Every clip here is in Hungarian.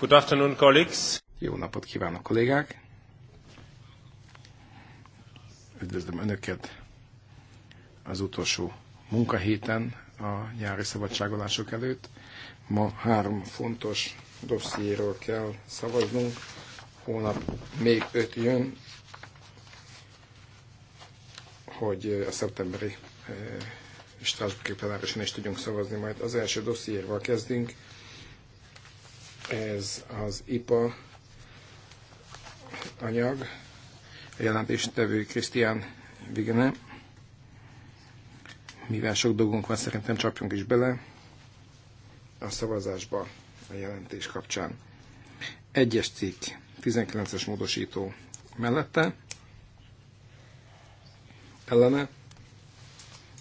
Good afternoon, colleagues. Jó napot kívánok, kollégák! Üdvözlöm Önöket az utolsó munkahéten a nyári szabadságolások előtt. Ma három fontos dossziéről kell szavaznunk. Holnap még öt jön, hogy a szeptemberi eh, Strasbourg plenárison is tudjunk szavazni. Majd az első dossziérval kezdünk. Ez az IPA anyag, a jelentéstevő Krisztián Vigene. Mivel sok dolgunk van, szerintem csapjunk is bele a szavazásba a jelentés kapcsán. Egyes cikk, 19-es módosító mellette, ellene,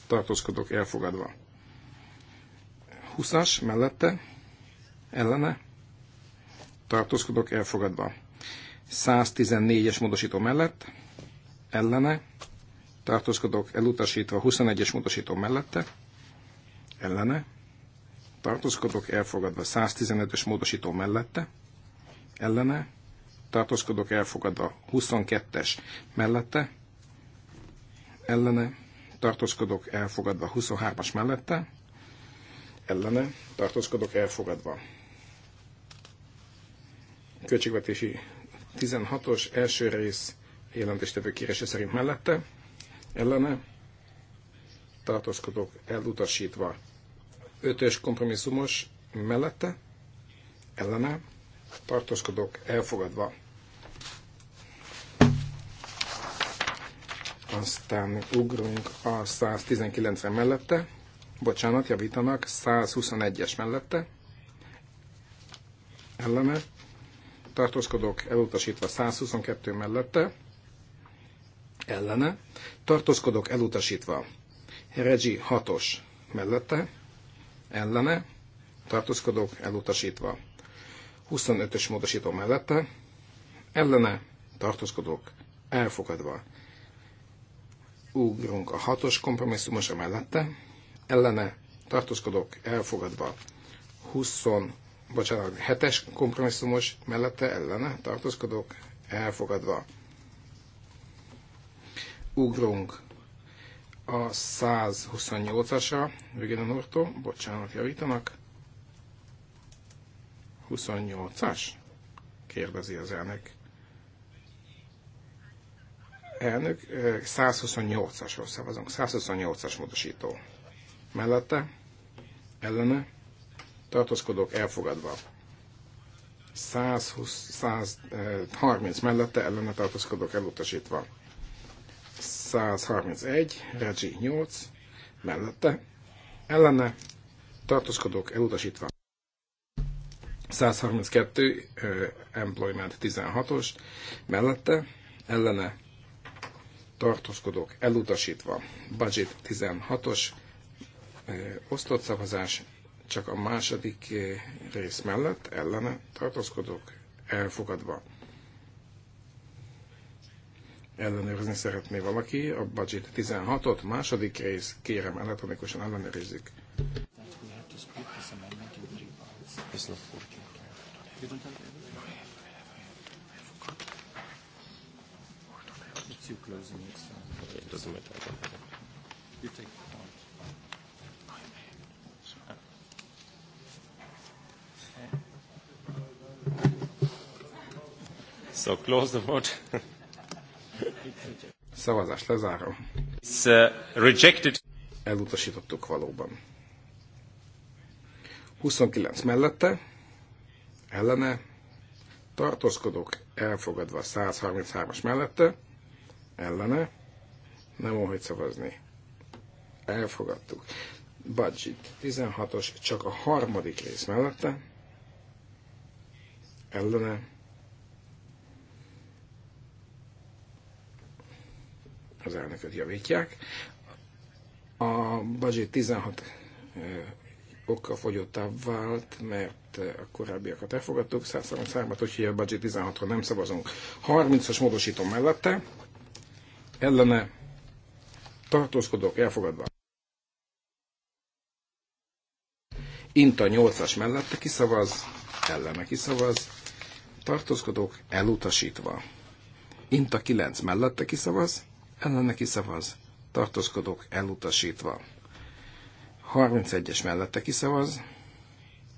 tartózkodok elfogadva. 20 mellette, ellene, tartózkodok elfogadva. 114-es módosító mellett, ellene, tartózkodok elutasítva, 21-es módosító mellette, ellene, tartózkodok elfogadva, 115 es módosító mellette, ellene, tartózkodok elfogadva, 22-es mellette, ellene, tartózkodok elfogadva. 23-as mellette ellene tartózkodok elfogadva. Költségvetési 16-os első rész jelentéstevő kérése szerint mellette ellene tartózkodok elutasítva. 5-ös kompromisszumos mellette ellene tartózkodok elfogadva. Aztán ugrunk a 119 mellette. Bocsánat, javítanak. 121-es mellette. Ellene. Tartózkodók elutasítva 122 mellette. Ellene. Tartózkodók elutasítva. Regi 6-os mellette. Ellene. Tartózkodók elutasítva. 25-ös módosító mellette, ellene tartózkodók elfogadva ugrunk a hatos kompromisszumos mellette, ellene tartózkodok elfogadva 20, bocsánat, hetes kompromisszumos mellette, ellene tartózkodok elfogadva. Ugrunk a 128-asra, a Norto, bocsánat, javítanak. 28-as? Kérdezi az elnök. Elnök, 128-asról szavazunk. 128-as módosító. Mellette, ellene, tartózkodók elfogadva. 120, 130 mellette, ellene tartózkodók elutasítva. 131, Regi 8, mellette, ellene, tartózkodók elutasítva. 132, Employment 16-os, mellette, ellene, tartózkodók elutasítva. Budget 16-os, osztott szavazás csak a második rész mellett, ellene tartózkodók elfogadva. Ellenőrizni szeretné valaki a budget 16-ot, második rész, kérem elektronikusan ellenőrizzük. It's closing So. it doesn't matter. You take the point. So close the vote. Szavazás lezárom. It's uh, rejected. Elutasítottuk valóban. 29 mellette, ellene, tartózkodók elfogadva 133-as mellette, ellene, nem óhajt szavazni. Elfogadtuk. Budget 16-os csak a harmadik rész mellette, ellene, az elnököt javítják. A budget 16 okkal fogyottá vált, mert a korábbiakat elfogadtuk, 133-at, úgyhogy a budget 16-ról nem szavazunk. 30-as módosítom mellette, ellene tartózkodók elfogadva. Inta 8-as mellette kiszavaz, ellene kiszavaz, tartózkodók elutasítva. Inta 9 mellette kiszavaz, ellene kiszavaz, tartózkodók elutasítva. 31-es mellette kiszavaz,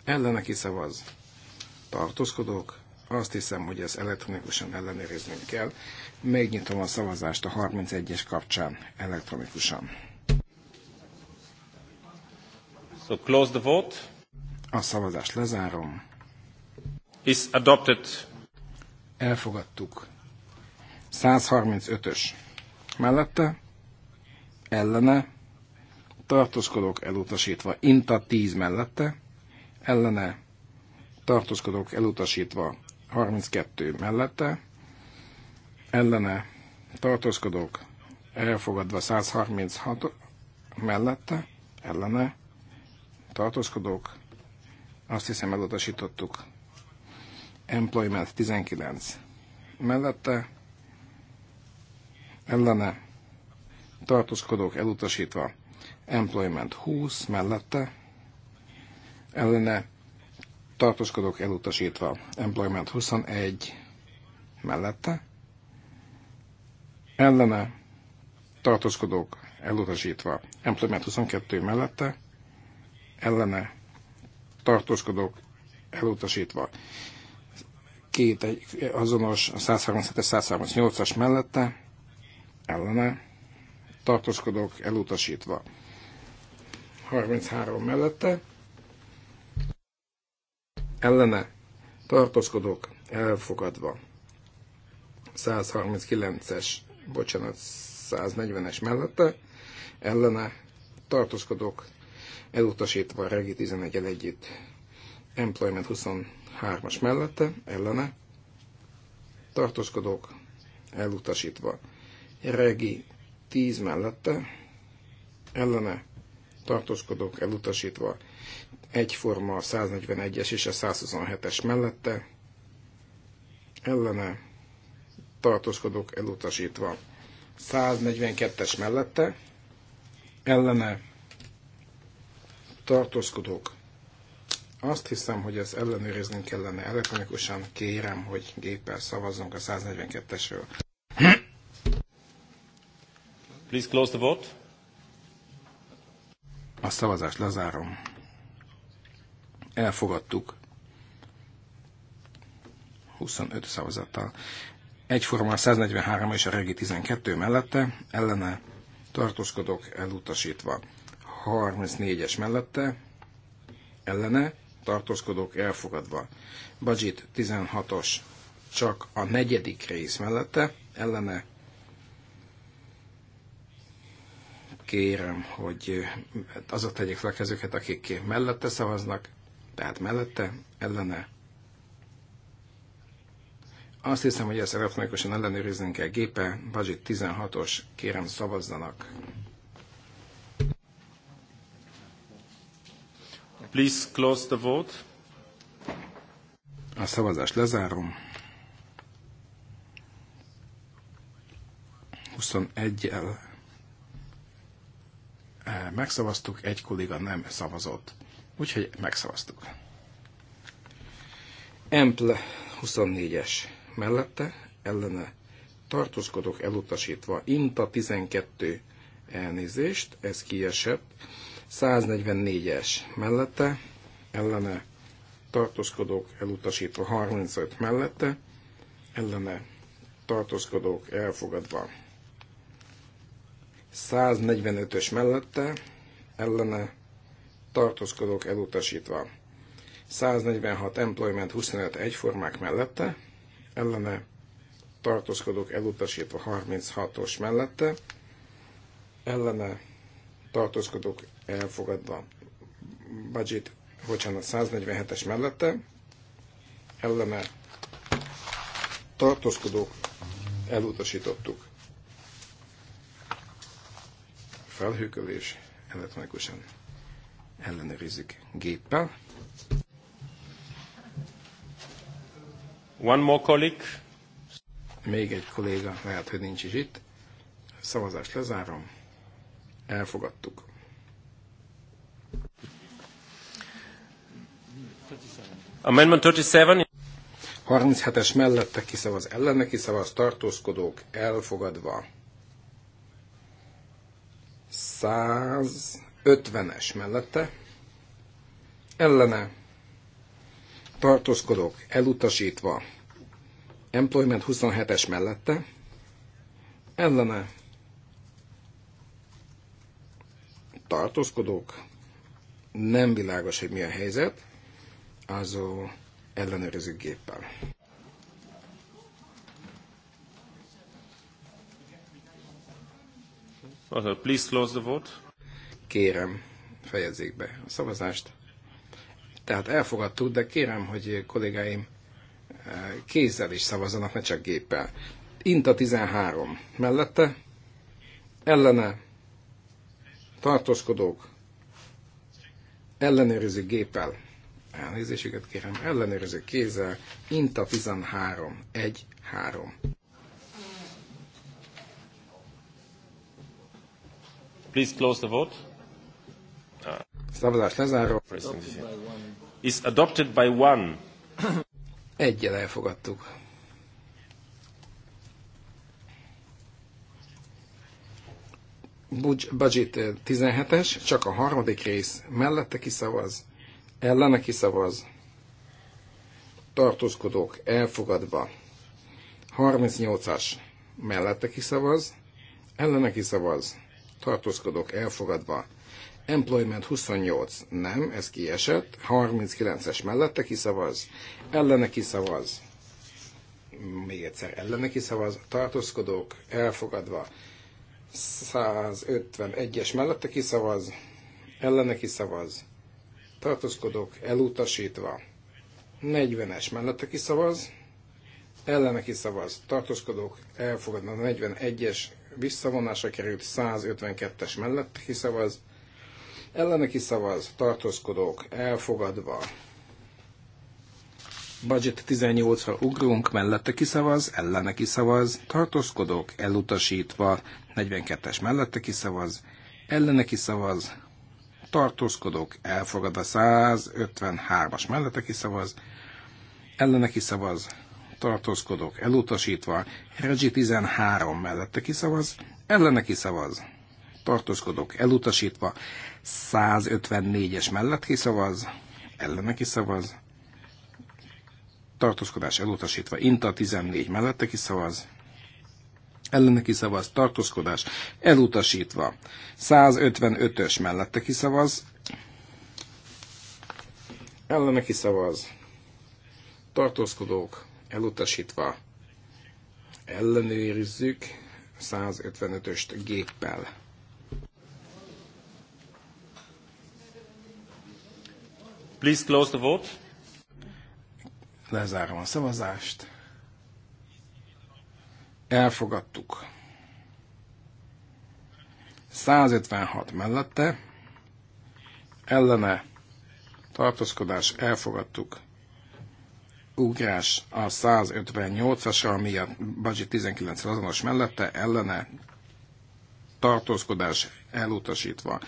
ellene kiszavaz, tartózkodók azt hiszem, hogy ezt elektronikusan ellenőriznünk kell. Megnyitom a szavazást a 31-es kapcsán elektronikusan. So close the vote. A szavazást lezárom. Is adopted. Elfogadtuk. 135-ös. Mellette, ellene, tartózkodók elutasítva. Inta 10 mellette, ellene, tartózkodók elutasítva. 32 mellette, ellene tartózkodók elfogadva 136 mellette, ellene tartózkodók, azt hiszem elutasítottuk, employment 19 mellette, ellene tartózkodók elutasítva, employment 20 mellette, ellene tartózkodók elutasítva. Employment 21 mellette. Ellene tartózkodók elutasítva. Employment 22 mellette. Ellene tartózkodók elutasítva. Két egy, azonos 137-138-as mellette. Ellene tartózkodók elutasítva. 33 mellette ellene tartózkodok elfogadva. 139-es, bocsánat, 140-es mellette ellene tartózkodok elutasítva a regi 11 el együtt Employment 23-as mellette ellene tartózkodok elutasítva regi 10 mellette ellene tartózkodok elutasítva egyforma a 141-es és a 127-es mellette, ellene tartózkodok elutasítva. 142-es mellette, ellene tartózkodok, Azt hiszem, hogy ezt ellenőriznünk kellene elektronikusan. Kérem, hogy géppel szavazzunk a 142-esről. Please close the vote. A szavazást lezárom elfogadtuk 25 szavazattal. Egyformán 143 és a regi 12 mellette, ellene tartózkodok elutasítva. 34-es mellette, ellene tartózkodok elfogadva. Budget 16-os csak a negyedik rész mellette, ellene kérem, hogy hát azok tegyék fel kezüket, akik mellette szavaznak, tehát mellette, ellene. Azt hiszem, hogy ezt elektronikusan ellenőriznünk kell gépe. Budget 16-os, kérem szavazzanak. Please close the vote. A szavazást lezárom. 21-el eh, megszavaztuk, egy kolléga nem szavazott. Úgyhogy megszavaztuk. Emple 24-es mellette, ellene tartózkodok elutasítva. Inta 12 elnézést, ez kiesett. 144-es mellette, ellene tartózkodok elutasítva 35 mellette, ellene tartózkodok elfogadva 145-ös mellette, ellene tartózkodók elutasítva. 146 employment 25 egyformák mellette, ellene tartózkodók elutasítva 36-os mellette, ellene tartózkodók elfogadva budget, bocsánat, 147-es mellette, ellene tartózkodók elutasítottuk. Felhőkölés elektronikusan ellenőrizzük géppel. One more colleague. Még egy kolléga, lehet, hogy nincs is itt. Szavazást lezárom. Elfogadtuk. Amendment 37. 37-es mellette kiszavaz ellene, kiszavaz tartózkodók elfogadva. 100, 50-es mellette, ellene tartózkodok elutasítva, Employment 27-es mellette, ellene tartózkodók, nem világos, hogy mi a helyzet, azó ellenőrző géppel. Also, please close the vote. Kérem, fejezzék be a szavazást. Tehát elfogadtuk, de kérem, hogy kollégáim eh, kézzel is szavazzanak, ne csak géppel. Inta 13. Mellette ellene tartózkodók ellenőrizik géppel. Elnézésüket kérem, ellenőrizik kézzel. Inta 13. 1. 3. Please close the vote. Szavazás lezáró. Is adopted by one. Egyel elfogadtuk. Budget 17-es, eh, csak a harmadik rész. Mellette kiszavaz, ellene kiszavaz. Tartózkodók elfogadva. 38-as. Mellette kiszavaz, ellene kiszavaz. Tartózkodók elfogadva. Employment 28 nem, ez kiesett. 39-es mellette kiszavaz, ellene kiszavaz, még egyszer ellene kiszavaz, tartózkodók elfogadva. 151-es mellette kiszavaz, ellene kiszavaz, tartózkodók elutasítva. 40-es mellette kiszavaz, ellene kiszavaz, tartózkodók elfogadva. 41-es visszavonásra került, 152-es mellette kiszavaz, ellene kiszavaz, tartózkodók elfogadva. Budget 18-ra ugrunk, mellette kiszavaz, ellene kiszavaz, tartózkodók elutasítva, 42-es mellette kiszavaz, ellene kiszavaz, tartózkodók elfogadva, 153-as mellette kiszavaz, ellene kiszavaz, tartózkodók elutasítva, Regi 13 mellette kiszavaz, ellene kiszavaz, tartózkodók elutasítva, 154-es mellett kiszavaz, ellene kiszavaz, tartózkodás elutasítva, Inta 14 mellette kiszavaz, ellene kiszavaz, tartózkodás elutasítva, 155-ös mellette kiszavaz, ellene kiszavaz, tartózkodók elutasítva, ellenőrizzük 155-öst géppel. Please close the vote. Lezárom a szavazást. Elfogadtuk. 156 mellette, ellene tartózkodás elfogadtuk. Ugrás a 158-asra, ami a budget 19 azonos mellette, ellene tartózkodás elutasítva.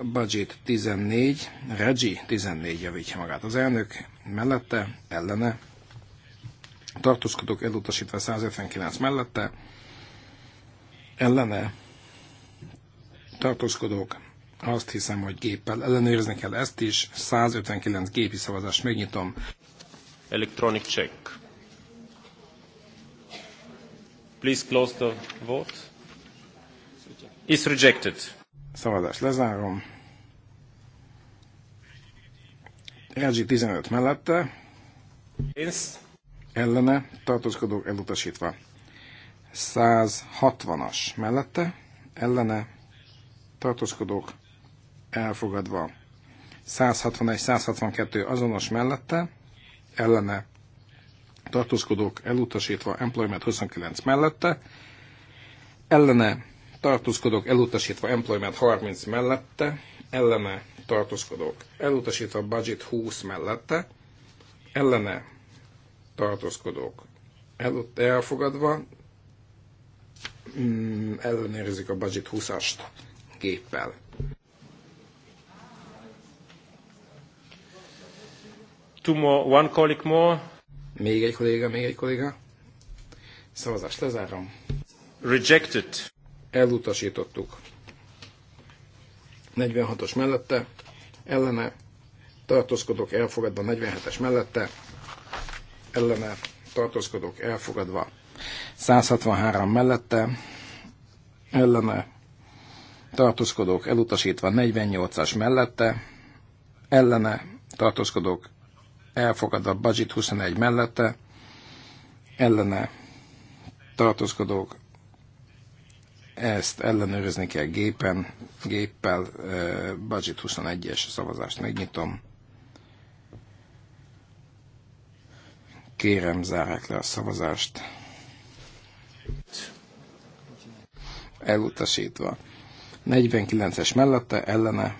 Budget 14, Regi 14 javítja magát az elnök, mellette, ellene, tartózkodók elutasítva 159 mellette, ellene, tartózkodók, azt hiszem, hogy géppel ellenőrizni kell ezt is, 159 gépi szavazást megnyitom. Electronic check. Please close the vote. Is rejected. Szavazás lezárom. LG 15 mellette. Pénz. Ellene tartózkodók elutasítva. 160-as mellette. Ellene tartózkodók elfogadva. 161-162 azonos mellette. Ellene tartózkodók elutasítva. Employment 29 mellette. Ellene tartózkodók elutasítva Employment 30 mellette, ellene tartózkodók elutasítva Budget 20 mellette, ellene tartózkodók elut- elfogadva, mm, ellenőrizik a Budget 20-ast géppel. Two more, one colleague more. Még egy kolléga, még egy kolléga. Szavazást lezárom. Rejected elutasítottuk. 46-os mellette, ellene tartózkodok elfogadva 47-es mellette, ellene tartózkodok elfogadva 163 mellette, ellene tartózkodok elutasítva 48-as mellette, ellene tartózkodok elfogadva budget 21 mellette, ellene tartózkodok ezt ellenőrizni kell gépen, géppel, budget 21-es szavazást megnyitom. Kérem, zárják le a szavazást. Elutasítva. 49-es mellette, ellene,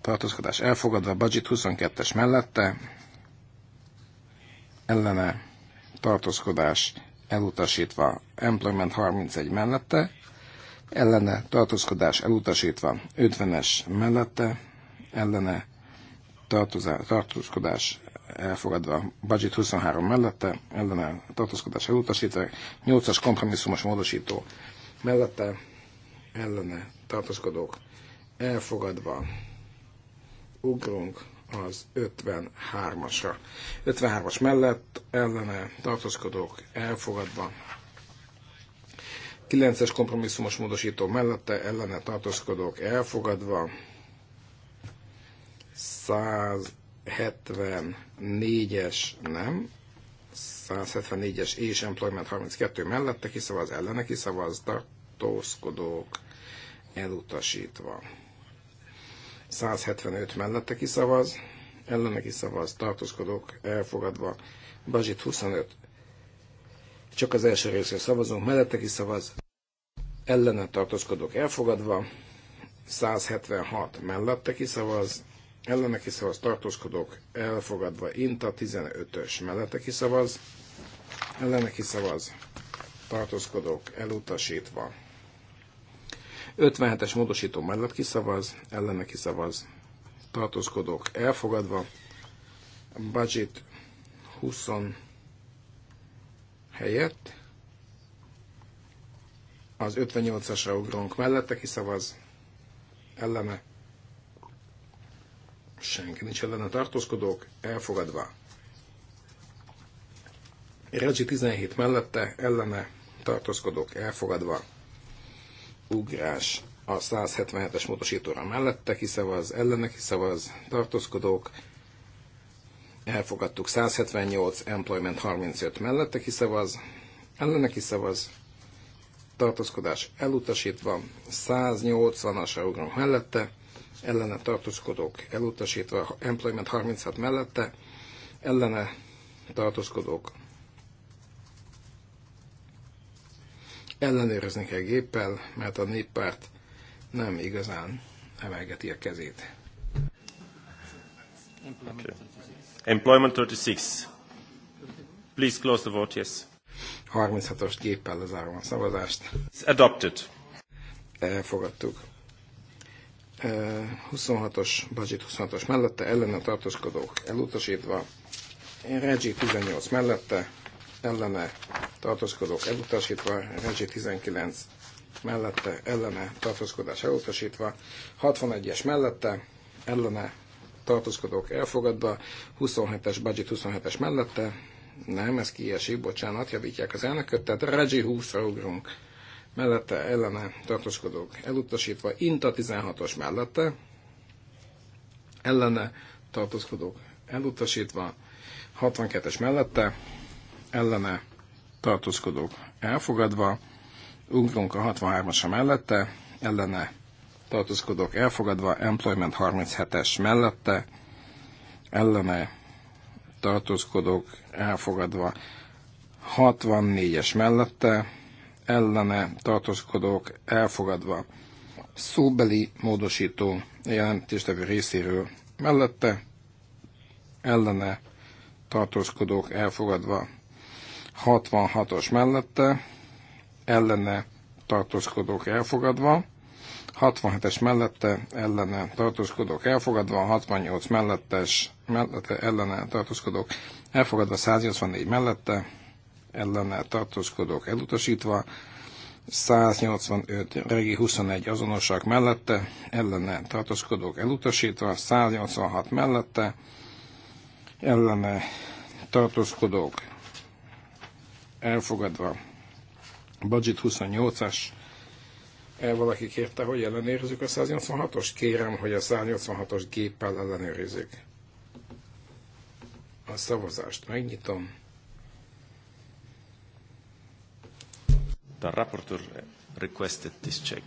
tartózkodás elfogadva, budget 22-es mellette, ellene tartózkodás elutasítva. Employment 31 mellette, ellene tartózkodás elutasítva. 50-es mellette, ellene tartózkodás elfogadva. Budget 23 mellette, ellene tartózkodás elutasítva. 8-as kompromisszumos módosító mellette, ellene tartózkodók elfogadva. Ugrunk az 53-asra. 53-as mellett ellene tartózkodók elfogadva. 9-es kompromisszumos módosító mellette ellene tartózkodók elfogadva. 174-es nem, 174-es és Employment 32 mellette kiszavaz, ellene kiszavaz, tartózkodók elutasítva. 175 mellette kiszavaz, ellene kiszavaz, tartózkodók elfogadva, Bazsit 25. Csak az első részre szavazunk, mellette kiszavaz, ellene tartózkodók elfogadva, 176 mellette kiszavaz, ellene kiszavaz, tartózkodók elfogadva, Inta 15-ös mellette kiszavaz, ellene kiszavaz, tartózkodók elutasítva. 57-es módosító mellett kiszavaz, ellene kiszavaz, tartózkodók elfogadva, budget 20 helyett, az 58-asra ugrunk mellette kiszavaz, ellene, senki nincs ellene tartózkodók, elfogadva. Regi 17 mellette, ellene tartózkodók, elfogadva ugrás a 177-es módosítóra mellette kiszavaz, ellene kiszavaz, tartózkodók, elfogadtuk 178, Employment 35 mellette kiszavaz, ellene kiszavaz, tartózkodás elutasítva, 180-asra ugrunk mellette, ellene tartózkodók elutasítva, Employment 36 mellette, ellene tartózkodók ellenőrizni kell géppel, mert a néppárt nem igazán emelgeti a kezét. Okay. Employment 36. Please close the vote, yes. 36-os géppel lezárom a szavazást. It's adopted. Elfogadtuk. 26-os, budget 26-os mellette, ellene tartózkodók elutasítva. Regi 18 mellette, ellene tartózkodók elutasítva, Regi 19 mellette ellene tartózkodás elutasítva, 61-es mellette ellene tartózkodók elfogadva, 27-es budget 27-es mellette, nem, ez kiesik, bocsánat, javítják az elnököt, tehát Regi 20-ra ugrunk, mellette ellene tartózkodók elutasítva, Inta 16-os mellette, ellene tartózkodók elutasítva, 62-es mellette, ellene tartózkodók elfogadva, ugrunk a 63 a mellette, ellene tartózkodók elfogadva, Employment 37-es mellette, ellene tartózkodók elfogadva, 64-es mellette, ellene tartózkodók elfogadva, szóbeli módosító jelentéstevő részéről mellette, ellene tartózkodók elfogadva, 66-os mellette, ellene tartózkodók elfogadva, 67-es mellette ellene tartózkodók elfogadva, 68 mellettes mellette ellene tartózkodók elfogadva, 184 mellette ellene tartózkodók elutasítva, 185, regi 21 azonosak mellette, ellene tartózkodók elutasítva, 186 mellette, ellene tartózkodók elfogadva. Budget 28-as, valaki kérte, hogy ellenőrizzük a 186-os? Kérem, hogy a 186-os géppel ellenőrizzük. A szavazást megnyitom. The rapporteur requested this check.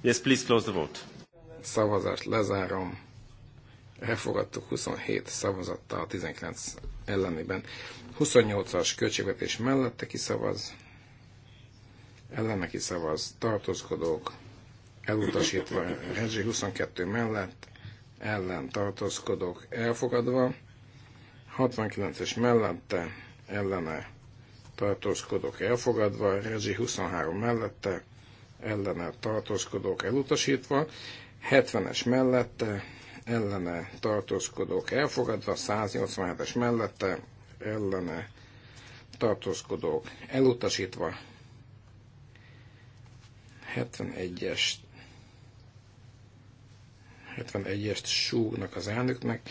Yes, please close the vote. Szavazást lezárom elfogadtuk 27 szavazattal, 19 ellenében. 28-as költségvetés mellette kiszavaz, ellene kiszavaz, tartózkodók, elutasítva, Rezsi 22 mellett, ellen tartózkodók elfogadva, 69-es mellette, ellene tartózkodók elfogadva, Rezsi 23 mellette, ellene tartózkodók elutasítva, 70-es mellette, ellene tartózkodók elfogadva, 187-es mellette ellene tartózkodók elutasítva, 71-es 71-est súgnak az elnöknek,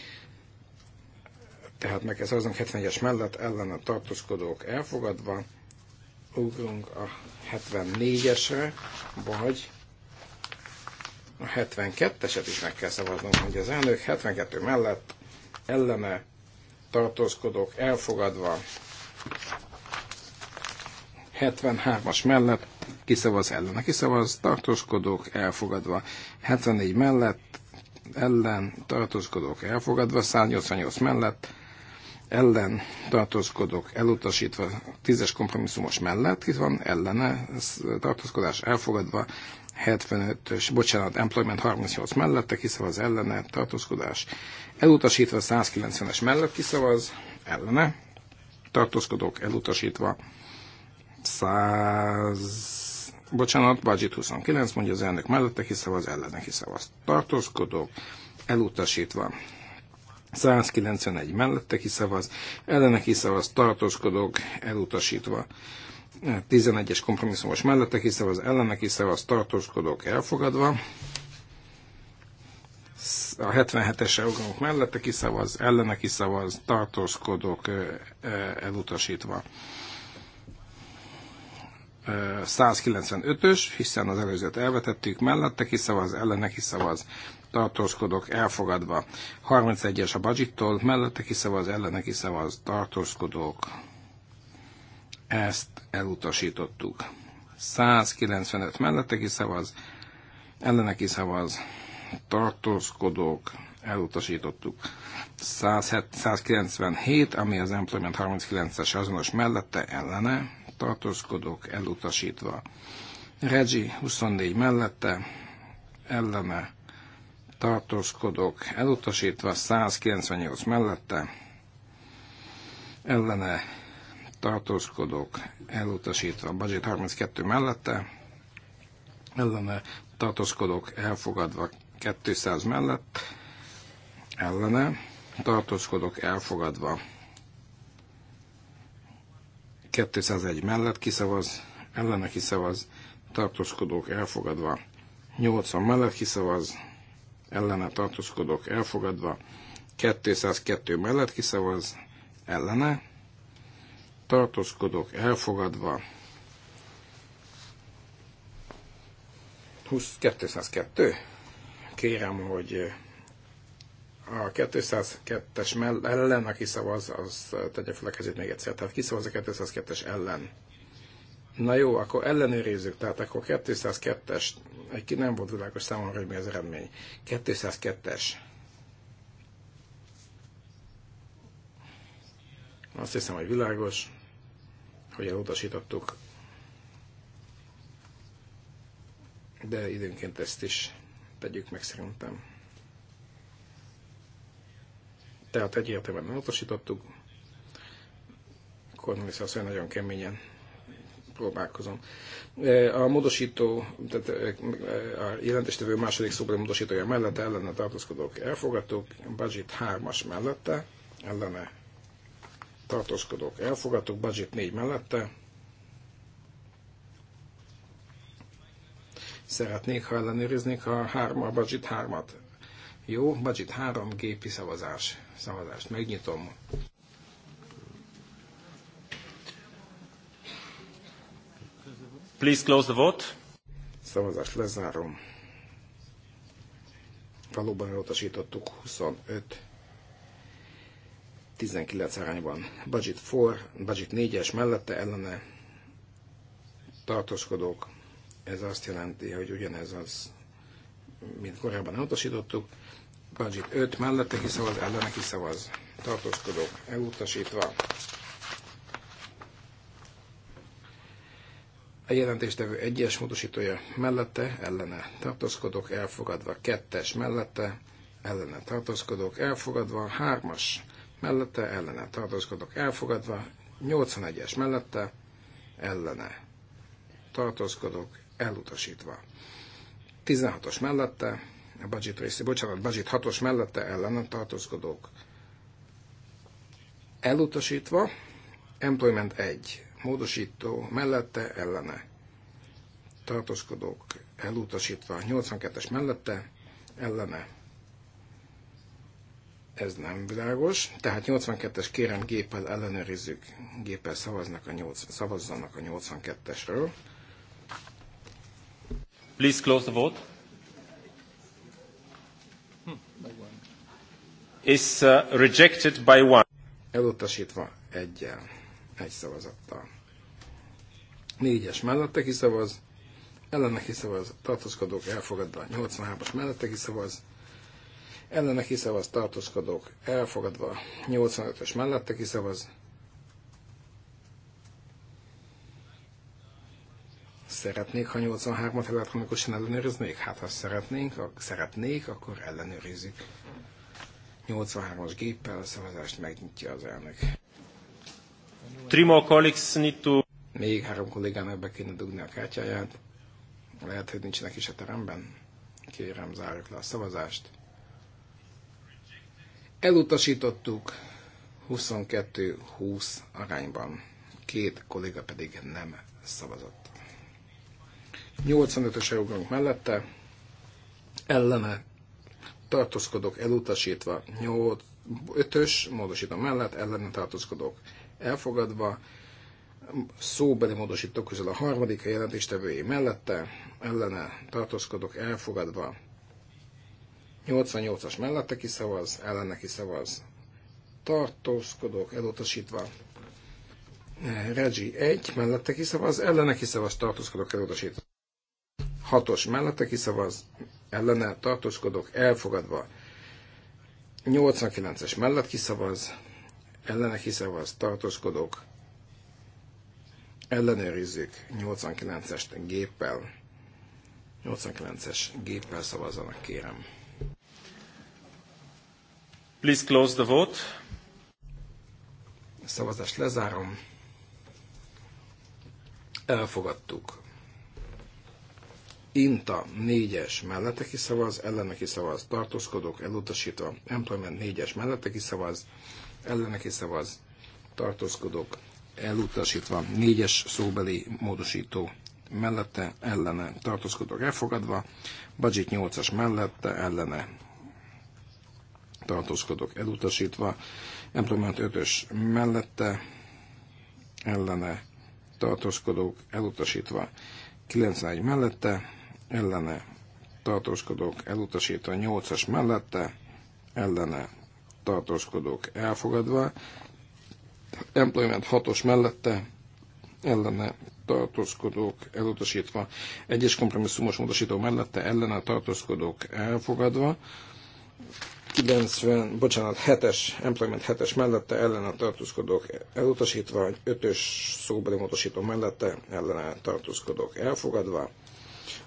tehát meg ez azon 71-es mellett ellene tartózkodók elfogadva, ugrunk a 74-esre, vagy a 72-eset is meg kell szavaznom, hogy az elnök 72 mellett ellene tartózkodok elfogadva 73-as mellett kiszavaz ellene, kiszavaz tartózkodók elfogadva, 74 mellett ellen tartózkodók elfogadva, 188 mellett ellen tartózkodók elutasítva, 10-es kompromisszumos mellett, itt van ellene tartózkodás elfogadva, 75-ös, bocsánat, Employment 38 mellette kiszavaz ellene, tartózkodás elutasítva, 190-es mellett kiszavaz ellene, tartózkodók elutasítva, 100, bocsánat, budget 29, mondja az elnök mellette kiszavaz, ellene kiszavaz, tartózkodók elutasítva. 191 mellette kiszavaz, ellene kiszavaz, tartózkodók elutasítva. 11-es kompromisszumos mellette kiszavaz, ellene kiszavaz, tartózkodók elfogadva. A 77 es ugrunk mellette kiszavaz, ellene kiszavaz, tartózkodók elutasítva. 195-ös, hiszen az előzőt elvetettük, mellette kiszavaz, ellene kiszavaz, tartózkodok, elfogadva. 31-es a budgettól, mellette kiszavaz, ellene kiszavaz, tartózkodók, ezt elutasítottuk. 195 mellette kiszavaz, ellene kiszavaz, tartózkodók, elutasítottuk. 197, ami az Employment 39-es azonos mellette, ellene, tartózkodók, elutasítva. Regi 24 mellette, ellene, tartózkodók, elutasítva, 198 mellette, ellene, tartózkodók elutasítva. A budget 32 mellette, ellene tartózkodók elfogadva 200 mellett, ellene tartózkodók elfogadva 201 mellett kiszavaz, ellene kiszavaz, tartózkodók elfogadva 80 mellett kiszavaz, ellene tartózkodók elfogadva 202 mellett kiszavaz, ellene tartózkodok elfogadva. 20, 202. Kérem, hogy eh, a 202-es ellen, aki szavaz, az eh, tegye fel a kezét még egyszer. Tehát kiszavaz a 202-es ellen. Na jó, akkor ellenőrizzük, tehát akkor 202-es, egy nem volt világos számomra, hogy mi az eredmény. 202-es. Azt hiszem, hogy világos hogy elutasítottuk. De időnként ezt is tegyük meg szerintem. Tehát egyértelműen elutasítottuk. Cornelis azt nagyon keményen próbálkozom. E, a módosító, tehát e, a jelentéstevő második szobra módosítója mellett ellene tartózkodók elfogadtuk, budget 3-as mellette ellene tartózkodók elfogadtuk, budget 4 mellette. Szeretnék, ha ellenőriznék ha 3 a budget 3-at. Jó, budget 3, gépi szavazás. Szavazást megnyitom. Please close the vote. Szavazást lezárom. Valóban elutasítottuk 25 19 arányban. Budget 4, budget 4-es mellette ellene tartózkodók. Ez azt jelenti, hogy ugyanez az, mint korábban elutasítottuk. Budget 5 mellette kiszavaz, ellene kiszavaz. Tartózkodók elutasítva. A jelentéstevő egyes módosítója mellette, ellene tartózkodók elfogadva, 2-es mellette, ellene tartózkodók elfogadva, hármas mellette, ellene tartózkodok elfogadva, 81-es mellette, ellene tartózkodok elutasítva. 16-os mellette, a budget részé, bocsánat, budget 6-os mellette, ellene tartózkodok, elutasítva, employment 1, módosító mellette, ellene tartózkodok, elutasítva, 82-es mellette, ellene ez nem világos. Tehát 82-es kérem géppel ellenőrizzük, géppel szavaznak a 8, szavazzanak a 82-esről. Please close the vote. Hmm. Is uh, rejected by one. Elutasítva egyel, egy szavazattal. Négyes mellette kiszavaz, ellene kiszavaz, tartózkodók elfogadva, 83-as mellette kiszavaz, ellene kiszavaz tartózkodók elfogadva, 85-ös mellette kiszavaz, szeretnék, ha 83-at elektronikusan ellenőriznék? Hát ha szeretnénk, ha szeretnék, akkor ellenőrizzük. 83-as géppel a szavazást megnyitja az elnök. Még három kollégának be kéne dugni a kártyáját. Lehet, hogy nincsenek is a teremben. Kérem, zárjuk le a szavazást. Elutasítottuk 22-20 arányban. Két kolléga pedig nem szavazott. 85-ös elugranunk mellette, ellene tartózkodok elutasítva, 5-ös módosítom mellett, ellene tartózkodok elfogadva, szóbeli módosítok közül a harmadik a jelentéstevői mellette, ellene tartózkodok elfogadva, 88-as mellette kiszavaz, ellene kiszavaz. Tartózkodók elutasítva. Regi 1 mellette kiszavaz, ellene kiszavaz, tartózkodók elutasítva. 6-os mellette kiszavaz, ellene tartózkodók elfogadva. 89-es mellett kiszavaz, ellene kiszavaz, tartózkodók ellenőrizzük 89-est géppel. 89-es géppel szavazzanak, kérem. Please close the vote. Szavazást lezárom. Elfogadtuk. Inta 4-es mellette kiszavaz, ellene kiszavaz, tartózkodok, elutasítva. Employment 4-es mellette kiszavaz, ellene kiszavaz, tartózkodok, elutasítva. 4-es szóbeli módosító mellette, ellene, tartózkodok, elfogadva. Budget 8-as mellette, ellene, tartózkodok elutasítva, Employment 5-ös mellette, ellene tartózkodók elutasítva, 91 mellette, ellene tartózkodók elutasítva, 8-as mellette, ellene tartózkodók elfogadva, Employment 6-os mellette, ellene tartózkodók elutasítva, egyes kompromisszumos módosító mellette ellene tartózkodók elfogadva, 90, bocsánat, 7-es, Employment 7-es mellette ellene tartózkodók elutasítva, 5-ös szóbeli módosító mellette ellene tartózkodók elfogadva.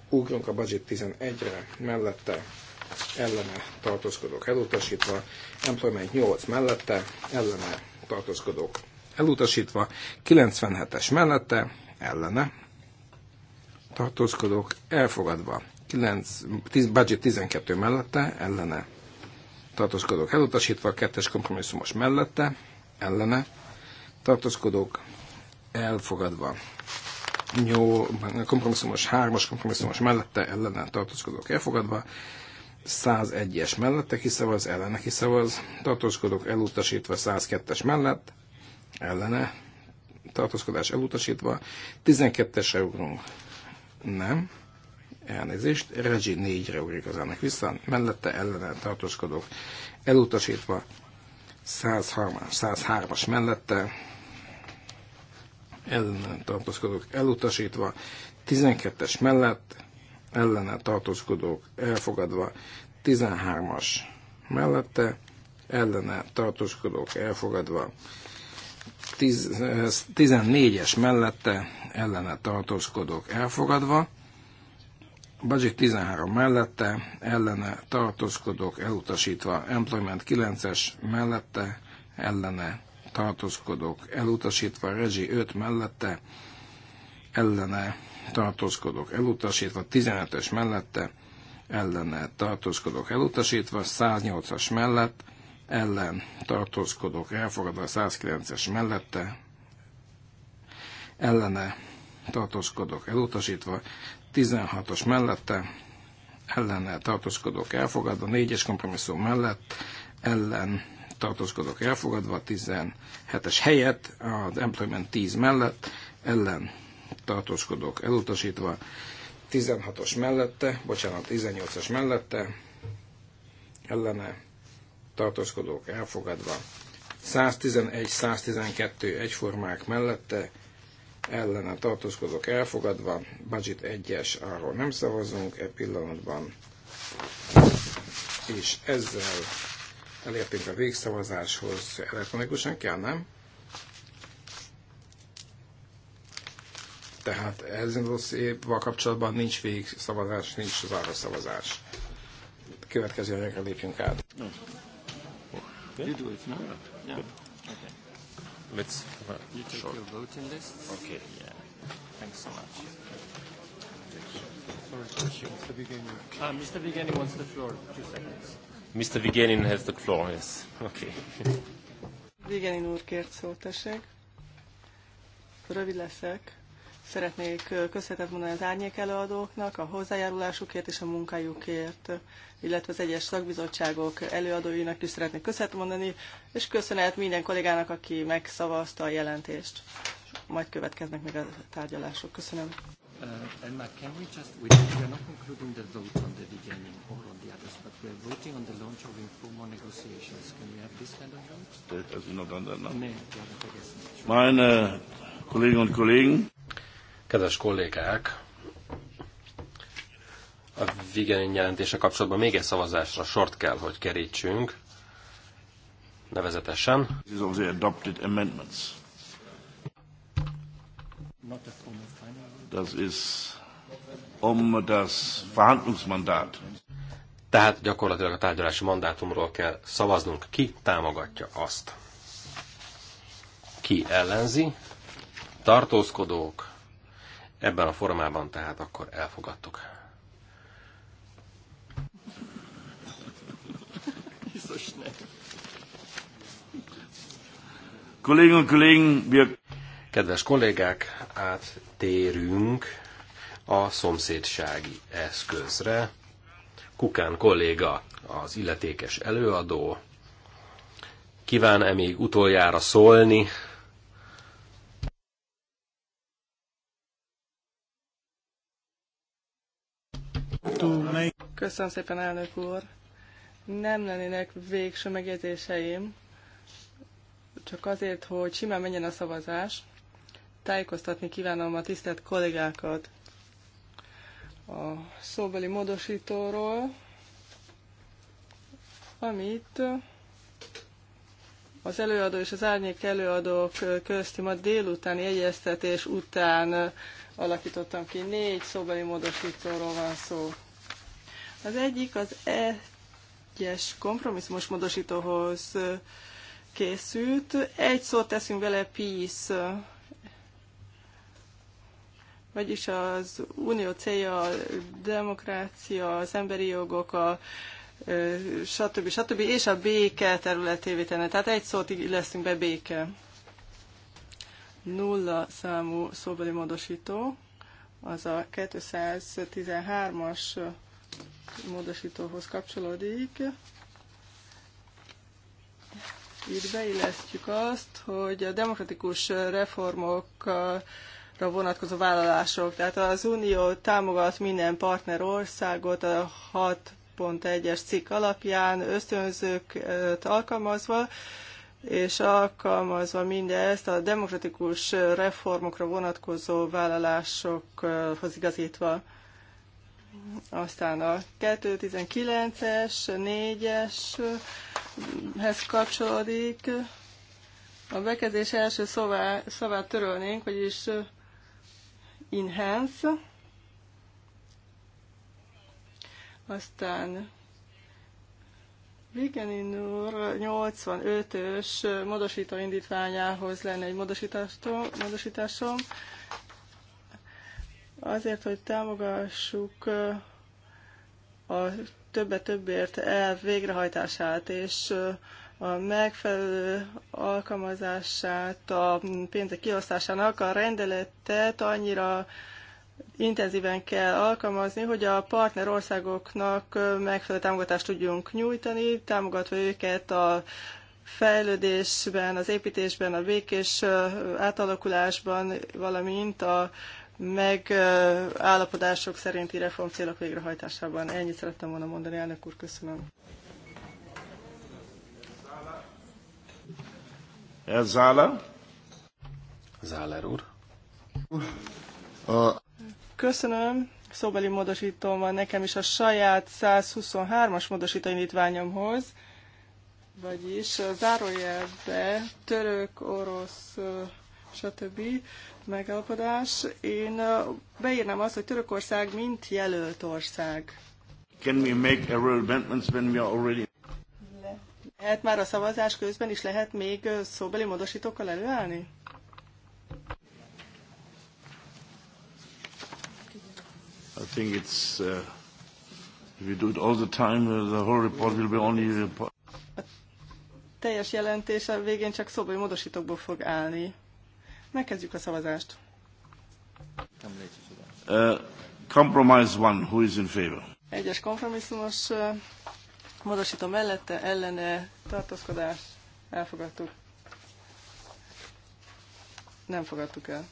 Ugrunk a budget 11-re, mellette ellene tartózkodók elutasítva, Employment 8 mellette ellene tartózkodók elutasítva, 97-es mellette ellene tartózkodók elfogadva, 9, 10, budget 12 mellette ellene tartózkodók elutasítva, a kettes kompromisszumos mellette, ellene, tartózkodók elfogadva. Nyol, kompromisszumos hármas kompromisszumos mellette, ellene tartózkodók elfogadva, 101-es mellette kiszavaz, ellene kiszavaz, tartózkodók elutasítva 102-es mellett, ellene, tartózkodás elutasítva, 12-esre ugrunk, nem, elnézést, Regi 4-re ugrik az ennek vissza, mellette ellene tartózkodók elutasítva, 103-as mellette ellene tartózkodók elutasítva, 12-es mellett ellene tartózkodók elfogadva, 13-as mellette ellene tartózkodók elfogadva, 14-es mellette ellene tartózkodók elfogadva, Budget 13 mellette, ellene tartózkodók elutasítva, Employment 9-es mellette, ellene tartózkodók elutasítva, Regi 5 mellette, ellene tartózkodók elutasítva, 15 es mellette, ellene tartózkodók elutasítva, 108-as mellett, ellen tartózkodók elfogadva, 109-es mellette, ellene tartózkodók elutasítva, 16-os mellette ellennel tartózkodók elfogadva, 4-es kompromisszum mellett ellen tartózkodók elfogadva, 17-es helyett az Employment 10 mellett ellen tartózkodók elutasítva, 16-os mellette, bocsánat, 18-as mellette ellene tartózkodók elfogadva, 111-112 egyformák mellette ellene tartózkodok elfogadva, budget 1-es, arról nem szavazunk e pillanatban, és ezzel elértünk a végszavazáshoz, elektronikusan kell, nem? Tehát ezen dossziéval kapcsolatban nincs végszavazás, nincs záró szavazás. Következő anyagra lépjünk át. Oh. No. Okay. You do it Yeah let's. Uh, you take short. your voting list. Okay. Yeah. Thanks so much. Sorry, Mr. Vigenin. Uh, Mr. Vigenin wants the floor. Two seconds. Mr. Vigenin has the floor. Yes. Okay. Vigenin úr kért szót, tessék. Rövid leszek. Szeretnék köszönetet mondani az árnyék előadóknak a hozzájárulásukért és a munkájukért, illetve az egyes szakbizottságok előadóinak is szeretnék köszönetet mondani, és köszönet minden kollégának, aki megszavazta a jelentést. Majd következnek még a tárgyalások. Köszönöm. Uh, Elmar, can we just, we, we are not concluding the vote on the beginning or on the others, but we are voting on the launch of informal negotiations. Can we have this kind of vote? Das ist noch dann, dann. Meine Kolleginnen und Kollegen, Kedves kollégák, a Vigenin jelentése kapcsolatban még egy szavazásra sort kell, hogy kerítsünk, nevezetesen. Um Tehát gyakorlatilag a tárgyalási mandátumról kell szavaznunk. Ki támogatja azt? Ki ellenzi? Tartózkodók? Ebben a formában tehát akkor elfogadtuk. Biztos nem. wir... Kedves kollégák, áttérünk a szomszédsági eszközre. Kukán kolléga az illetékes előadó. Kíván-e még utoljára szólni? Köszönöm szépen, elnök úr. Nem lennének végső megjegyzéseim, csak azért, hogy simán menjen a szavazás, tájékoztatni kívánom a tisztelt kollégákat a szóbeli módosítóról, amit az előadó és az árnyék előadók közti ma délutáni egyeztetés után alakítottam ki. Négy szóbeli módosítóról van szó. Az egyik az egyes kompromisszumos módosítóhoz készült. Egy szót teszünk vele peace, vagyis az unió célja a demokrácia, az emberi jogok, a stb. stb. és a béke területévé tenne. Tehát egy szót leszünk be béke. Nulla számú szóbeli módosító, az a 213-as módosítóhoz kapcsolódik. Itt beillesztjük azt, hogy a demokratikus reformokra vonatkozó vállalások, tehát az Unió támogat minden partner országot a 6.1-es cikk alapján ösztönzőket alkalmazva, és alkalmazva mindezt a demokratikus reformokra vonatkozó vállalásokhoz igazítva. Aztán a 219-es, 4-eshez kapcsolódik. A bekezdés első szavá, szavát törölnénk, vagyis enhance. Aztán Vigenin úr 85-ös módosító indítványához lenne egy módosításom. Azért, hogy támogassuk a többet többért elv végrehajtását, és a megfelelő alkalmazását, a pénzek kiosztásának a rendeletet annyira intenzíven kell alkalmazni, hogy a partner országoknak megfelelő támogatást tudjunk nyújtani, támogatva őket a fejlődésben, az építésben, a békés átalakulásban, valamint a megállapodások szerinti célok végrehajtásában. Ennyit szerettem volna mondani, elnök úr, köszönöm. Ez Zála. Záler úr. Köszönöm. Szóbeli módosítom van nekem is a saját 123-as módosító vagyis zárójelbe török-orosz stb. megalapodás. Én beírnám azt, hogy Törökország mint jelölt ország. Can we make error amendments when we are already... Lehet már a szavazás közben is lehet még szóbeli módosítókkal előállni? I think it's uh, if you do it all the time, uh, the whole report will be only. A teljes jelentés a végén csak szóbeli módosítókból fog állni. Megkezdjük a szavazást. Uh, compromise one, who is in favor? Egyes kompromisszumos uh, módosító mellette, ellene, tartózkodás, elfogadtuk. Nem fogadtuk el.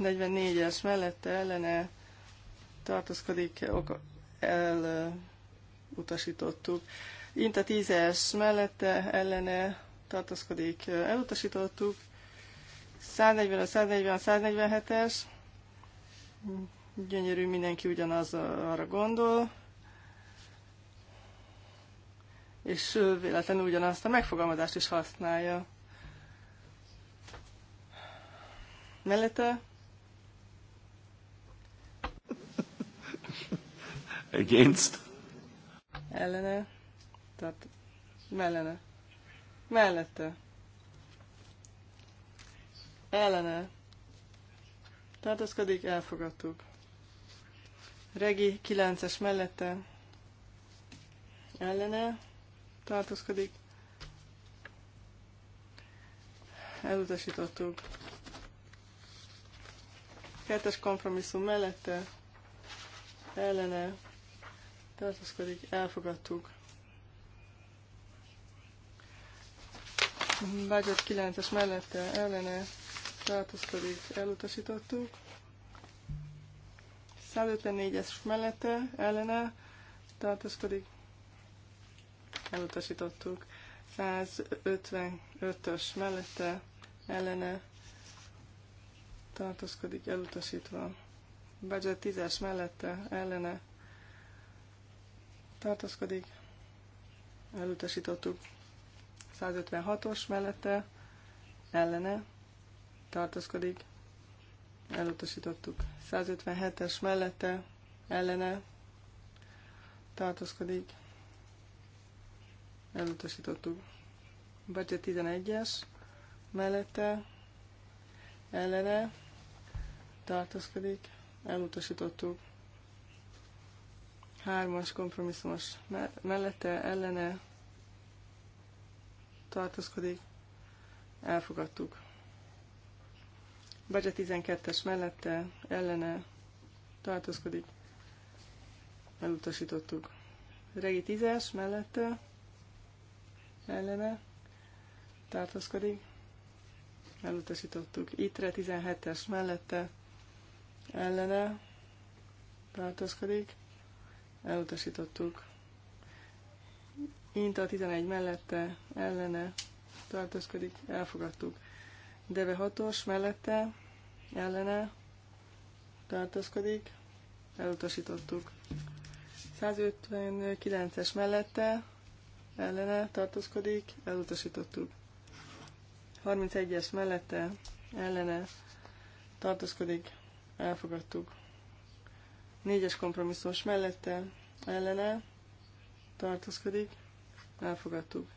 144-es mellette, ellene, tartózkodik, elutasítottuk. Inta 10-es mellette, ellene, tartózkodik, elutasítottuk. 140, 140, 147-es. Gyönyörű, mindenki ugyanaz arra gondol. És véletlenül ugyanazt a megfogalmazást is használja. Mellette Against. Ellene. Tehát mellene mellette, ellene, tartózkodik, elfogadtuk. Regi kilences mellette, ellene, tartózkodik, elutasítottuk. Kettes kompromisszum mellette, ellene, tartózkodik, elfogadtuk. Budget 9-es mellette ellene tartózkodik, elutasítottuk. 154-es mellette ellene tartózkodik, elutasítottuk. 155-ös mellette ellene tartózkodik, elutasítva. Budget 10-es mellette ellene tartózkodik, elutasítottuk. 156-os mellette ellene tartózkodik, elutasítottuk. 157-es mellette ellene tartózkodik, elutasítottuk. Budget 11-es mellette ellene tartózkodik, elutasítottuk. Hármas kompromisszumos mellette ellene tartózkodik, elfogadtuk. Budget 12-es mellette, ellene tartózkodik, elutasítottuk. Regi 10-es mellette, ellene tartózkodik, elutasítottuk. Itre 17-es mellette, ellene tartózkodik, elutasítottuk. Inta 11 mellette, ellene tartózkodik, elfogadtuk. Deve 6-os mellette, ellene tartózkodik, elutasítottuk. 159-es mellette, ellene tartózkodik, elutasítottuk. 31-es mellette, ellene tartózkodik, elfogadtuk. 4-es kompromisszós mellette, ellene tartózkodik, Elfogadtuk.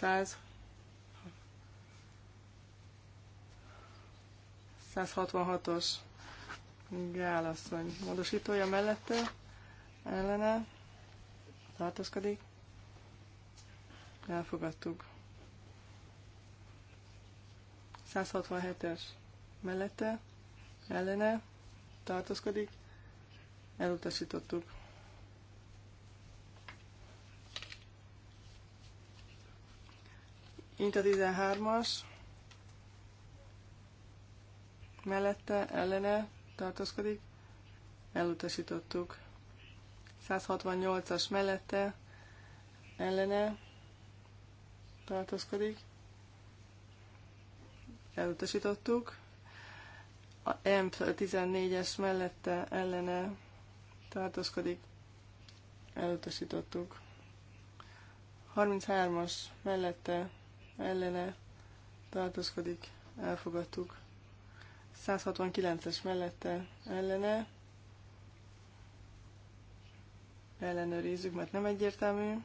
100. 166-os gálasszony módosítója mellette, ellene, tartózkodik. Elfogadtuk. 167-es mellette, ellene, tartózkodik. Elutasítottuk. mint a 13-as, mellette, ellene tartózkodik, elutasítottuk. 168-as mellette, ellene tartózkodik, elutasítottuk. A m 14-es mellette, ellene tartózkodik, elutasítottuk. 33-as mellette ellene tartózkodik, elfogadtuk. 169-es mellette ellene ellenőrizzük, mert nem egyértelmű.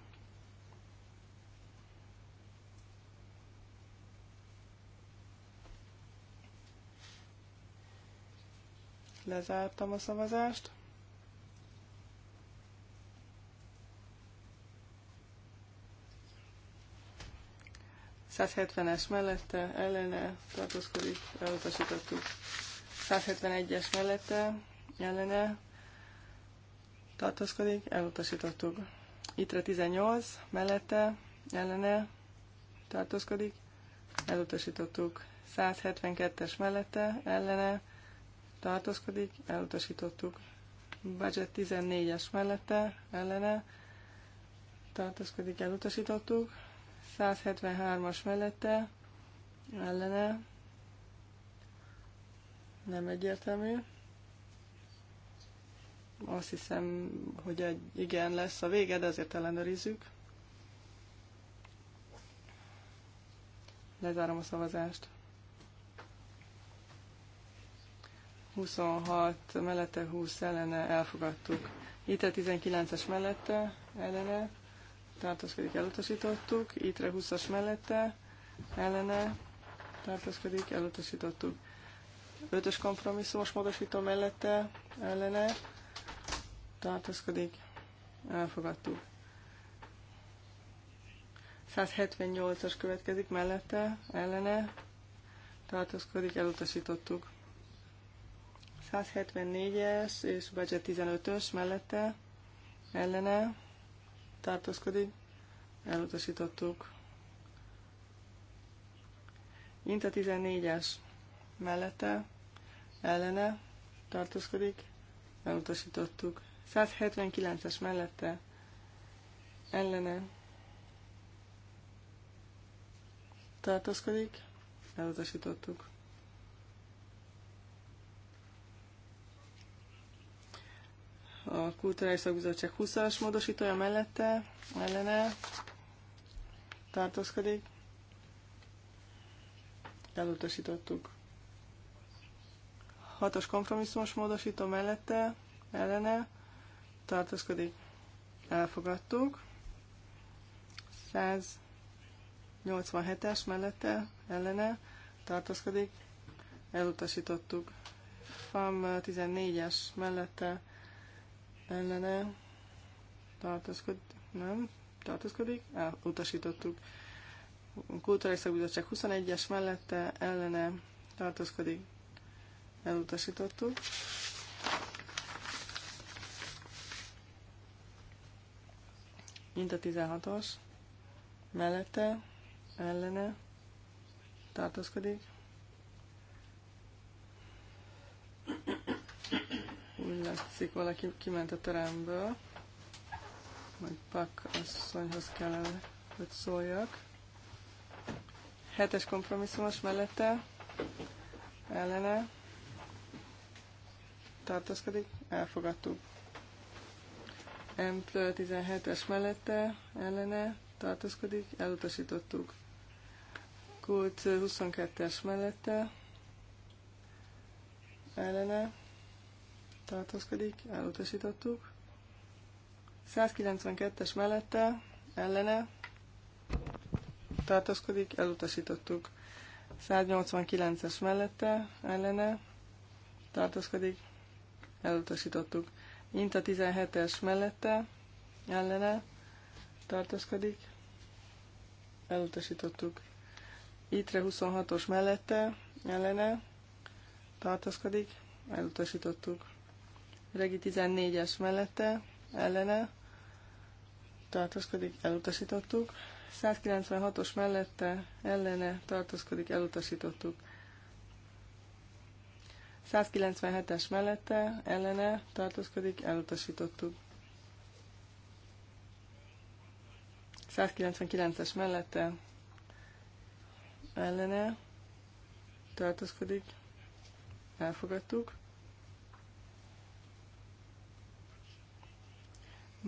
Lezártam a szavazást. 170-es mellette ellene tartózkodik, elutasítottuk. 171-es mellette ellene tartózkodik, elutasítottuk. Itre 18 mellette ellene tartózkodik, elutasítottuk. 172-es mellette ellene tartózkodik, elutasítottuk. Budget 14-es mellette ellene tartózkodik, elutasítottuk. 173-as mellette ellene nem egyértelmű. Azt hiszem, hogy egy igen lesz a vége, de azért ellenőrizzük. Lezárom a szavazást. 26 mellette, 20 ellene elfogadtuk. Itt a 19-es mellette ellene tartózkodik, elutasítottuk. Itre 20-as mellette, ellene, tartózkodik, elutasítottuk. 5-ös kompromisszumos módosító mellette, ellene, tartózkodik, elfogadtuk. 178-as következik mellette, ellene, tartózkodik, elutasítottuk. 174-es és budget 15-ös mellette, ellene, tartózkodik, elutasítottuk. Inta 14-es mellette, ellene tartózkodik, elutasítottuk. 179-es mellette, ellene tartózkodik, elutasítottuk. a Kulturális Szakbizottság 20-as módosítója mellette, ellene tartózkodik. Elutasítottuk. 6-os kompromisszumos módosító mellette, ellene tartózkodik. Elfogadtuk. 187-es mellette, ellene tartózkodik. Elutasítottuk. FAM 14-es mellette, ellene tartózkodik, nem, tartózkodik, elutasítottuk. Kulturális Szakbizottság 21-es mellette ellene tartózkodik, elutasítottuk. Mint a 16-os, mellette, ellene tartózkodik, látszik, valaki kiment a teremből. Majd Pak asszonyhoz kellene, hogy szóljak. Hetes kompromisszumos mellette, ellene, tartózkodik, elfogadtuk. Emplő 17-es mellette, ellene, tartózkodik, elutasítottuk. Kult 22-es mellette, ellene, tartózkodik, elutasítottuk. 192-es mellette, ellene, tartózkodik, elutasítottuk. 189-es mellette, ellene, tartózkodik, elutasítottuk. Inta 17-es mellette, ellene, tartózkodik, elutasítottuk. Itre 26-os mellette, ellene, tartózkodik, elutasítottuk. Regi 14-es mellette, ellene, tartózkodik, elutasítottuk. 196-os mellette, ellene, tartózkodik, elutasítottuk. 197-es mellette, ellene, tartózkodik, elutasítottuk. 199-es mellette, ellene, tartózkodik, elfogadtuk.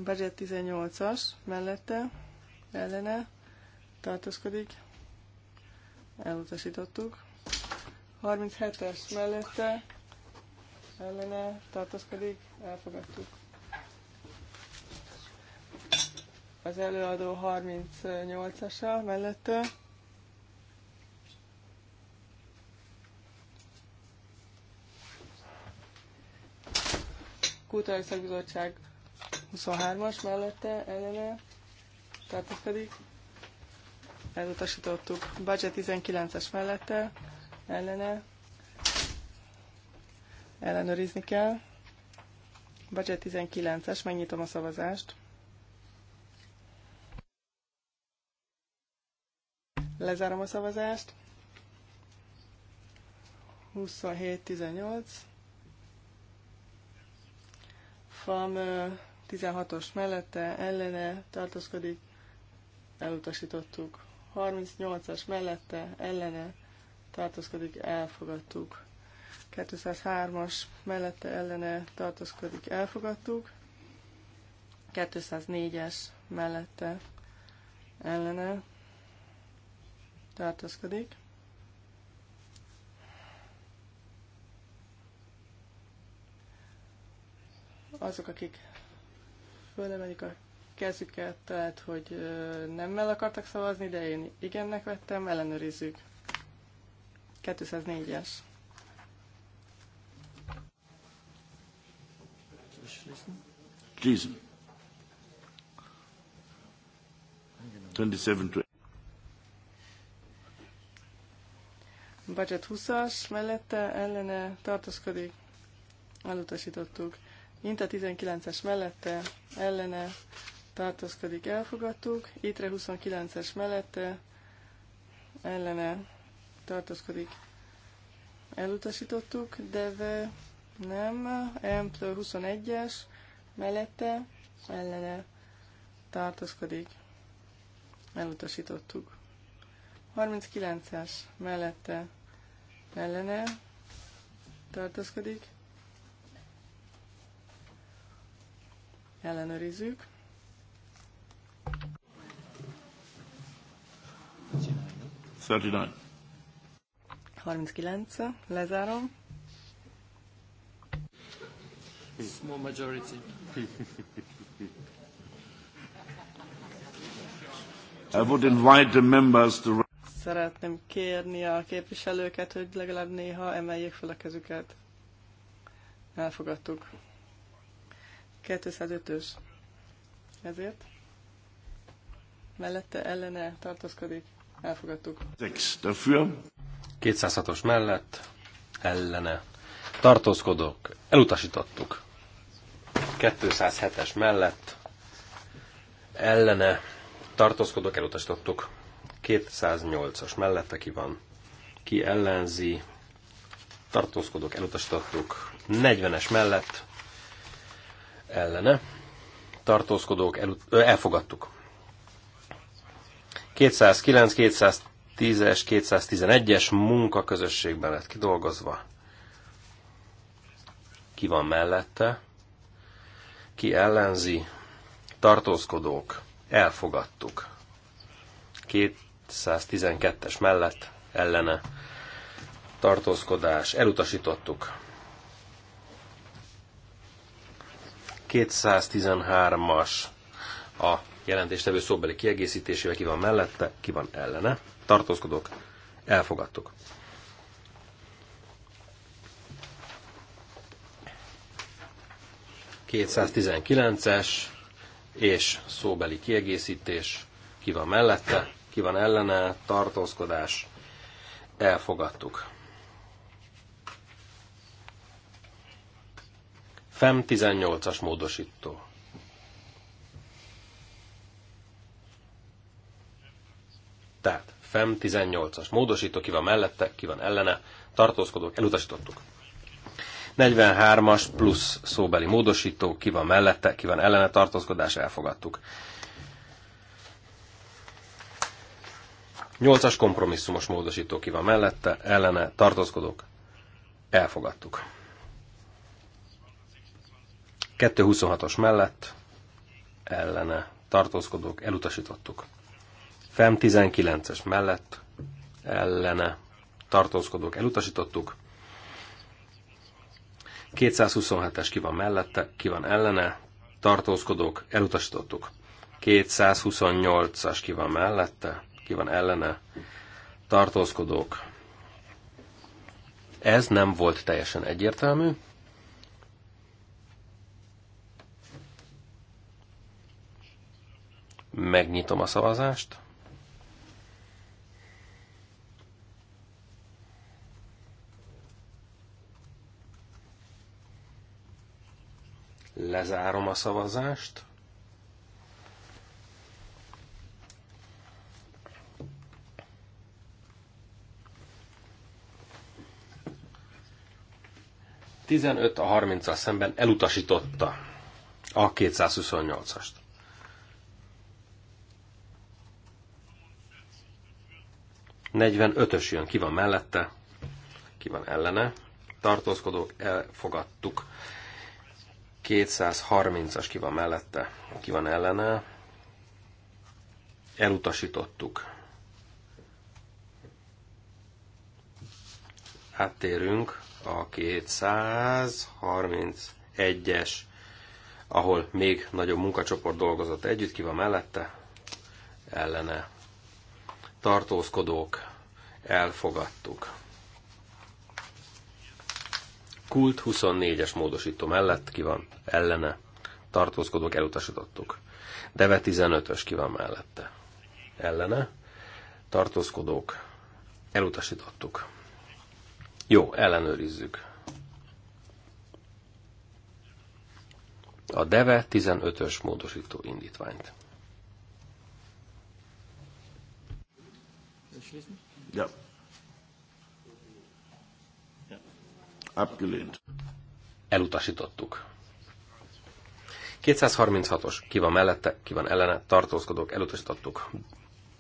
Budget 18-as mellette, ellene tartózkodik, elutasítottuk. 37-es mellette, ellene tartózkodik, elfogadtuk. Az előadó 38-asa mellette, Kultúrai Szakbizottság 23-as mellette ellene pedig Elutasítottuk. Budget 19-es mellette ellene ellenőrizni kell. Budget 19-es, megnyitom a szavazást. Lezárom a szavazást. 27-18. uh, 16-os mellette ellene tartózkodik, elutasítottuk. 38-as mellette ellene tartózkodik, elfogadtuk. 203-as mellette ellene tartózkodik, elfogadtuk. 204-es mellette ellene tartózkodik. Azok, akik fölemelik a kezüket, tehát hogy nemmel akartak szavazni, de én igennek vettem, ellenőrizzük. 204-es. Budget 20-as, mellette ellene tartózkodik. Elutasítottuk. Int a 19-es mellette ellene tartózkodik, elfogadtuk. Itre 29-es mellette ellene tartózkodik, elutasítottuk. Deve nem, Emplő 21-es mellette ellene tartózkodik, elutasítottuk. 39-es mellette ellene tartózkodik, ellenőrizzük. thirty 39, lezárom. Small majority. I would invite the members to... Szeretném kérni a képviselőket, hogy legalább néha emeljék fel a kezüket. Elfogadtuk. 205-ös. Ezért? Mellette ellene tartózkodik. Elfogadtuk. 206-os mellett ellene tartózkodok. Elutasítottuk. 207-es mellett ellene tartózkodok. Elutasítottuk. 208-as mellette ki van. Ki ellenzi. Tartózkodok. Elutasítottuk. 40-es mellett ellene tartózkodók elut- ö, elfogadtuk. 209, 210-es, 211-es munkaközösségben lett kidolgozva. Ki van mellette? Ki ellenzi? Tartózkodók. Elfogadtuk. 212-es mellett ellene tartózkodás. Elutasítottuk. 213-as a jelentéstevő szóbeli kiegészítésével ki van mellette, ki van ellene. Tartózkodok, elfogadtuk. es és szóbeli kiegészítés, ki van mellette, ki van ellene, tartózkodás, elfogadtuk. FEM 18-as módosító. Tehát FEM 18-as módosító, ki van mellette, ki van ellene, tartózkodók, elutasítottuk. 43-as plusz szóbeli módosító, ki van mellette, ki van ellene, tartózkodás, elfogadtuk. 8-as kompromisszumos módosító, ki van mellette, ellene, tartózkodók, elfogadtuk. 226-os mellett ellene tartózkodók elutasítottuk. FEM 19-es mellett ellene tartózkodók elutasítottuk. 227-es ki van mellette, ki van ellene, tartózkodók elutasítottuk. 228-as ki van mellette, ki van ellene, tartózkodók. Ez nem volt teljesen egyértelmű. Megnyitom a szavazást. Lezárom a szavazást. Tizenöt a 30 szemben elutasította a 228-ast. 45-ös jön, ki van mellette, ki van ellene, tartózkodók, elfogadtuk. 230-as ki van mellette, ki van ellene, elutasítottuk. áttérünk a 231-es, ahol még nagyobb munkacsoport dolgozott együtt, ki van mellette, ellene tartózkodók, elfogadtuk. Kult 24-es módosító mellett ki van ellene, tartózkodók, elutasítottuk. Deve 15-ös ki van mellette, ellene, tartózkodók, elutasítottuk. Jó, ellenőrizzük. A DEVE 15-ös módosító indítványt. schließen? Ja. Abgelehnt. Elutasítottuk. 236-os. Ki van mellette, ki van ellene, tartózkodók, elutasítottuk.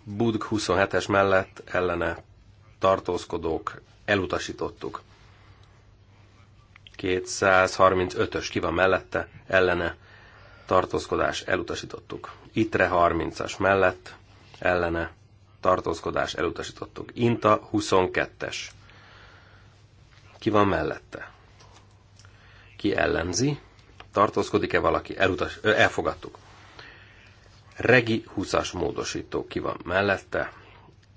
Budg 27-es mellett, ellene, tartózkodók, elutasítottuk. 235-ös. Ki van mellette, ellene, tartózkodás, elutasítottuk. Itre 30-as mellett, ellene, tartózkodás elutasítottuk. Inta 22-es. Ki van mellette? Ki ellenzi? Tartózkodik-e valaki? Elutas, ö, elfogadtuk. Regi 20-as módosító ki van mellette?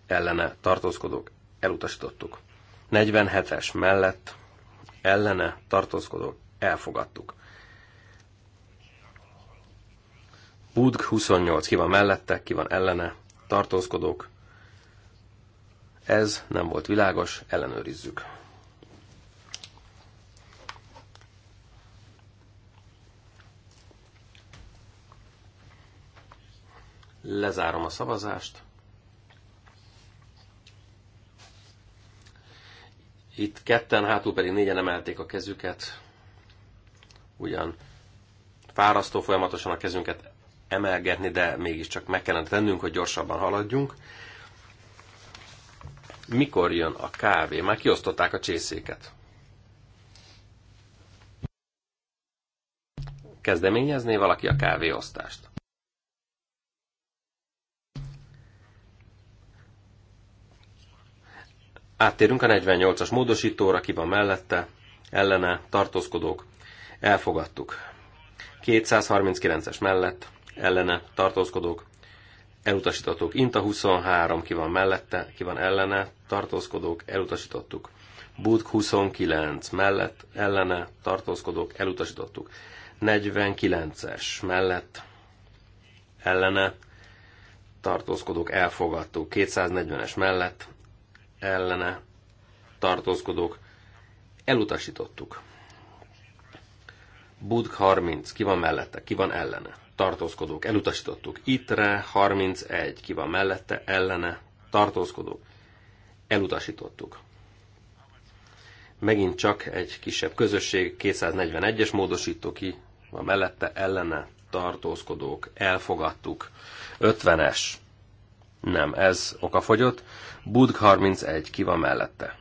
Ellene tartózkodók elutasítottuk. 47-es mellett ellene tartózkodók elfogadtuk. Budg 28, ki van mellette, ki van ellene, tartózkodók. Ez nem volt világos, ellenőrizzük. Lezárom a szavazást. Itt ketten, hátul pedig négyen emelték a kezüket. Ugyan fárasztó folyamatosan a kezünket emelgetni, de mégiscsak meg kellene tennünk, hogy gyorsabban haladjunk. Mikor jön a kávé? Már kiosztották a csészéket. Kezdeményezné valaki a kávéosztást? Áttérünk a 48-as módosítóra, ki van mellette, ellene, tartózkodók. Elfogadtuk. 239-es mellett, ellene tartózkodók elutasítottuk. Inta 23, ki van mellette, ki van ellene, tartózkodók, elutasítottuk. Budk 29, mellett, ellene, tartózkodók, elutasítottuk. 49-es, mellett, ellene, tartózkodók, elfogadtuk. 240-es mellett, ellene, tartózkodók, elutasítottuk. Budk 30, ki van mellette, ki van ellene tartózkodók elutasítottuk. Ittre 31, ki van mellette, ellene, tartózkodók elutasítottuk. Megint csak egy kisebb közösség, 241-es módosító ki van mellette, ellene, tartózkodók elfogadtuk. 50-es. Nem, ez okafogyott. Budg 31, ki van mellette?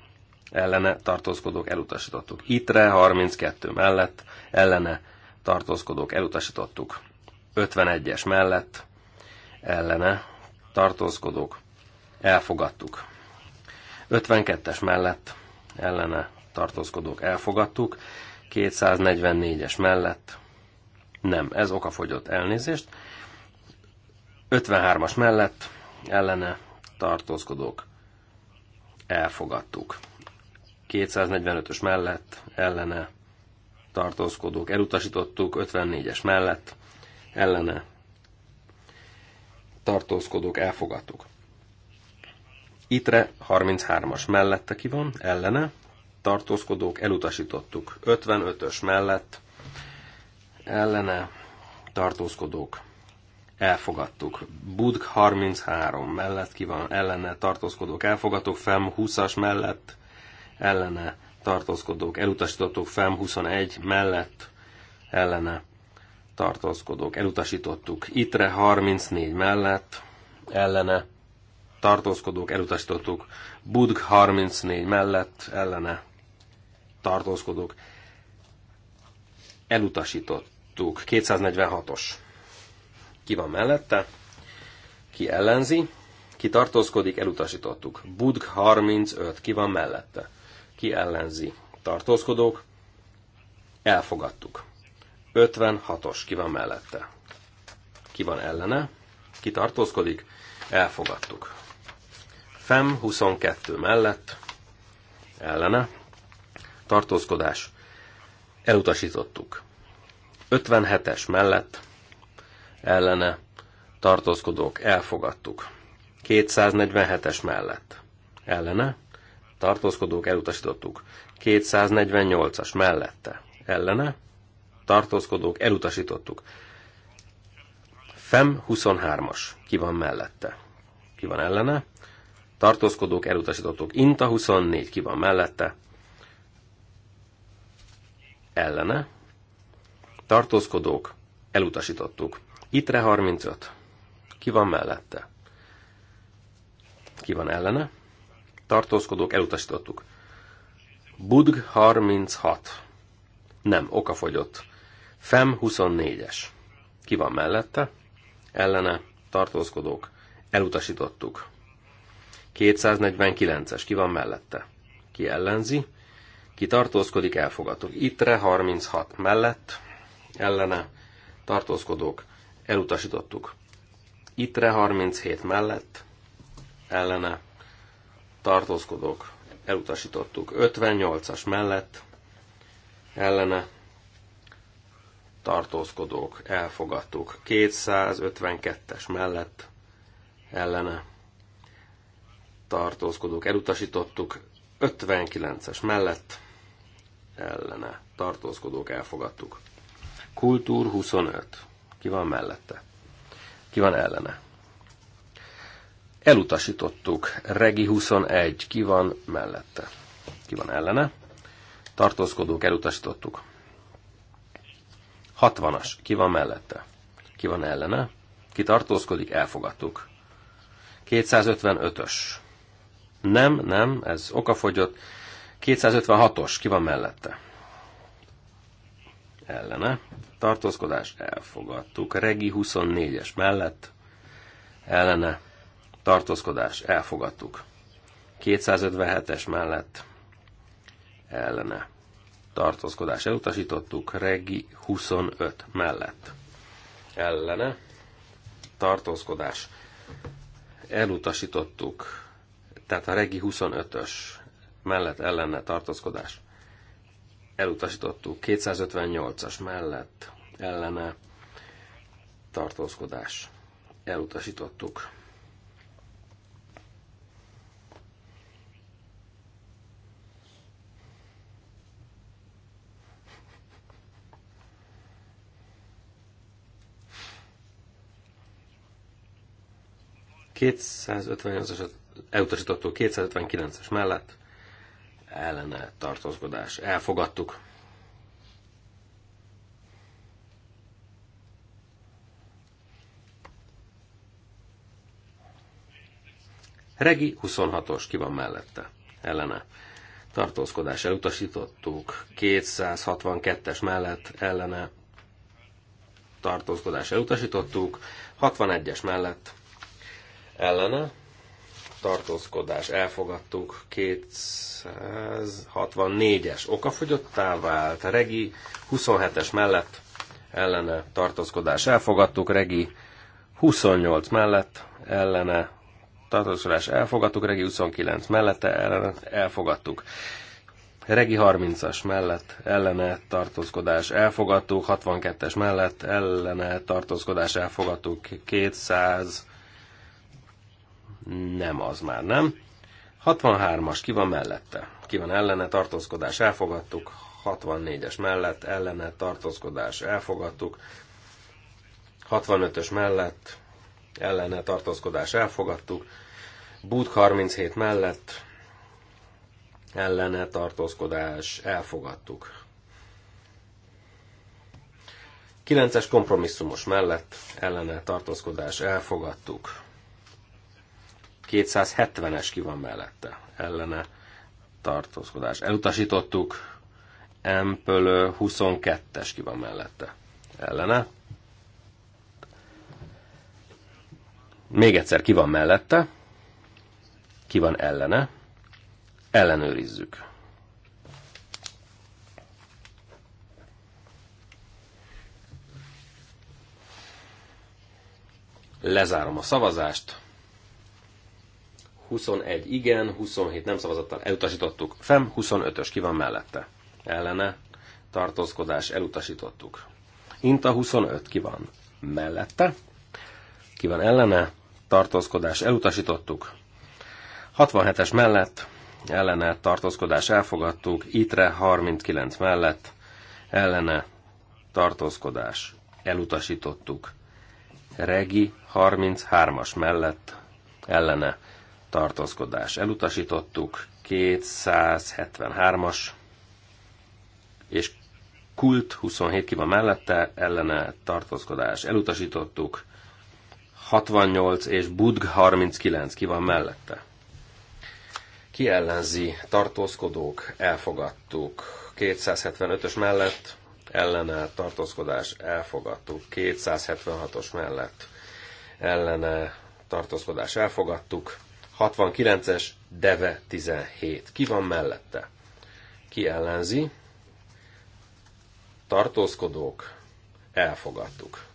Ellene tartózkodók elutasítottuk. Itre 32 mellett, ellene tartózkodók elutasítottuk. 51-es mellett ellene tartózkodók elfogadtuk. 52-es mellett ellene tartózkodók elfogadtuk, 244-es mellett nem, ez okafogyott elnézést, 53-as mellett ellene tartózkodók elfogadtuk. 245-ös mellett ellene tartózkodók elutasítottuk, 54-es mellett ellene tartózkodók elfogadtuk. Itre 33-as mellette ki van, ellene, tartózkodók elutasítottuk. 55-ös mellett ellene tartózkodók elfogadtuk. Budg 33 mellett ki van, ellene tartózkodók elfogadtuk, FEM 20-as mellett ellene tartózkodók elutasítottuk, FEM 21 mellett ellene tartózkodók elutasítottuk. Itre 34 mellett, ellene tartózkodók elutasítottuk. Budg 34 mellett, ellene tartózkodók elutasítottuk. 246-os. Ki van mellette? Ki ellenzi? Ki tartózkodik? Elutasítottuk. Budg 35. Ki van mellette? Ki ellenzi? Tartózkodók? Elfogadtuk. 56-os, ki van mellette? Ki van ellene? Ki tartózkodik? Elfogadtuk. FEM 22 mellett, ellene, tartózkodás, elutasítottuk. 57-es mellett, ellene, tartózkodók, elfogadtuk. 247-es mellett, ellene, tartózkodók, elutasítottuk. 248-as mellette, ellene, tartózkodók, elutasítottuk. FEM 23-as, ki van mellette? Ki van ellene? Tartózkodók, elutasítottuk. INTA 24, ki van mellette? Ellene. Tartózkodók, elutasítottuk. ITRE 35, ki van mellette? Ki van ellene? Tartózkodók, elutasítottuk. Budg 36. Nem, okafogyott. FEM 24-es. Ki van mellette? Ellene tartózkodók. Elutasítottuk. 249-es. Ki van mellette? Ki ellenzi? Ki tartózkodik? Elfogadtuk. Ittre 36 mellett. Ellene tartózkodók. Elutasítottuk. Ittre 37 mellett. Ellene tartózkodók. Elutasítottuk. 58-as mellett. Ellene tartózkodók, elfogadtuk. 252-es mellett ellene tartózkodók, elutasítottuk. 59-es mellett ellene tartózkodók, elfogadtuk. Kultúr 25. Ki van mellette? Ki van ellene? Elutasítottuk. Regi 21. Ki van mellette? Ki van ellene? Tartózkodók elutasítottuk. 60-as, ki van mellette? Ki van ellene? Ki tartózkodik? Elfogadtuk. 255-ös. Nem, nem, ez okafogyott. 256-os, ki van mellette? Ellene. Tartózkodás, elfogadtuk. Regi 24-es mellett. Ellene. Tartózkodás, elfogadtuk. 257-es mellett. Ellene tartózkodás elutasítottuk, regi 25 mellett. Ellene tartózkodás elutasítottuk, tehát a regi 25-ös mellett ellene tartózkodás elutasítottuk, 258-as mellett ellene tartózkodás elutasítottuk. 258-asat elutasítottuk 259-es mellett ellene tartózkodás. Elfogadtuk. Regi 26-os, ki van mellette? Ellene. Tartózkodás elutasítottuk. 262-es mellett ellene. Tartózkodás elutasítottuk. 61-es mellett ellene, tartózkodás elfogadtuk 264-es okafogyottá vált, regi 27-es mellett ellene tartózkodás elfogadtuk, regi 28 mellett ellene tartózkodás elfogadtuk, regi 29 mellette ellene elfogadtuk. Regi 30-as mellett ellene tartózkodás elfogadtuk, 62-es mellett ellene tartózkodás elfogadtuk, 200 nem az már, nem. 63-as, ki van mellette? Ki van ellene, tartózkodás, elfogadtuk. 64-es mellett, ellene, tartózkodás, elfogadtuk. 65-ös mellett, ellene, tartózkodás, elfogadtuk. Bút 37 mellett, ellene, tartózkodás, elfogadtuk. 9-es kompromisszumos mellett, ellene, tartózkodás, elfogadtuk. 270-es ki van mellette, ellene tartózkodás. Elutasítottuk, Empölő 22-es ki van mellette, ellene. Még egyszer ki van mellette, ki van ellene, ellenőrizzük. Lezárom a szavazást. 21 igen, 27 nem szavazattal elutasítottuk. FEM 25-ös ki van mellette? Ellene tartózkodás elutasítottuk. Inta 25 ki van mellette? Ki van ellene? Tartózkodás elutasítottuk. 67-es mellett ellene tartózkodás elfogadtuk, ITRE 39 mellett ellene tartózkodás elutasítottuk. Regi 33-as mellett ellene tartózkodás elutasítottuk, 273-as, és kult 27 kiva mellette, ellene tartózkodás elutasítottuk, 68 és budg 39 kiva mellette. Ki ellenzi tartózkodók, elfogadtuk, 275-ös mellett, ellene tartózkodás elfogadtuk, 276-os mellett, ellene tartózkodás elfogadtuk, 69-es, Deve 17. Ki van mellette? Ki ellenzi? Tartózkodók, elfogadtuk.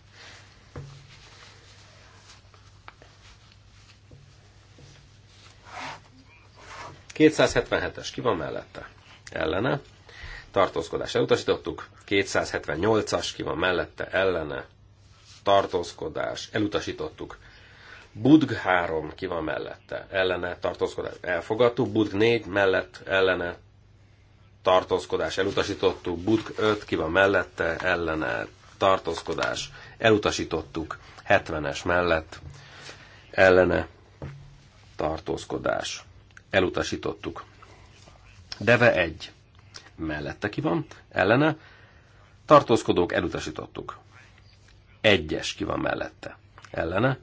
es ki van mellette? Ellene. Tartózkodás elutasítottuk. 278-as ki van mellette? Ellene. Tartózkodás elutasítottuk. Budg 3 ki van mellette, ellene tartózkodás elfogadtuk, Budg 4 mellett ellene tartózkodás elutasítottuk, Budg 5 ki van mellette, ellene tartózkodás elutasítottuk, 70-es mellett ellene tartózkodás elutasítottuk. Deve 1 mellette ki van, ellene tartózkodók elutasítottuk. Egyes ki van mellette, ellene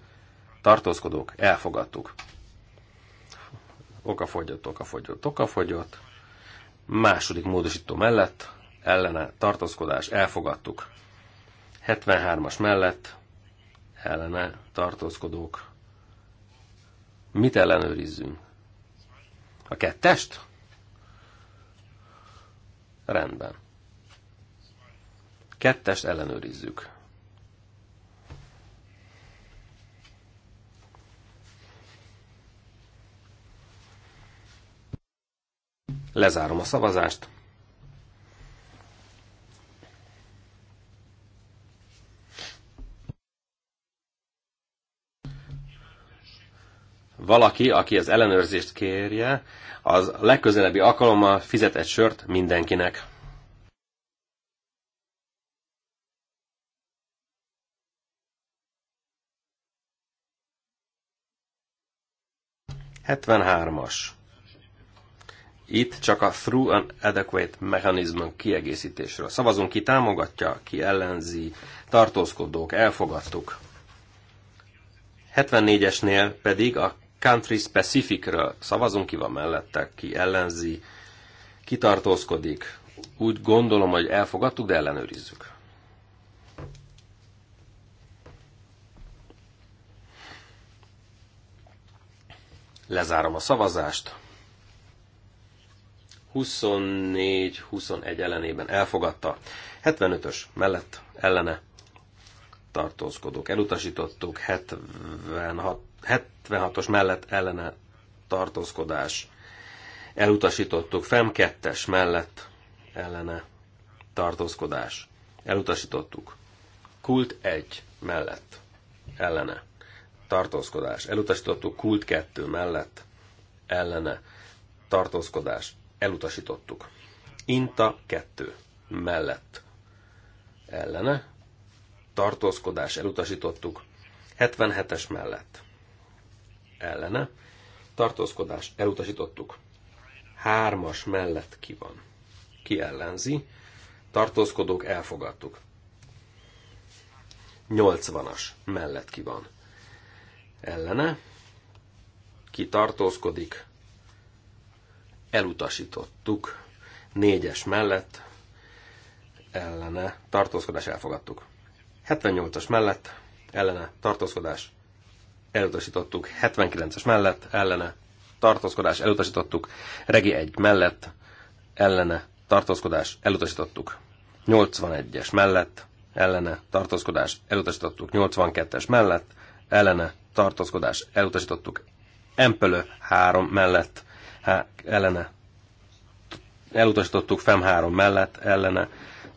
tartózkodók, elfogadtuk. Oka fogyott, oka fogyott, oka fogyott. Második módosító mellett, ellene tartózkodás, elfogadtuk. 73-as mellett, ellene tartózkodók. Mit ellenőrizzünk? A kettest? Rendben. Kettest ellenőrizzük. Lezárom a szavazást. Valaki, aki az ellenőrzést kérje, az legközelebbi alkalommal fizet egy sört mindenkinek. Hetvenhármas. Itt csak a through an adequate mechanism kiegészítésről szavazunk, ki támogatja, ki ellenzi, tartózkodók, elfogadtuk. 74-esnél pedig a country specificről szavazunk, ki van mellette, ki ellenzi, ki tartózkodik. Úgy gondolom, hogy elfogadtuk, de ellenőrizzük. Lezárom a szavazást. 24-21 ellenében elfogadta. 75-ös mellett ellene tartózkodók elutasítottuk, 76, 76-os mellett ellene tartózkodás elutasítottuk, FEM 2-es mellett ellene tartózkodás elutasítottuk, Kult 1 mellett ellene tartózkodás elutasítottuk, Kult 2 mellett ellene tartózkodás elutasítottuk. Inta 2 mellett ellene, tartózkodás elutasítottuk, 77-es mellett ellene, tartózkodás elutasítottuk, Hármas mellett ki van, ki ellenzi, tartózkodók elfogadtuk, 80-as mellett ki van, ellene, ki tartózkodik, elutasítottuk. Négyes mellett ellene tartózkodás elfogadtuk. 78-as mellett ellene tartózkodás elutasítottuk. 79-es mellett ellene tartózkodás elutasítottuk. Regi 1 mellett ellene tartózkodás elutasítottuk. 81-es mellett ellene tartózkodás elutasítottuk. 82-es mellett ellene tartózkodás elutasítottuk. Empölő 3 mellett ellene elutasítottuk, FEM 3 mellett ellene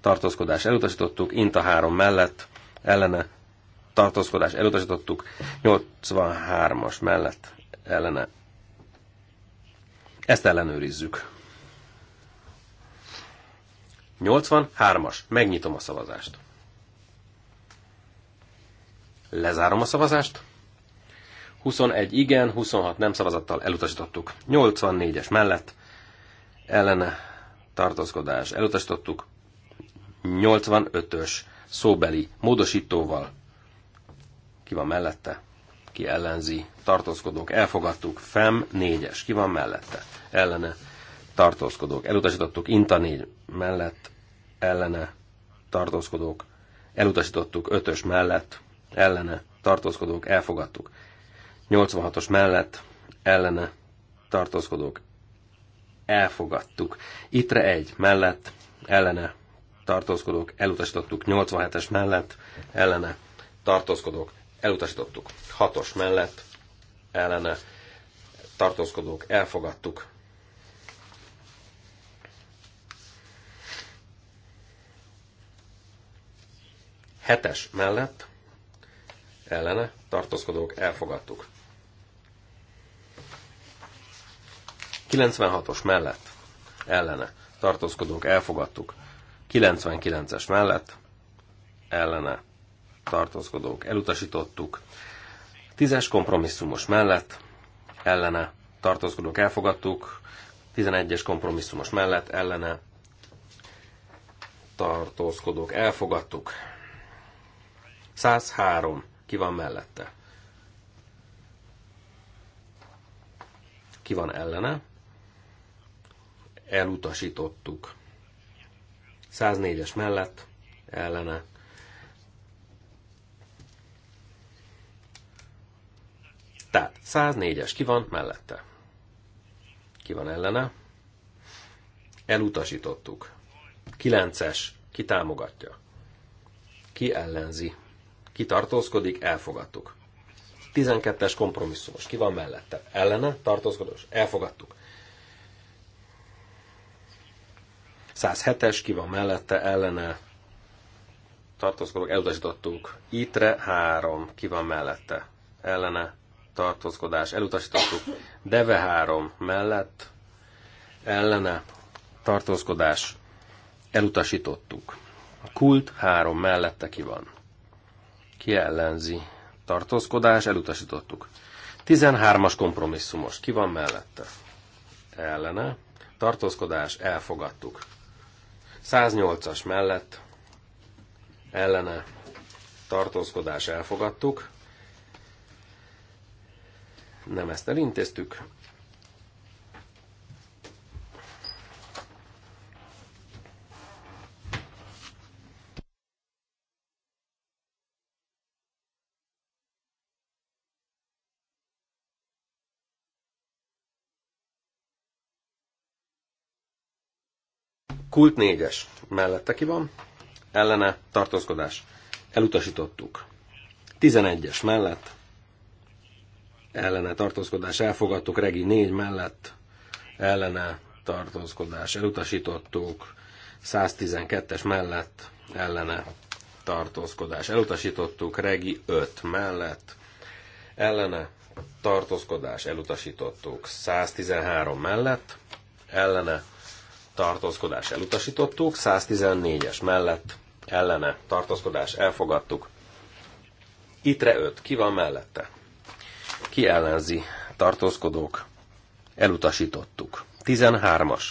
tartózkodás elutasítottuk, INTA 3 mellett ellene tartózkodás elutasítottuk, 83-as mellett ellene. Ezt ellenőrizzük. 83-as. Megnyitom a szavazást. Lezárom a szavazást. 21 igen, 26 nem szavazattal elutasítottuk. 84-es mellett ellene tartózkodás elutasítottuk. 85-ös szóbeli módosítóval ki van mellette, ki ellenzi, tartózkodók, elfogadtuk, FEM 4-es, ki van mellette, ellene, tartózkodók, elutasítottuk, INTA 4 mellett, ellene, tartózkodók, elutasítottuk, 5-ös mellett, ellene, tartózkodók, elfogadtuk, 86-os mellett ellene tartózkodók elfogadtuk. Itre egy mellett ellene tartózkodók elutasítottuk. 87-es mellett ellene tartózkodók elutasítottuk. 6-os mellett ellene tartózkodók elfogadtuk. Hetes mellett ellene tartózkodók elfogadtuk. 96-os mellett ellene tartózkodunk, elfogadtuk. 99-es mellett ellene tartózkodók elutasítottuk. 10-es kompromisszumos mellett ellene tartózkodók elfogadtuk. 11-es kompromisszumos mellett ellene tartózkodók elfogadtuk. 103 ki van mellette? Ki van ellene? elutasítottuk. 104-es mellett ellene. Tehát 104-es ki van mellette? Ki van ellene? Elutasítottuk. 9-es ki támogatja? Ki ellenzi? Ki tartózkodik? Elfogadtuk. 12-es kompromisszumos. Ki van mellette? Ellene? Tartózkodós? Elfogadtuk. 107-es, ki van mellette, ellene tartózkodók, elutasítottuk. Itre 3, ki van mellette, ellene tartózkodás, elutasítottuk. Deve 3, mellett, ellene tartózkodás, elutasítottuk. Kult 3, mellette ki van. Ki ellenzi? Tartózkodás, elutasítottuk. 13-as kompromisszumos. Ki van mellette? Ellene. Tartózkodás, elfogadtuk. 108-as mellett ellene tartózkodás elfogadtuk. Nem ezt elintéztük. Kult négyes Mellette ki van? Ellene tartózkodás. Elutasítottuk. 11-es mellett. Ellene tartózkodás. Elfogadtuk. Regi négy mellett. Ellene tartózkodás. Elutasítottuk. 112-es mellett. Ellene tartózkodás. Elutasítottuk. Regi 5 mellett. Ellene tartózkodás. Elutasítottuk. 113 mellett. Ellene tartózkodás elutasítottuk, 114-es mellett ellene tartózkodás elfogadtuk. Itre 5, ki van mellette? Ki ellenzi? Tartózkodók, elutasítottuk. 13-as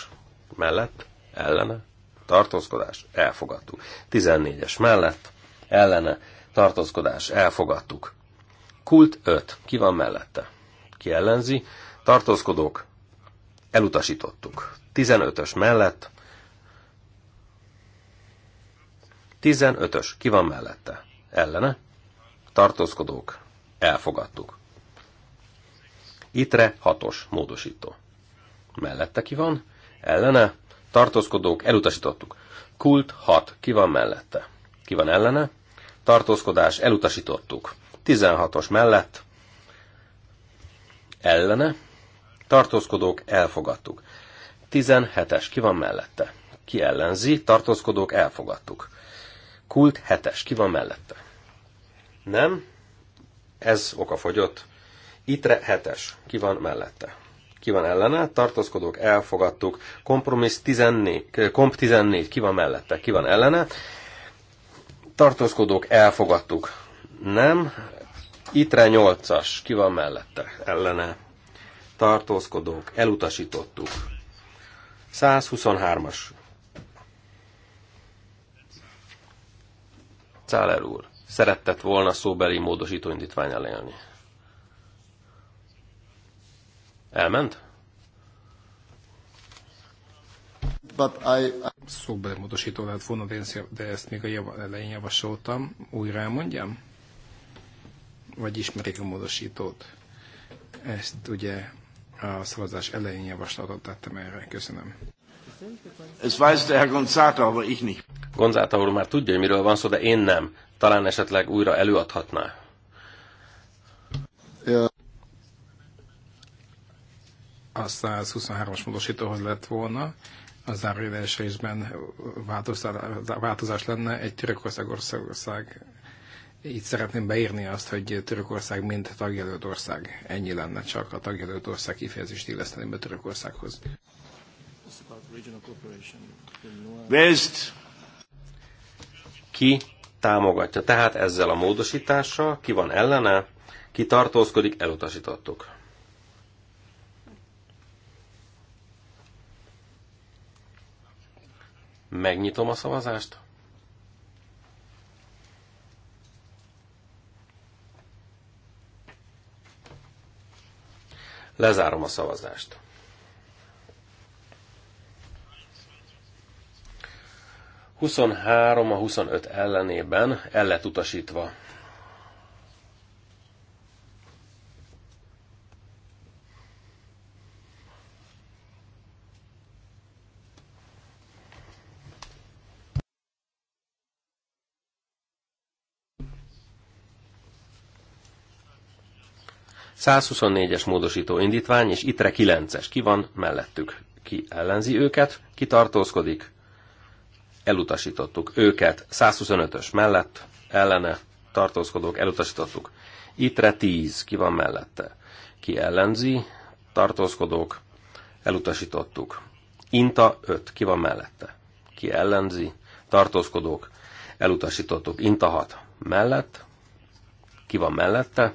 mellett, ellene, tartózkodás, elfogadtuk. 14-es mellett, ellene, tartózkodás, elfogadtuk. Kult 5, ki van mellette? Ki ellenzi? Tartózkodók, elutasítottuk. 15-ös mellett. 15-ös, ki van mellette? Ellene? Tartózkodók, elfogadtuk. Itre 6-os, módosító. Mellette ki van? Ellene? Tartózkodók, elutasítottuk. Kult 6, ki van mellette? Ki van ellene? Tartózkodás, elutasítottuk. 16-os mellett, ellene, tartózkodók, elfogadtuk. 17-es, ki van mellette? Ki ellenzi? Tartózkodók, elfogadtuk. Kult 7-es, ki van mellette? Nem? Ez okafogyott. Itre 7-es, ki van mellette? Ki van ellene? Tartózkodók, elfogadtuk. Kompromisz 14, komp 14, ki van mellette? Ki van ellene? Tartózkodók, elfogadtuk. Nem? Itre 8-as, ki van mellette? Ellene. Tartózkodók, elutasítottuk. 123-as. Cáler úr, szerettett volna szóbeli módosító indítványal élni. Elment? But I, I... Szóbeli módosító lehet volna, de ezt még a java, elején javasoltam. Újra elmondjam? Vagy ismerik a módosítót? Ezt ugye a szavazás elején javaslatot tettem erre. Köszönöm. Ez weiß der Herr Gonzata, aber ich nicht. Gonzáta úr már tudja, hogy miről van szó, de én nem. Talán esetleg újra előadhatná. Ja. A 123-as módosítóhoz lett volna, az zárvédeles részben változás lenne egy Törökország ország itt szeretném beírni azt, hogy Törökország mint tagjelölt ország. Ennyi lenne csak a tagjelölt ország kifejezést illeszteni be Törökországhoz. West. Ki támogatja? Tehát ezzel a módosítással ki van ellene, ki tartózkodik, elutasítottuk. Megnyitom a szavazást. Lezárom a szavazást. 23 a 25 ellenében el lett utasítva. 124-es módosító indítvány, és itre 9-es. Ki van mellettük? Ki ellenzi őket? Ki tartózkodik? Elutasítottuk őket. 125-ös mellett, ellene tartózkodók, elutasítottuk. Itre 10, ki van mellette? Ki ellenzi? Tartózkodók, elutasítottuk. Inta 5, ki van mellette? Ki ellenzi? Tartózkodók, elutasítottuk. Inta 6, mellett, ki van mellette?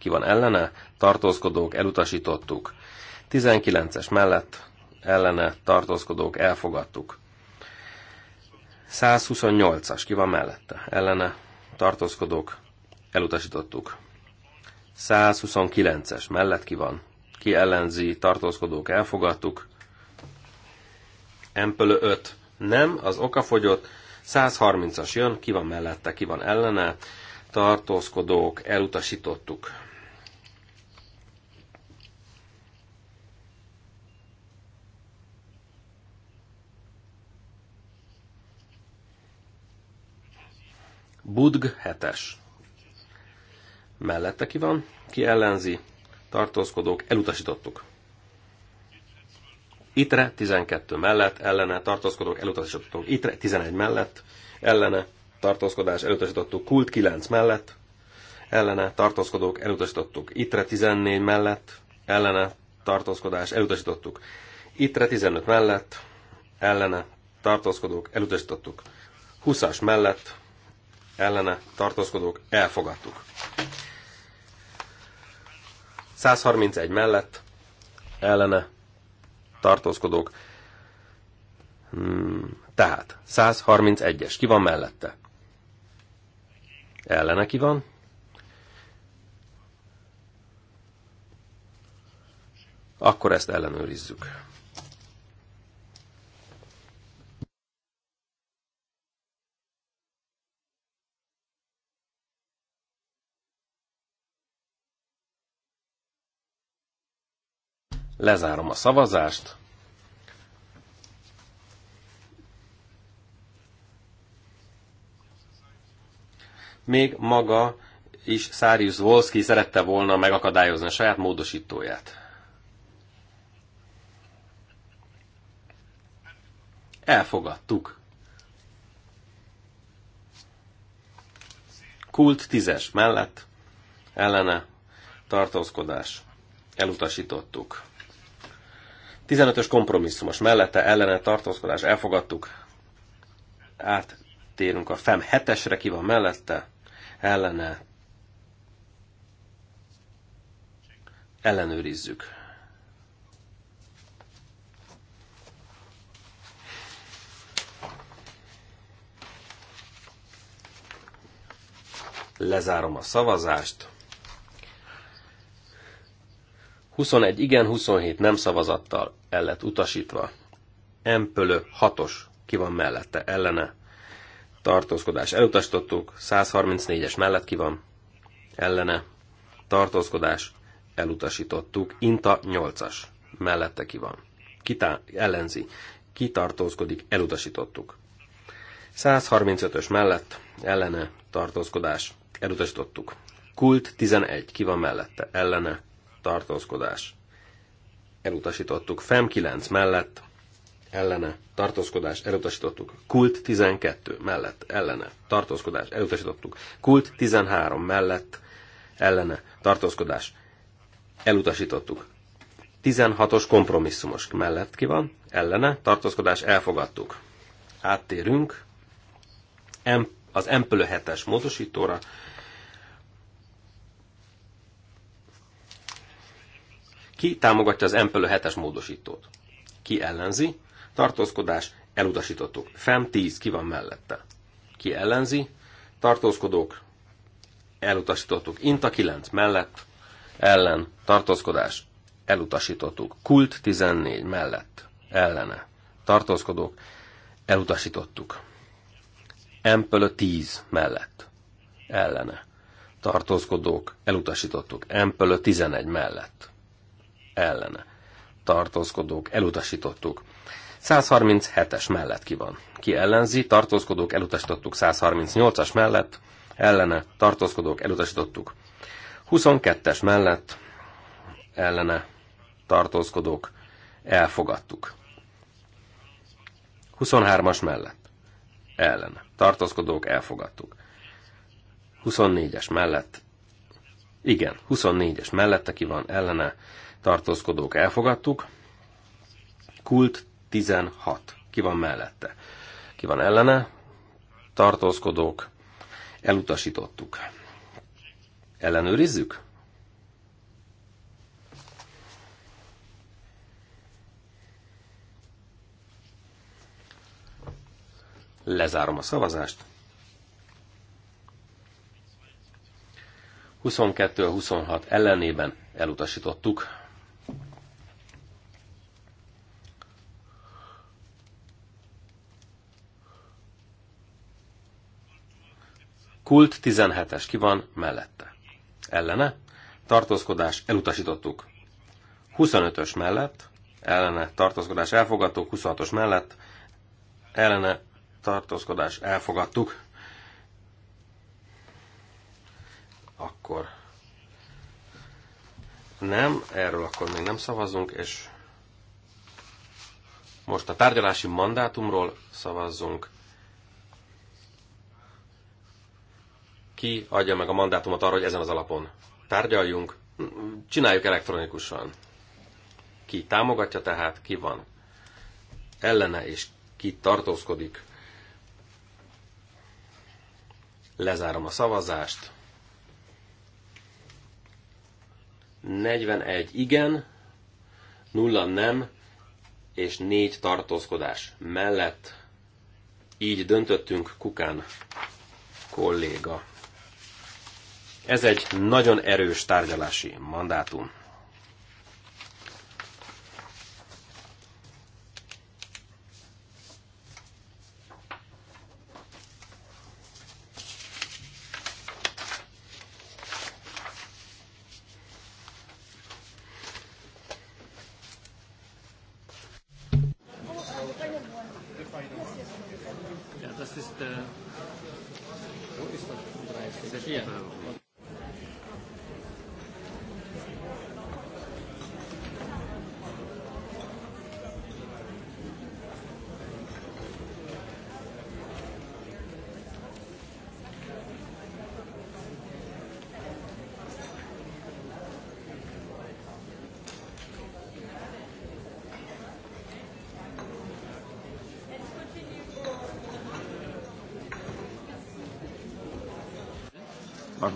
ki van ellene, tartózkodók, elutasítottuk. 19-es mellett ellene tartózkodók, elfogadtuk. 128-as, ki van mellette? Ellene tartózkodók, elutasítottuk. 129-es, mellett ki van? Ki ellenzi, tartózkodók, elfogadtuk. Empölő 5, nem, az okafogyott. 130-as jön, ki van mellette, ki van ellene, tartózkodók, elutasítottuk. Budg 7-es. Mellette ki van, ki ellenzi, tartózkodók, elutasítottuk. Itre 12 mellett, ellene, tartózkodók, elutasítottuk. Itre 11 mellett, ellene, tartózkodás, elutasítottuk. Kult 9 mellett, ellene, tartózkodók, elutasítottuk. Itre 14 mellett, ellene, tartózkodás, elutasítottuk. Itre 15 mellett, ellene, tartózkodók, elutasítottuk. 20-as mellett, ellene tartózkodók elfogadtuk. 131 mellett ellene tartózkodók. Hmm, tehát 131-es, ki van mellette? Ellene ki van? Akkor ezt ellenőrizzük. Lezárom a szavazást. Még maga is Szárius Volszki szerette volna megakadályozni a saját módosítóját. Elfogadtuk. Kult tízes mellett, ellene, tartózkodás, elutasítottuk. 15-ös kompromisszumos mellette ellene tartózkodás elfogadtuk. Áttérünk a FEM 7-esre, ki van mellette, ellene ellenőrizzük. Lezárom a szavazást. 21 igen, 27 nem szavazattal el lett utasítva. Empölő 6-os, ki van mellette, ellene, tartózkodás elutasítottuk, 134-es mellett ki van, ellene, tartózkodás elutasítottuk, Inta 8-as, mellette ki van, Kita, ellenzi, kitartózkodik, elutasítottuk. 135-ös mellett, ellene, tartózkodás, elutasítottuk. Kult 11, ki van mellette, ellene, tartózkodás, elutasítottuk. FEM 9 mellett ellene tartózkodás elutasítottuk. Kult 12 mellett ellene tartózkodás elutasítottuk. Kult 13 mellett ellene tartózkodás elutasítottuk. 16-os kompromisszumos mellett ki van, ellene tartózkodás elfogadtuk. Áttérünk az Empölö 7-es módosítóra Ki támogatja az MPL 7-es módosítót? Ki ellenzi? Tartózkodás, elutasítottuk. FEM 10, ki van mellette? Ki ellenzi? Tartózkodók, elutasítottuk. Inta 9, mellett, ellen, tartózkodás, elutasítottuk. Kult 14, mellett, ellene, tartózkodók, elutasítottuk. Empölö 10 mellett. Ellene. Tartózkodók, elutasítottuk. Empölö 11 mellett ellene tartózkodók elutasítottuk. 137-es mellett ki van. Ki ellenzi, tartózkodók elutasítottuk 138-as mellett, ellene tartózkodók elutasítottuk. 22-es mellett ellene tartózkodók elfogadtuk. 23-as mellett ellene tartózkodók elfogadtuk. 24-es mellett igen, 24-es mellette ki van ellene tartózkodók elfogadtuk. Kult 16. Ki van mellette? Ki van ellene? Tartózkodók elutasítottuk. Ellenőrizzük? Lezárom a szavazást. 22-26 ellenében elutasítottuk Kult 17-es ki van mellette. Ellene. Tartózkodás elutasítottuk. 25-ös mellett. Ellene. Tartózkodás elfogadtuk. 26-os mellett. Ellene. Tartózkodás elfogadtuk. Akkor nem, erről akkor még nem szavazunk, és most a tárgyalási mandátumról szavazzunk. Ki adja meg a mandátumot arra, hogy ezen az alapon tárgyaljunk? Csináljuk elektronikusan. Ki támogatja tehát, ki van ellene, és ki tartózkodik. Lezárom a szavazást. 41 igen, 0 nem, és 4 tartózkodás mellett így döntöttünk Kukán kolléga ez egy nagyon erős tárgyalási mandátum.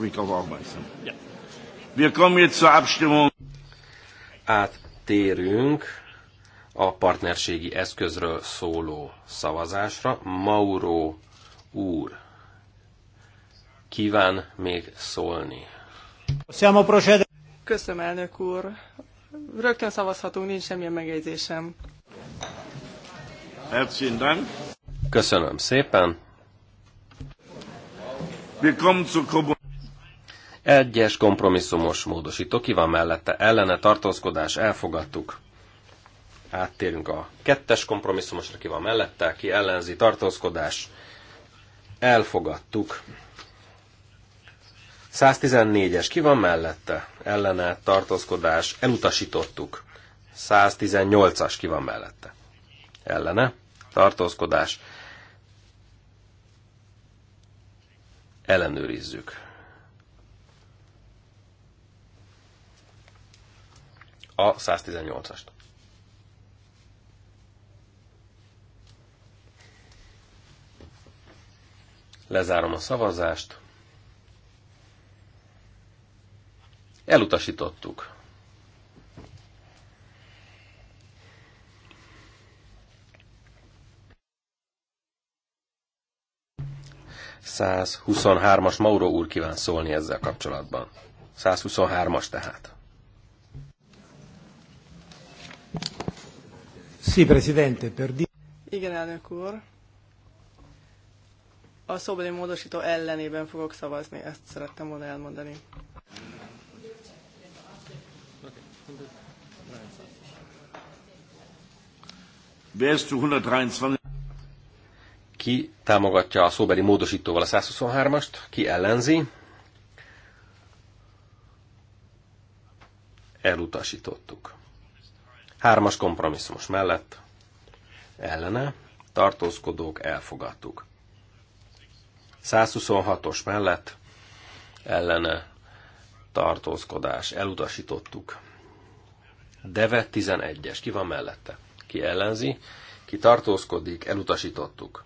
mich darauf aufmerksam. Ja. Wir kommen jetzt zur Abstimmung. Áttérünk a partnerségi eszközről szóló szavazásra. Mauro úr kíván még szólni. Köszönöm, elnök úr. Rögtön szavazhatunk, nincs semmilyen megjegyzésem. Köszönöm szépen. Egyes kompromisszumos módosító. Ki van mellette? Ellene tartózkodás. Elfogadtuk. Áttérünk a kettes kompromisszumosra. Ki van mellette? Ki ellenzi tartózkodás? Elfogadtuk. 114-es. Ki van mellette? Ellene tartózkodás. Elutasítottuk. 118-as. Ki van mellette? Ellene tartózkodás. ellenőrizzük. a 118-ast. Lezárom a szavazást. Elutasítottuk. Száz huszonhármas Mauro úr kíván szólni ezzel kapcsolatban. 123 huszonhármas tehát. Sí, Presidente, per Igen, elnök úr. A szóbeli módosító ellenében fogok szavazni, ezt szerettem volna elmondani. Ki támogatja a szóbeli módosítóval a 123-ast, ki ellenzi? Elutasítottuk. Hármas kompromisszumos mellett ellene tartózkodók elfogadtuk. 126-os mellett ellene tartózkodás elutasítottuk. Deve 11-es, ki van mellette? Ki ellenzi? Ki tartózkodik? Elutasítottuk.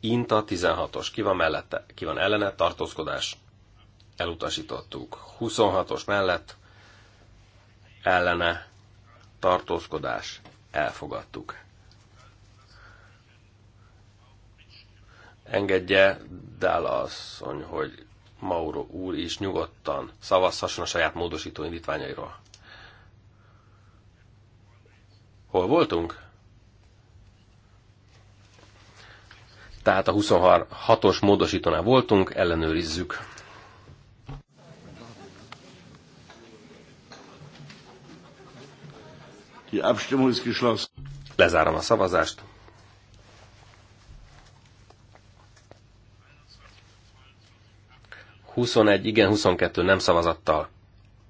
Inta 16-os, ki van mellette? Ki van ellene? Tartózkodás elutasítottuk. 26-os mellett ellene tartózkodás, elfogadtuk. Engedje Dála hogy Mauro úr is nyugodtan szavazhasson a saját módosító indítványairól. Hol voltunk? Tehát a 26-os módosítónál voltunk, ellenőrizzük. Die Abstimmung ist geschlossen. Lezárom a szavazást. Huszonegy igen, 22 nem szavazattal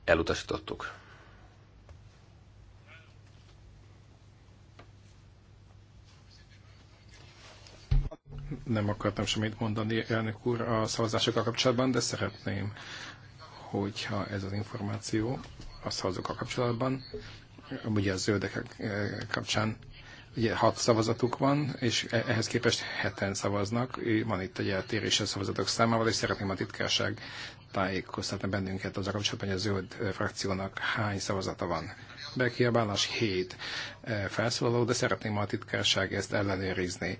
elutasítottuk. nem akartam semmit mondani, elnök úr, a szavazásokkal kapcsolatban, de szeretném, hogyha ez az információ a szavazokkal kapcsolatban ugye a zöldek eh, kapcsán ugye hat szavazatuk van, és e- ehhez képest heten szavaznak. Van itt egy eltérés a szavazatok számával, és szeretném a titkárság tájékoztatni bennünket az a kapcsolatban, hogy a zöld eh, frakciónak hány szavazata van. Bekiabálás 7 eh, felszólaló, de szeretném a titkárság ezt ellenőrizni.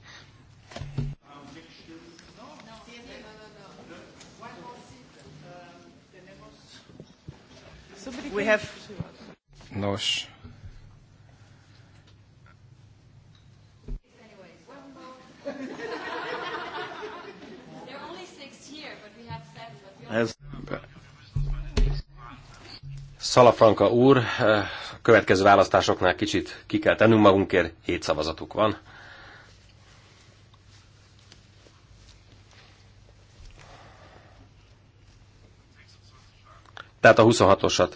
We have... Nos, Ez... Szalafranka úr, a eh, következő választásoknál kicsit ki kell tennünk magunkért, hét szavazatuk van. Tehát a 26-osat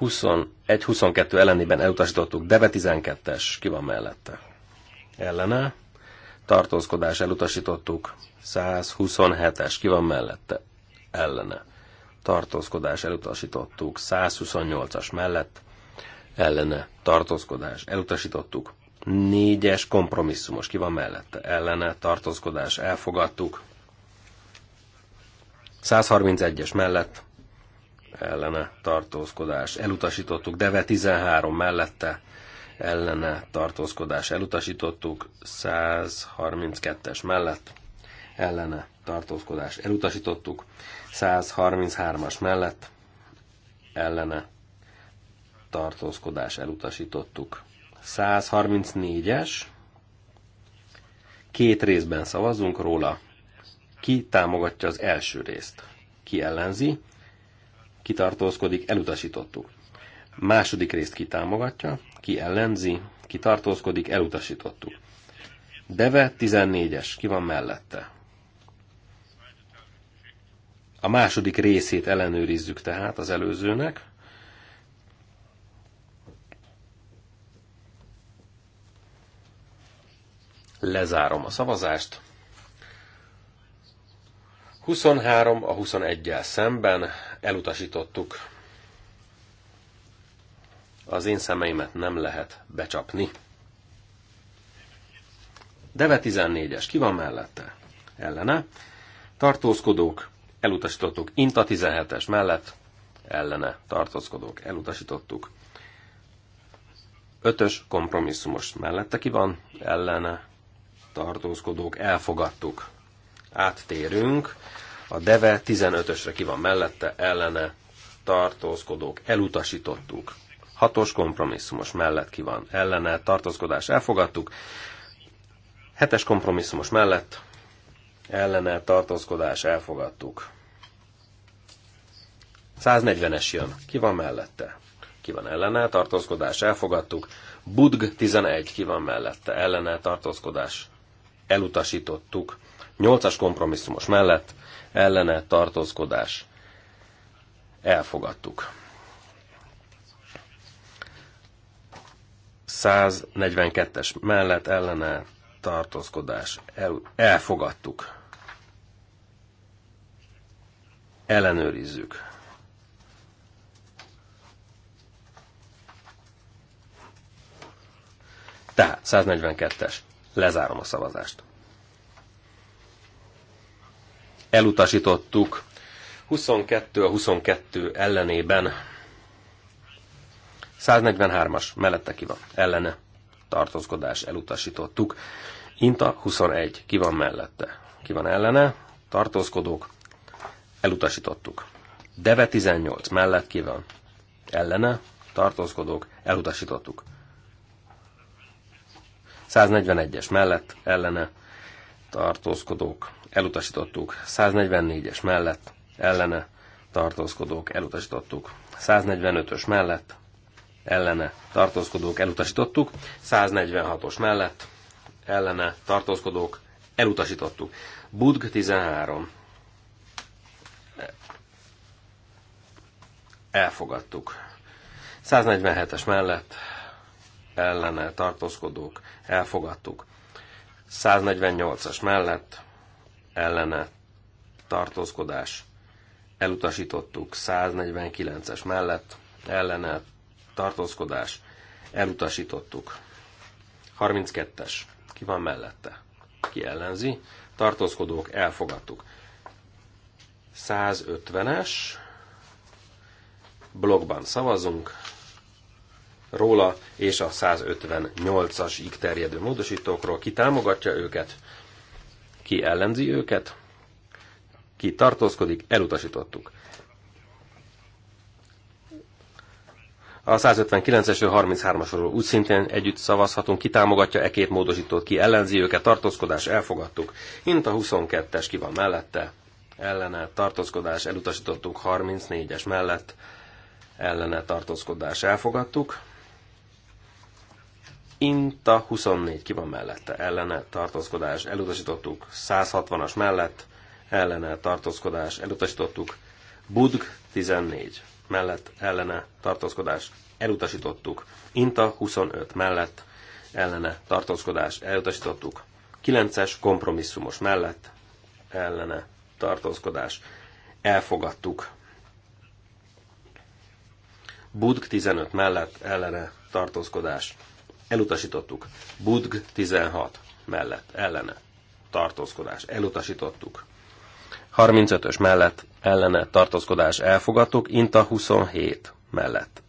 21-22 ellenében elutasítottuk, Deve 12-es, ki van mellette? Ellene. Tartózkodás elutasítottuk, 127-es, ki van mellette? ellene tartózkodás elutasítottuk, 128-as mellett ellene tartózkodás elutasítottuk, 4-es kompromisszumos ki van mellette, ellene tartózkodás elfogadtuk, 131-es mellett ellene tartózkodás elutasítottuk, Deve 13 mellette ellene tartózkodás elutasítottuk, 132-es mellett ellene tartózkodás elutasítottuk, 133-as mellett ellene tartózkodás elutasítottuk. 134-es, két részben szavazzunk róla, ki támogatja az első részt, ki ellenzi, ki tartózkodik, elutasítottuk. Második részt ki támogatja, ki ellenzi, ki tartózkodik, elutasítottuk. Deve 14-es, ki van mellette? A második részét ellenőrizzük tehát az előzőnek. Lezárom a szavazást. 23 a 21-el szemben elutasítottuk. Az én szemeimet nem lehet becsapni. Deve 14-es, ki van mellette? Ellene. Tartózkodók, elutasítottuk. Inta 17-es mellett ellene tartózkodók, elutasítottuk. Ötös kompromisszumos mellette ki van, ellene tartózkodók, elfogadtuk. Áttérünk, a deve 15-ösre ki van mellette, ellene tartózkodók, elutasítottuk. Hatos kompromisszumos mellett ki van, ellene tartózkodás, elfogadtuk. Hetes kompromisszumos mellett ellene tartózkodás, elfogadtuk. 140-es jön. Ki van mellette? Ki van ellene? Tartózkodás. Elfogadtuk. Budg 11. Ki van mellette? Ellene. Tartózkodás. Elutasítottuk. 8-as kompromisszumos mellett. Ellene. Tartózkodás. Elfogadtuk. 142-es mellett ellene tartózkodás. El, elfogadtuk. Ellenőrizzük. Tehát 142-es. Lezárom a szavazást. Elutasítottuk 22 a 22 ellenében. 143-as mellette ki van. Ellene. Tartózkodás elutasítottuk. Inta 21. Ki van mellette? Ki van ellene? Tartózkodók. Elutasítottuk. Deve 18. Mellett ki van? Ellene. Tartózkodók. Elutasítottuk. 141-es mellett ellene tartózkodók elutasítottuk. 144-es mellett ellene tartózkodók elutasítottuk. 145-ös mellett ellene tartózkodók elutasítottuk. 146-os mellett ellene tartózkodók elutasítottuk. Budg 13. Elfogadtuk. 147-es mellett ellene tartózkodók elfogadtuk. 148-as mellett ellene tartózkodás elutasítottuk. 149-es mellett ellene tartózkodás elutasítottuk. 32-es. Ki van mellette? Ki ellenzi? Tartózkodók elfogadtuk. 150-es. Blogban szavazunk róla, és a 158-asig terjedő módosítókról. Ki támogatja őket, ki ellenzi őket, ki tartózkodik, elutasítottuk. A 159-esről 33-asról úgy szintén együtt szavazhatunk, ki támogatja e két módosítót, ki ellenzi őket, tartózkodás, elfogadtuk. Mint a 22-es ki van mellette, ellene, tartózkodás, elutasítottuk 34-es mellett, ellene tartózkodás elfogadtuk. Inta 24, ki van mellette? Ellene tartózkodás, elutasítottuk. 160-as mellett, ellene tartózkodás, elutasítottuk. Budg 14, mellett, ellene tartózkodás, elutasítottuk. Inta 25, mellett, ellene tartózkodás, elutasítottuk. 9-es kompromisszumos mellett, ellene tartózkodás, elfogadtuk. Budg 15 mellett, ellene tartózkodás, Elutasítottuk. Budg 16 mellett, ellene. Tartózkodás. Elutasítottuk. 35-ös mellett, ellene. Tartózkodás. Elfogadtuk. Inta 27 mellett.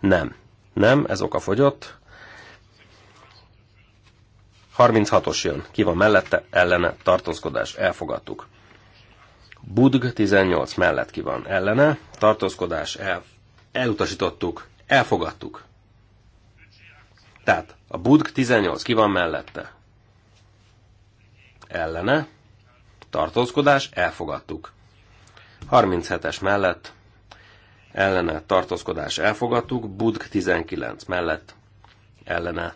Nem. Nem, ez oka fogyott. 36-os jön. Ki van mellette? Ellene. Tartózkodás. Elfogadtuk. Budg 18 mellett ki van ellene. Tartózkodás. El, elutasítottuk. Elfogadtuk. Tehát a budg 18 ki van mellette? Ellene. Tartózkodás, elfogadtuk. 37-es mellett ellene tartózkodás elfogadtuk, Budg 19 mellett ellene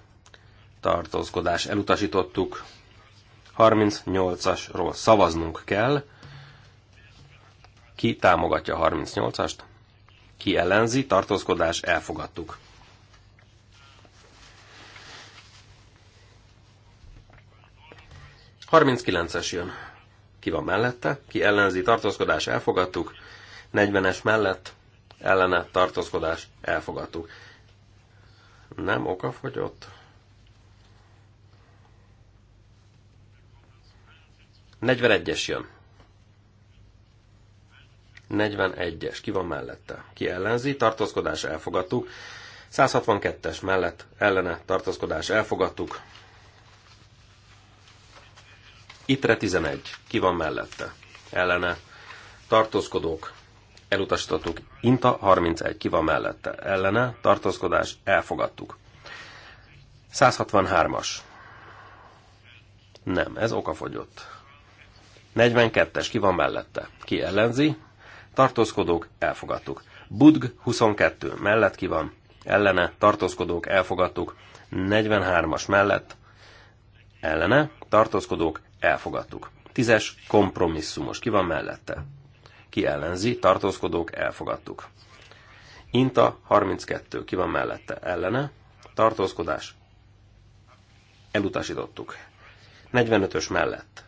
tartózkodás elutasítottuk. 38-asról szavaznunk kell. Ki támogatja 38-ast? Ki ellenzi? Tartózkodás elfogadtuk. 39-es jön. Ki van mellette? Ki ellenzi tartózkodás? Elfogadtuk. 40-es mellett ellene tartózkodás? Elfogadtuk. Nem okafogyott. 41-es jön. 41-es. Ki van mellette? Ki ellenzi? Tartózkodás elfogadtuk. 162-es mellett ellene tartózkodás elfogadtuk. ITRE 11. Ki van mellette? Ellene. Tartózkodók. Elutasítottuk. INTA 31. Ki van mellette? Ellene. Tartózkodás. Elfogadtuk. 163-as. Nem, ez okafogyott. 42-es. Ki van mellette? Ki ellenzi? Tartózkodók. Elfogadtuk. Budg 22. Mellett ki van? Ellene. Tartózkodók. Elfogadtuk. 43-as mellett. Ellene. Tartózkodók elfogadtuk. Tízes kompromisszumos, ki van mellette? Ki ellenzi, tartózkodók, elfogadtuk. Inta 32, ki van mellette? Ellene, tartózkodás, elutasítottuk. 45-ös mellett.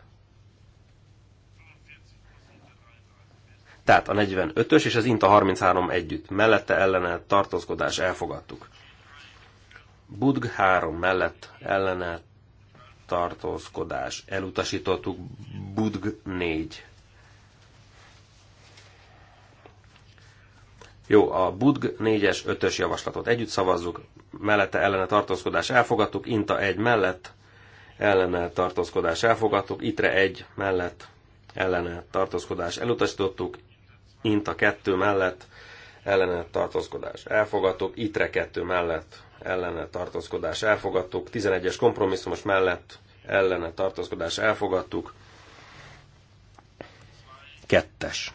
Tehát a 45-ös és az Inta 33 együtt. Mellette ellene tartózkodás elfogadtuk. Budg 3 mellett ellene tartózkodás. Elutasítottuk Budg 4. Jó, a Budg 4-es, 5-ös javaslatot együtt szavazzuk, mellette ellene tartózkodás elfogadtuk, Inta 1 mellett, ellene tartózkodás elfogadtuk, Itre 1 mellett, ellene tartózkodás elutasítottuk, Inta 2 mellett, ellene tartózkodás elfogadtuk, Itre 2 mellett, ellene tartózkodás elfogadtuk, 11-es kompromisszumos mellett ellene tartózkodás elfogadtuk, kettes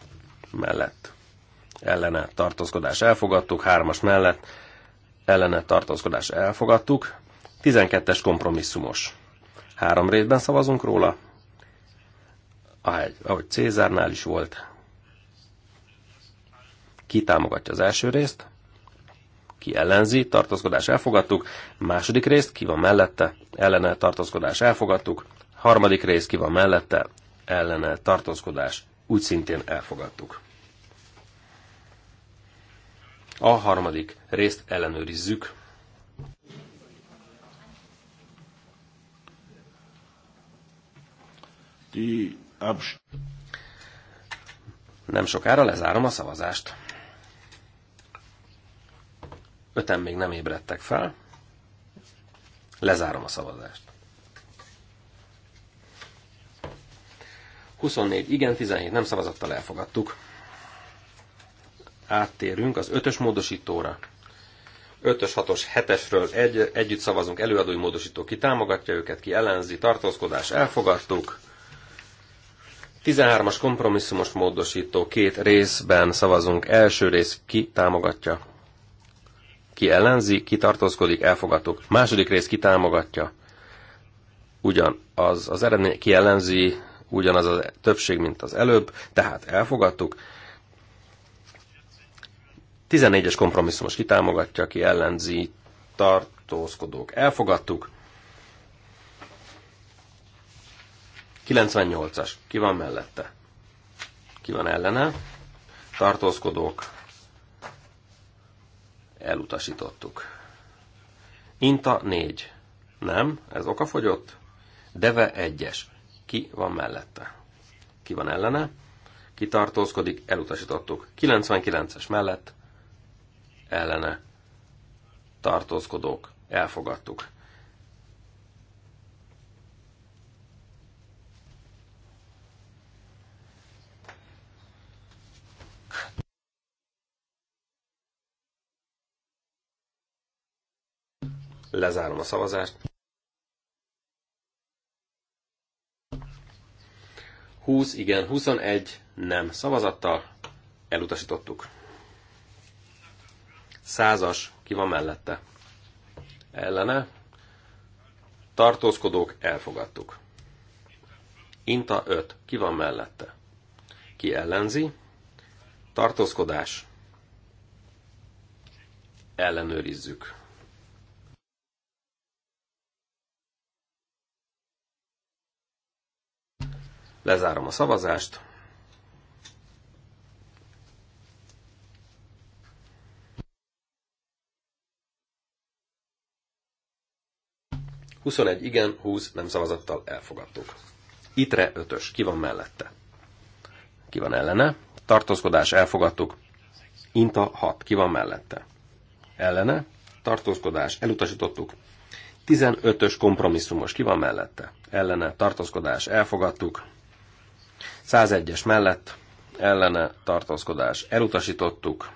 mellett ellene tartózkodás elfogadtuk, hármas mellett ellene tartózkodás elfogadtuk, 12-es kompromisszumos. Három részben szavazunk róla, ahogy, ahogy Cézárnál is volt. Ki támogatja az első részt? ki ellenzi, tartózkodás elfogadtuk. Második részt ki van mellette, ellene tartózkodás elfogadtuk. Harmadik rész ki van mellette, ellene tartózkodás úgy szintén elfogadtuk. A harmadik részt ellenőrizzük. Nem sokára lezárom a szavazást. Öten még nem ébredtek fel. Lezárom a szavazást. 24 igen, 17 nem szavazattal elfogadtuk. Áttérünk az ötös módosítóra. 5-ös, 6-os, 7-esről egy, együtt szavazunk, előadói módosító ki támogatja őket, ki ellenzi, tartózkodás elfogadtuk. 13-as kompromisszumos módosító két részben szavazunk, első rész ki támogatja, ki ellenzi, ki tartózkodik, elfogadtuk. Második rész ki támogatja, ugyanaz az eredmény, ki ellenzi, ugyanaz a többség, mint az előbb, tehát elfogadtuk. 14-es kompromisszumos kitámogatja, ki ellenzi, tartózkodók elfogadtuk. 98-as, ki van mellette? Ki van ellene? Tartózkodók Elutasítottuk. Inta 4. Nem, ez okafogyott. Deve 1-es. Ki van mellette? Ki van ellene? Ki tartózkodik? Elutasítottuk. 99-es mellett ellene tartózkodók. Elfogadtuk. Lezárom a szavazást. 20 igen, 21 nem szavazattal elutasítottuk. Százas, ki van mellette? Ellene. Tartózkodók, elfogadtuk. Inta 5, ki van mellette? Ki ellenzi? Tartózkodás. Ellenőrizzük. Lezárom a szavazást. Huszonegy igen, húsz nem szavazattal elfogadtuk. Itre ötös, ki van mellette? Ki van ellene? Tartózkodás elfogadtuk. Inta 6, ki van mellette? Ellene? Tartózkodás elutasítottuk. 15-ös kompromisszumos, ki van mellette? Ellene? Tartózkodás elfogadtuk. 101-es mellett ellene tartózkodás elutasítottuk.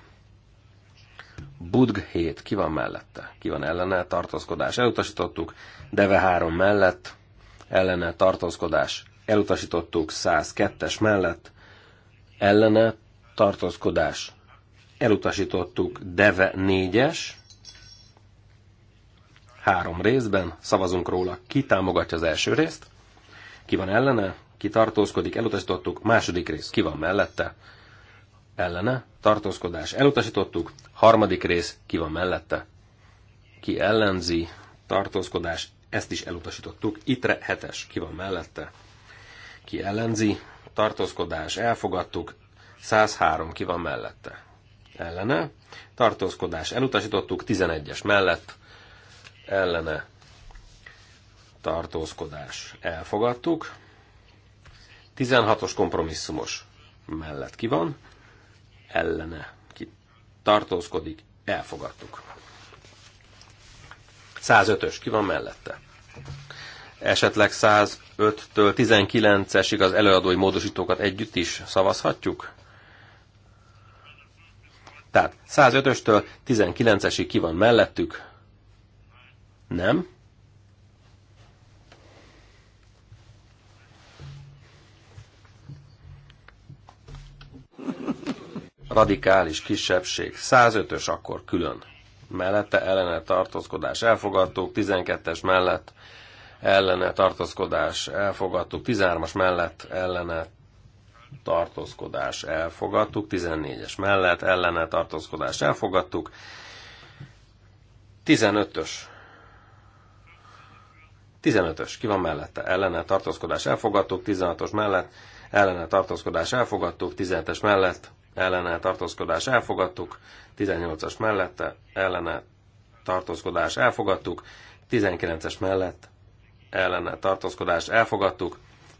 Budg 7, ki van mellette? Ki van ellene tartózkodás elutasítottuk. Deve 3 mellett ellene tartózkodás elutasítottuk. 102-es mellett ellene tartózkodás elutasítottuk. Deve 4-es három részben, szavazunk róla, ki támogatja az első részt, ki van ellene, ki tartózkodik, elutasítottuk, második rész ki van mellette, ellene, tartózkodás, elutasítottuk, harmadik rész ki van mellette, ki ellenzi, tartózkodás, ezt is elutasítottuk, itre hetes ki van mellette, ki ellenzi, tartózkodás, elfogadtuk, 103 ki van mellette, ellene, tartózkodás, elutasítottuk, 11-es mellett, ellene, tartózkodás, elfogadtuk, 16-os kompromisszumos mellett ki van, ellene ki tartózkodik, elfogadtuk. 105-ös ki van mellette. Esetleg 105-től 19-esig az előadói módosítókat együtt is szavazhatjuk? Tehát 105-östől 19-esig ki van mellettük? Nem. radikális kisebbség 105-ös akkor külön. Mellette ellene tartózkodás elfogadtuk, 12-es mellett ellene tartózkodás elfogadtuk, 13-as mellett ellene tartózkodás elfogadtuk, 14-es mellett ellene tartózkodás elfogadtuk, 15-ös 15-ös, ki van mellette? Ellene tartózkodás elfogadtuk, 16-os mellett ellene tartózkodás elfogadtuk, 17-es mellett ellene tartózkodás elfogadtuk, 18-as mellette ellene tartózkodás elfogadtuk, 19-es mellett ellene tartózkodás elfogadtuk,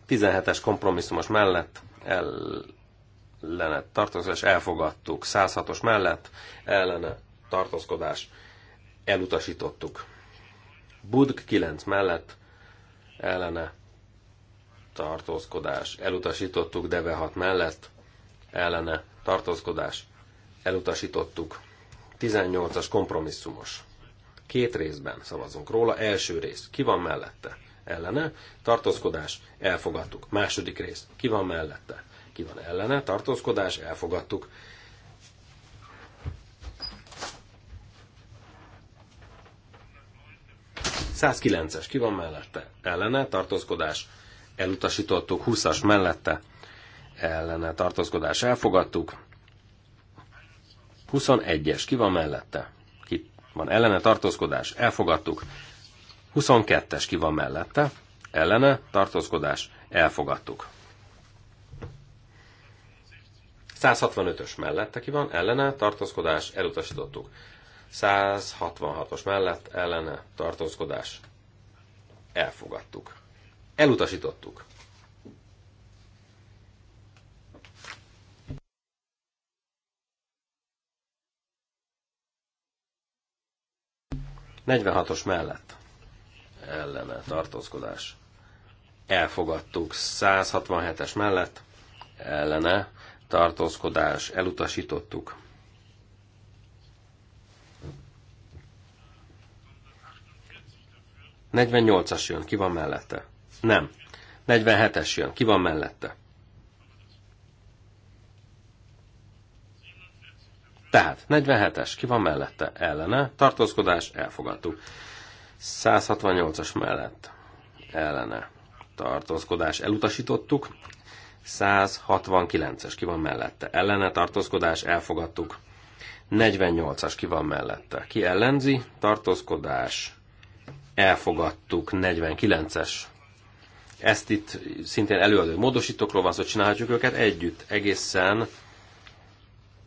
17-es kompromisszumos mellett ellene tartózkodás elfogadtuk, 106-os mellett ellene tartózkodás elutasítottuk. Budg 9 mellett ellene tartózkodás elutasítottuk, Deve 6 mellett ellene tartózkodás elutasítottuk. 18-as kompromisszumos. Két részben szavazunk róla. Első rész, ki van mellette? Ellene, tartózkodás, elfogadtuk. Második rész, ki van mellette? Ki van ellene, tartózkodás, elfogadtuk. ...109-es, ki van mellette? Ellene, tartózkodás, elutasítottuk, 20-as mellette, ellene tartózkodás elfogadtuk. 21-es, ki van mellette? Ki van ellene tartózkodás? Elfogadtuk. 22-es, ki van mellette? Ellene tartózkodás? Elfogadtuk. 165-ös mellette ki van, ellene tartózkodás? Elutasítottuk. 166-os mellett ellene tartózkodás? Elfogadtuk. Elutasítottuk. 46-os mellett ellene tartózkodás. Elfogadtuk 167-es mellett ellene tartózkodás. Elutasítottuk. Negyvennyolcas jön, ki van mellette? Nem. 47-es jön, ki van mellette? Tehát 47-es, ki van mellette? Ellene. Tartózkodás, elfogadtuk. 168-as mellett ellene tartózkodás elutasítottuk, 169-es ki van mellette, ellene tartózkodás elfogadtuk, 48-as ki van mellette, ki ellenzi, tartózkodás elfogadtuk, 49-es. Ezt itt szintén előadó módosítókról van szó, csinálhatjuk őket együtt, egészen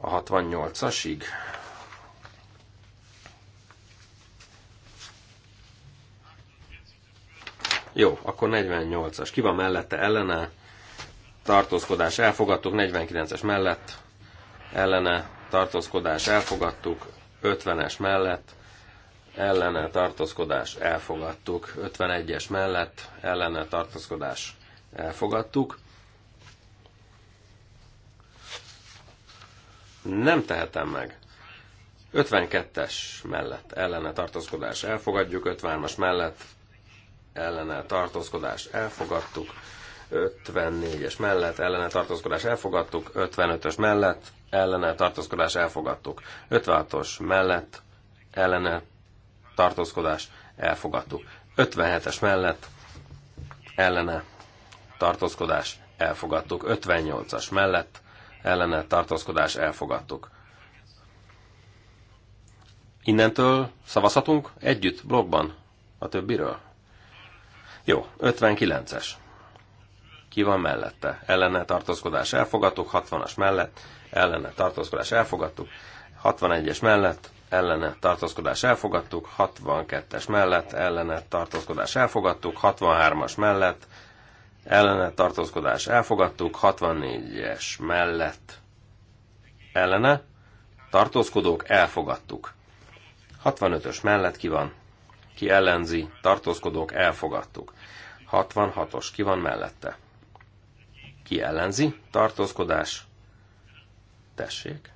a 68-asig. Jó, akkor 48-as. Ki van mellette ellene? Tartózkodás elfogadtuk. 49-es mellett ellene. Tartózkodás elfogadtuk. 50-es mellett ellene tartózkodás elfogadtuk, 51-es mellett ellene tartózkodás elfogadtuk, nem tehetem meg. 52-es mellett ellene tartózkodás elfogadjuk, 53-as mellett ellene tartózkodás elfogadtuk, 54-es mellett ellene tartózkodás elfogadtuk, 55-ös mellett ellene tartózkodás elfogadtuk, 56-os mellett ellene tartózkodás elfogadtuk, 57-es mellett ellene tartózkodás elfogadtuk, 58-as mellett ellene tartózkodás elfogadtuk. Innentől szavazhatunk együtt, blogban, a többiről? Jó, 59-es. Ki van mellette? Ellene tartózkodás elfogadtuk, 60-as mellett, ellene tartózkodás elfogadtuk, 61-es mellett, ellene tartózkodás elfogadtuk, 62-es mellett, ellene tartózkodás elfogadtuk, 63-as mellett, ellene tartózkodás elfogadtuk, 64-es mellett ellene tartózkodók elfogadtuk. 65-ös mellett ki van, ki ellenzi, tartózkodók elfogadtuk. 66-os ki van mellette, ki ellenzi, tartózkodás, tessék.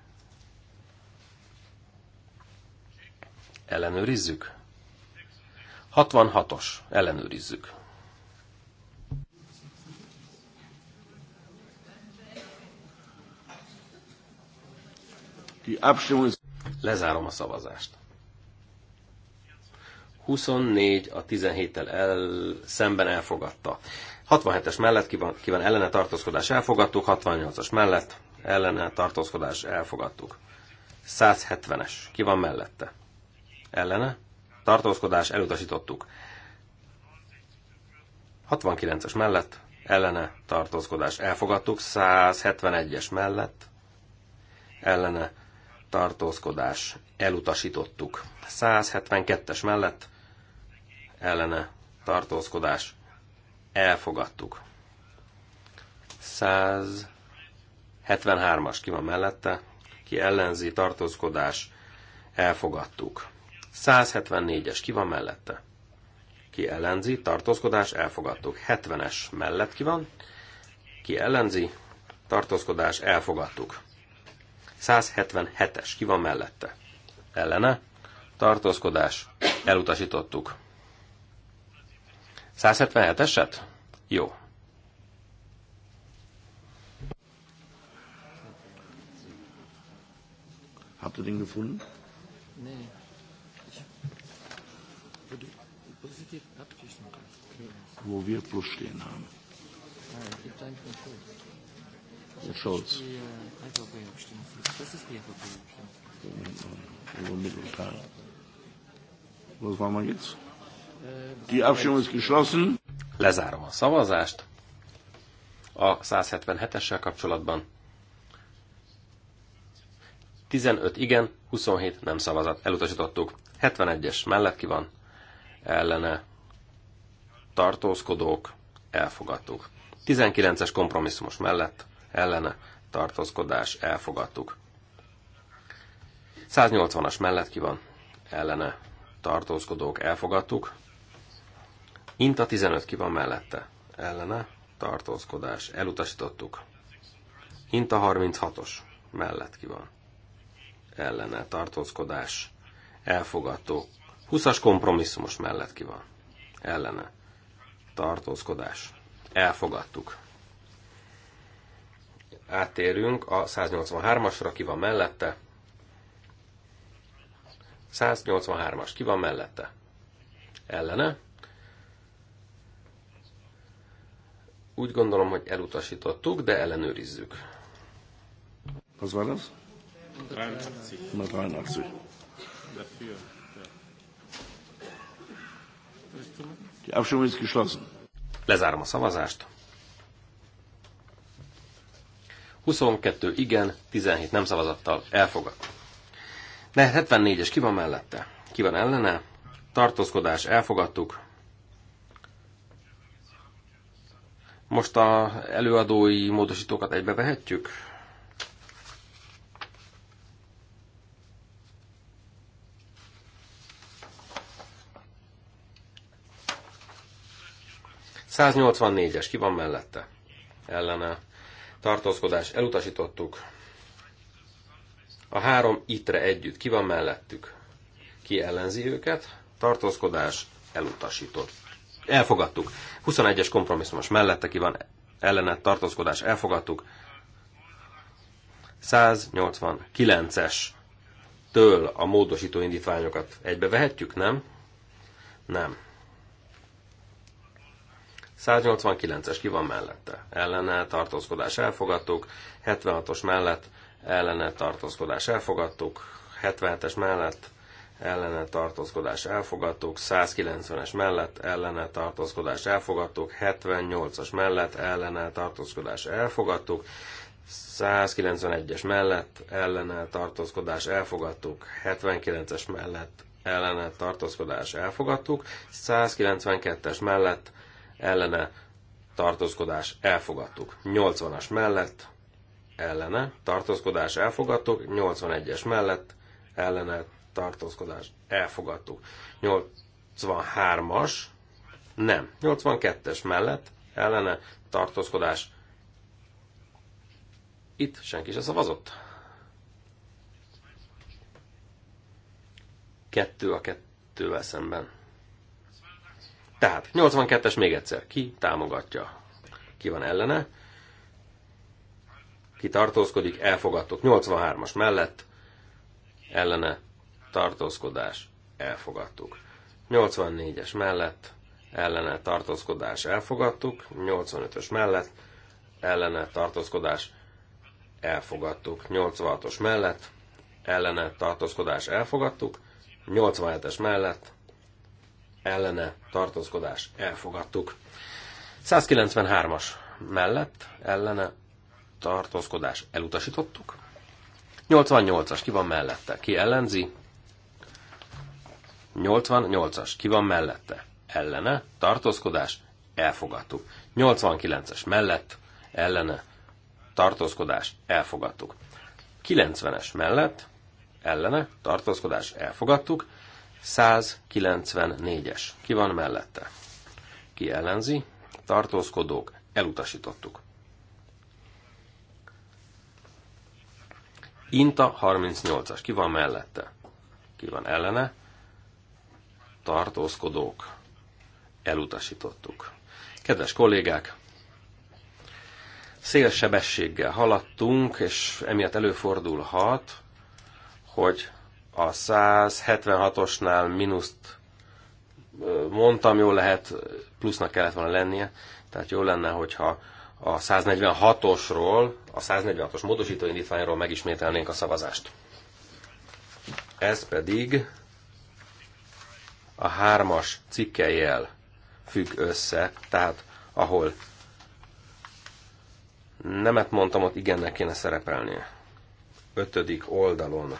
Ellenőrizzük. 66-os, ellenőrizzük. Lezárom a szavazást. 24 a 17-tel el, szemben elfogadta. 67-es mellett ki van, ki van ellene tartózkodás elfogadtuk, 68-as mellett ellene tartózkodás elfogadtuk. 170-es ki van mellette? Ellene tartózkodás elutasítottuk. 69-es mellett ellene tartózkodás elfogadtuk, 171-es mellett ellene tartózkodás elutasítottuk. 172-es mellett ellene tartózkodás elfogadtuk. 173-as ki van mellette, ki ellenzi tartózkodás elfogadtuk. 174-es ki van mellette, ki ellenzi tartózkodás elfogadtuk. 70-es mellett ki van, ki ellenzi tartózkodás elfogadtuk. 177-es, ki van mellette? Ellene. Tartózkodás. Elutasítottuk. 177-eset? Jó. Habt ihr den gefunden? Nee. Wo wir Plus stehen haben und Scholz. Was war man jetzt? Äh, die Abstimmung ist geschlossen. Lezárom a szavazást. A 177-essel kapcsolatban 15 igen, 27 nem szavazat. Elutasítottuk. 71-es mellett ki van, ellene tartózkodók, elfogadtuk. 19-es kompromisszumos mellett ellene tartózkodás elfogadtuk. 180-as mellett ki van ellene tartózkodók elfogadtuk. Inta 15 ki van mellette ellene tartózkodás elutasítottuk. Inta 36-os mellett ki van ellene tartózkodás elfogadtó. 20-as kompromisszumos mellett ki van ellene tartózkodás elfogadtuk áttérünk a 183-asra, ki van mellette. 183-as, ki van mellette? Ellene. Úgy gondolom, hogy elutasítottuk, de ellenőrizzük. Az van az? Lezárom a szavazást. 22 igen, 17 nem szavazattal elfogad. De 74-es ki van mellette? Ki van ellene? Tartózkodás, elfogadtuk. Most a előadói módosítókat egybe vehetjük? es ki van mellette? Ellene tartózkodás elutasítottuk. A három itre együtt ki van mellettük? Ki ellenzi őket? Tartózkodás elutasított. Elfogadtuk. 21-es kompromisszumos mellette ki van ellenet tartózkodás elfogadtuk. 189-es től a módosító indítványokat egybe vehetjük, nem? Nem. 189-es ki van mellette? Ellene tartózkodás elfogadtuk. 76-os mellett ellene tartózkodás elfogadtuk. 77-es mellett ellene tartózkodás elfogadtuk, 190-es mellett ellene tartózkodás elfogadtuk, 78-as mellett ellene tartózkodás elfogadtuk, 191-es mellett ellene tartózkodás elfogadtuk, 79-es mellett ellene tartózkodás elfogadtuk, 192-es mellett ellene tartózkodás elfogadtuk. 80-as mellett ellene tartózkodás elfogadtuk, 81-es mellett ellene tartózkodás elfogadtuk. 83-as nem, 82-es mellett ellene tartózkodás itt senki se szavazott. Kettő a kettővel szemben. Tehát 82-es még egyszer. Ki támogatja? Ki van ellene? Ki tartózkodik? Elfogadtok. 83-as mellett ellene tartózkodás. Elfogadtuk. 84-es mellett ellene tartózkodás. Elfogadtuk. 85-ös mellett ellene tartózkodás. Elfogadtuk. 86-os mellett ellene tartózkodás. Elfogadtuk. 87-es mellett ellene tartózkodás elfogadtuk. 193-as mellett ellene tartózkodás elutasítottuk. 88-as ki van mellette, ki ellenzi? 88-as ki van mellette, ellene tartózkodás elfogadtuk. 89-es mellett ellene tartózkodás elfogadtuk. 90-es mellett ellene tartózkodás elfogadtuk. 194-es. Ki van mellette? Ki ellenzi? Tartózkodók. Elutasítottuk. Inta 38-as. Ki van mellette? Ki van ellene? Tartózkodók. Elutasítottuk. Kedves kollégák, szélsebességgel haladtunk, és emiatt előfordulhat, hogy a 176-osnál mínuszt mondtam, jól lehet, plusznak kellett volna lennie, tehát jó lenne, hogyha a 146-osról, a 146-os módosító indítványról megismételnénk a szavazást. Ez pedig a hármas cikkelyel függ össze, tehát ahol nemet mondtam, ott igennek kéne szerepelnie. Ötödik oldalon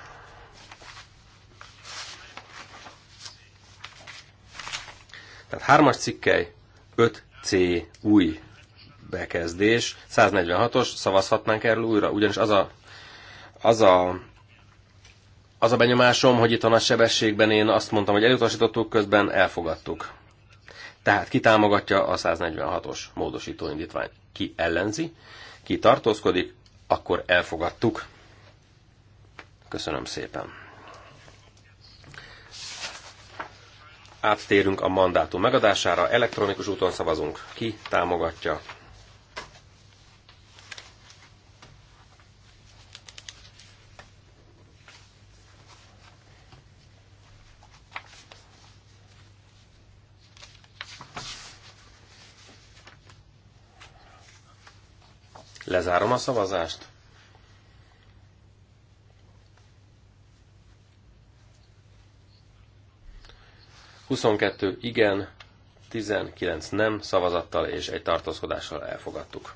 Tehát hármas cikkely, 5C új bekezdés, 146-os, szavazhatnánk erről újra, ugyanis az a, az a az a benyomásom, hogy itt a nagy sebességben én azt mondtam, hogy elutasítottuk, közben elfogadtuk. Tehát ki támogatja a 146-os módosító indítvány, Ki ellenzi? Ki tartózkodik? Akkor elfogadtuk. Köszönöm szépen. áttérünk a mandátum megadására, elektronikus úton szavazunk. Ki támogatja? Lezárom a szavazást. 22 igen, 19 nem szavazattal és egy tartózkodással elfogadtuk.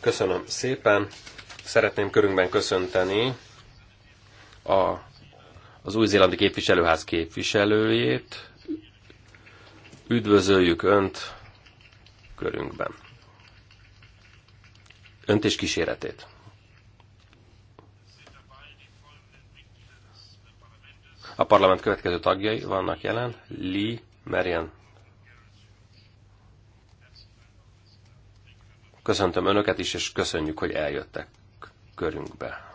Köszönöm szépen. Szeretném körünkben köszönteni a, az új-zélandi képviselőház képviselőjét. Üdvözöljük Önt körünkben. Önt és kíséretét. A parlament következő tagjai vannak jelen. Lee Merian. Köszöntöm Önöket is, és köszönjük, hogy eljöttek körünkbe.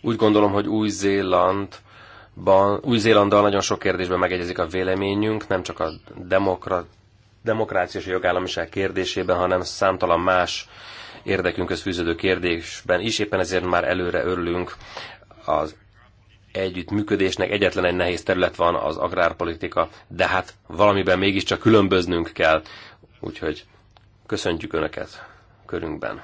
Úgy gondolom, hogy új zélandban új-Zélanddal nagyon sok kérdésben megegyezik a véleményünk, nem csak a demokra, demokrácia és jogállamiság kérdésében, hanem számtalan más érdekünkhöz fűződő kérdésben is, éppen ezért már előre örülünk az együttműködésnek egyetlen egy nehéz terület van az agrárpolitika, de hát valamiben mégiscsak különböznünk kell. Úgyhogy köszöntjük Önöket körünkben.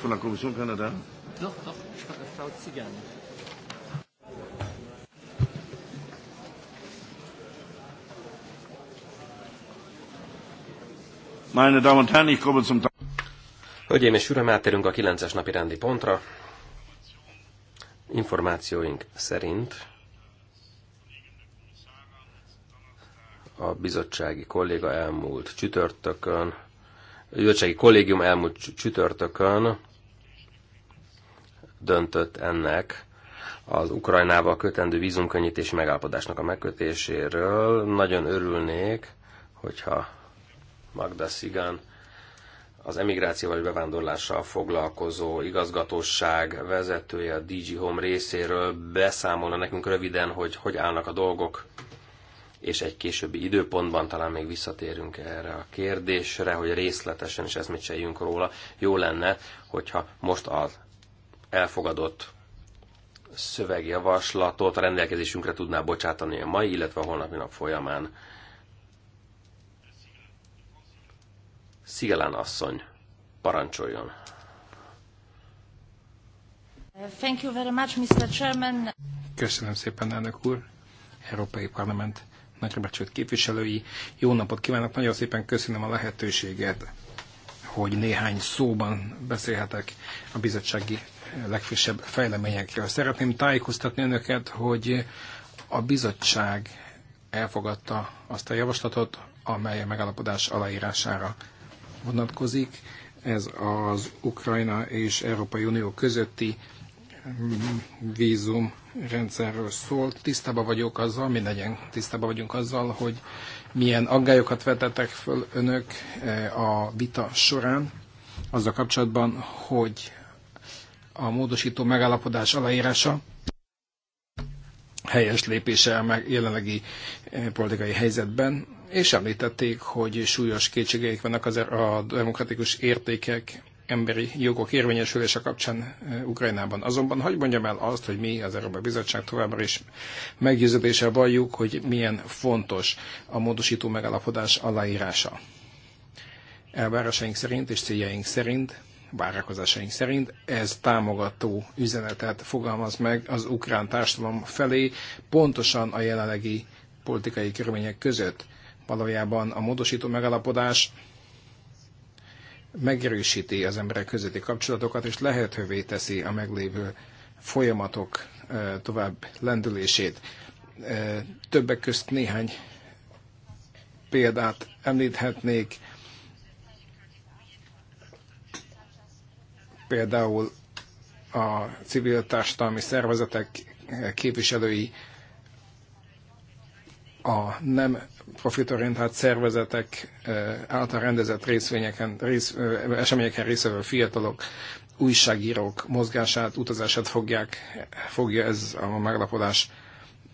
von der Kommission keiner da? Doch, doch, Frau Zigan. Meine Damen und Herren, ich komme zum Hölgyeim és Uram, átérünk a 9-es napi rendi pontra. Információink szerint a bizottsági kolléga elmúlt csütörtökön, a bizottsági kollégium elmúlt csütörtökön döntött ennek az Ukrajnával kötendő vízumkönnyítési megállapodásnak a megkötéséről. Nagyon örülnék, hogyha Magda Szigán az emigrációval és bevándorlással foglalkozó igazgatóság vezetője a DG Home részéről beszámolna nekünk röviden, hogy hogy állnak a dolgok, és egy későbbi időpontban talán még visszatérünk erre a kérdésre, hogy részletesen is eszmét róla. Jó lenne, hogyha most az elfogadott szövegjavaslatot a rendelkezésünkre tudná bocsátani a mai, illetve a holnapi nap folyamán. Szigelán asszony, parancsoljon! Thank you very much, Mr. Chairman. Köszönöm szépen, elnök úr, Európai Parlament nagybecsült képviselői. Jó napot kívánok, nagyon szépen köszönöm a lehetőséget, hogy néhány szóban beszélhetek a bizottsági legfrissebb fejleményekről. Szeretném tájékoztatni önöket, hogy a bizottság elfogadta azt a javaslatot, amely a megállapodás aláírására vonatkozik. Ez az Ukrajna és Európai Unió közötti mm, vízum rendszerről szól. Tisztában vagyok azzal, legyen. tisztában vagyunk azzal, hogy milyen aggályokat vetettek föl önök eh, a vita során azzal kapcsolatban, hogy a módosító megállapodás aláírása helyes lépése a jelenlegi eh, politikai helyzetben, és említették, hogy súlyos kétségeik vannak az er- a demokratikus értékek, emberi jogok érvényesülése kapcsán eh, Ukrajnában. Azonban hagyd mondjam el azt, hogy mi az Európai Bizottság továbbra is meggyőződése valljuk, hogy milyen fontos a módosító megállapodás aláírása. Elvárásaink szerint és céljaink szerint várakozásaink szerint. Ez támogató üzenetet fogalmaz meg az ukrán társadalom felé, pontosan a jelenlegi politikai körülmények között. Valójában a módosító megalapodás megerősíti az emberek közötti kapcsolatokat, és lehetővé teszi a meglévő folyamatok tovább lendülését. Többek közt néhány példát említhetnék például a civil társadalmi szervezetek képviselői, a nem profitorientált szervezetek eh, által rendezett részvényeken, rész, eh, eseményeken részvevő fiatalok, újságírók mozgását, utazását fogják, fogja ez a meglapodás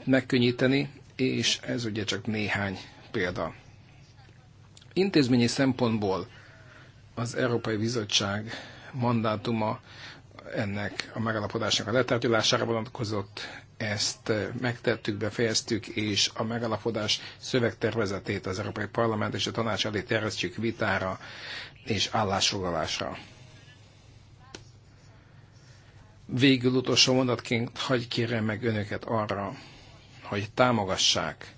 megkönnyíteni, és ez ugye csak néhány példa. Intézményi szempontból az Európai Bizottság mandátuma ennek a megalapodásnak a letárgyalására vonatkozott, ezt eh, megtettük, befejeztük, és a megalapodás szövegtervezetét az Európai Parlament és a Tanács elé terjesztjük vitára és állásfoglalásra. Végül utolsó mondatként hagyj kérem meg önöket arra, hogy támogassák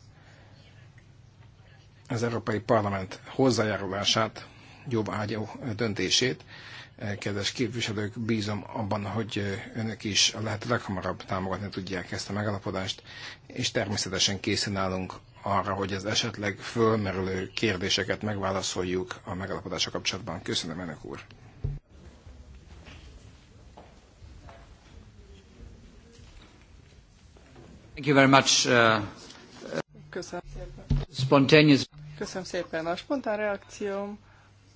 az Európai Parlament hozzájárulását, jobb ágyó döntését, Eh, kedves képviselők, bízom abban, hogy eh, önök is a lehető leghamarabb támogatni tudják ezt a megállapodást, és természetesen készen állunk arra, hogy az esetleg fölmerülő kérdéseket megválaszoljuk a megalapodása kapcsolatban. Köszönöm, Önök úr! Thank you very much. Uh, Köszönöm szépen. Spontaneous. Köszönöm szépen. A spontán reakcióm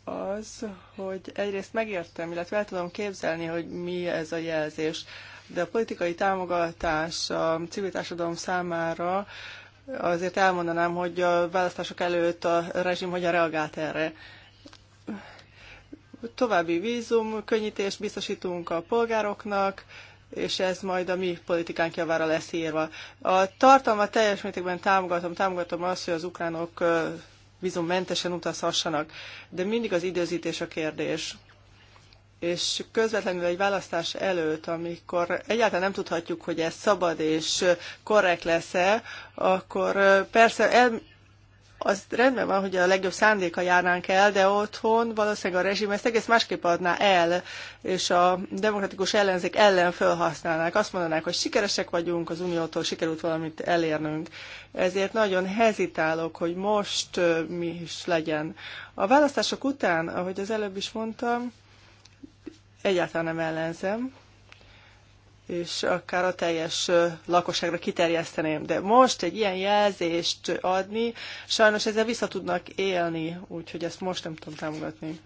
az, hogy egyrészt megértem, illetve el tudom képzelni, hogy mi ez a jelzés, de a politikai támogatás a civil társadalom számára azért elmondanám, hogy a választások előtt a rezsim hogyan reagált erre. További vízum, könnyítést biztosítunk a polgároknak, és ez majd a mi politikánk javára lesz írva. A tartalmat teljes mértékben támogatom, támogatom azt, hogy az ukránok vízummentesen utazhassanak. De mindig az időzítés a kérdés. És közvetlenül egy választás előtt, amikor egyáltalán nem tudhatjuk, hogy ez szabad és korrekt lesz-e, akkor persze el, az rendben van, hogy a legjobb szándéka járnánk el, de otthon valószínűleg a rezsim ezt egész másképp adná el, és a demokratikus ellenzék ellen felhasználnák. Azt mondanák, hogy sikeresek vagyunk, az uniótól sikerült valamit elérnünk. Ezért nagyon hezitálok, hogy most mi is legyen. A választások után, ahogy az előbb is mondtam, egyáltalán nem ellenzem, és akár a teljes lakosságra kiterjeszteném. De most egy ilyen jelzést adni, sajnos ezzel vissza tudnak élni, úgyhogy ezt most nem tudom támogatni.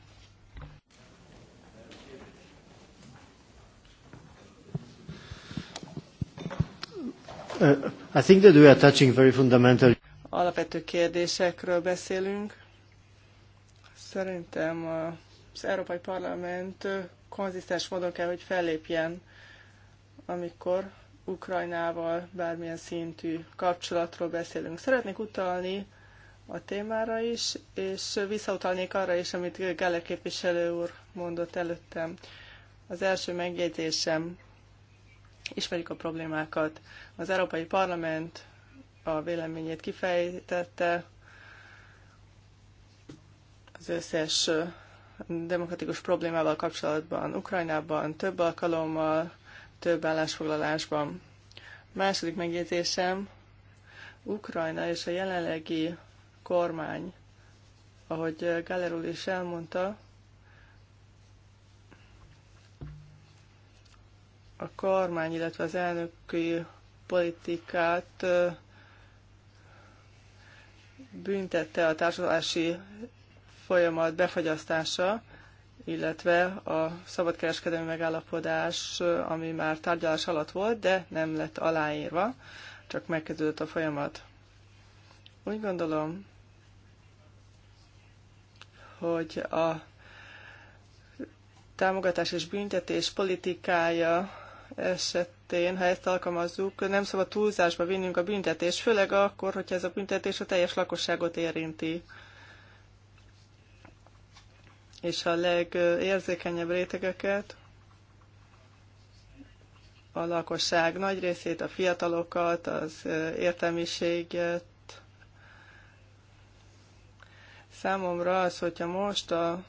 Uh, I think that we are touching very fundamental... Alapvető kérdésekről beszélünk. Szerintem az Európai Parlament konzisztens módon kell, hogy fellépjen amikor Ukrajnával bármilyen szintű kapcsolatról beszélünk. Szeretnék utalni a témára is, és visszautalnék arra is, amit Gele képviselő úr mondott előttem. Az első megjegyzésem, ismerjük a problémákat. Az Európai Parlament a véleményét kifejtette, az összes demokratikus problémával kapcsolatban Ukrajnában több alkalommal több állásfoglalásban. Második megjegyzésem, Ukrajna és a jelenlegi kormány, ahogy Galler is elmondta, a kormány, illetve az elnöki politikát büntette a társadalási folyamat befagyasztása, illetve a szabadkereskedelmi megállapodás, ami már tárgyalás alatt volt, de nem lett aláírva, csak megkezdődött a folyamat. Úgy gondolom, hogy a támogatás és büntetés politikája esetén, ha ezt alkalmazzuk, nem szabad túlzásba vinnünk a büntetés, főleg akkor, hogyha ez a büntetés a teljes lakosságot érinti és a legérzékenyebb rétegeket, a lakosság nagy részét, a fiatalokat, az értelmiséget. Számomra az, hogyha most a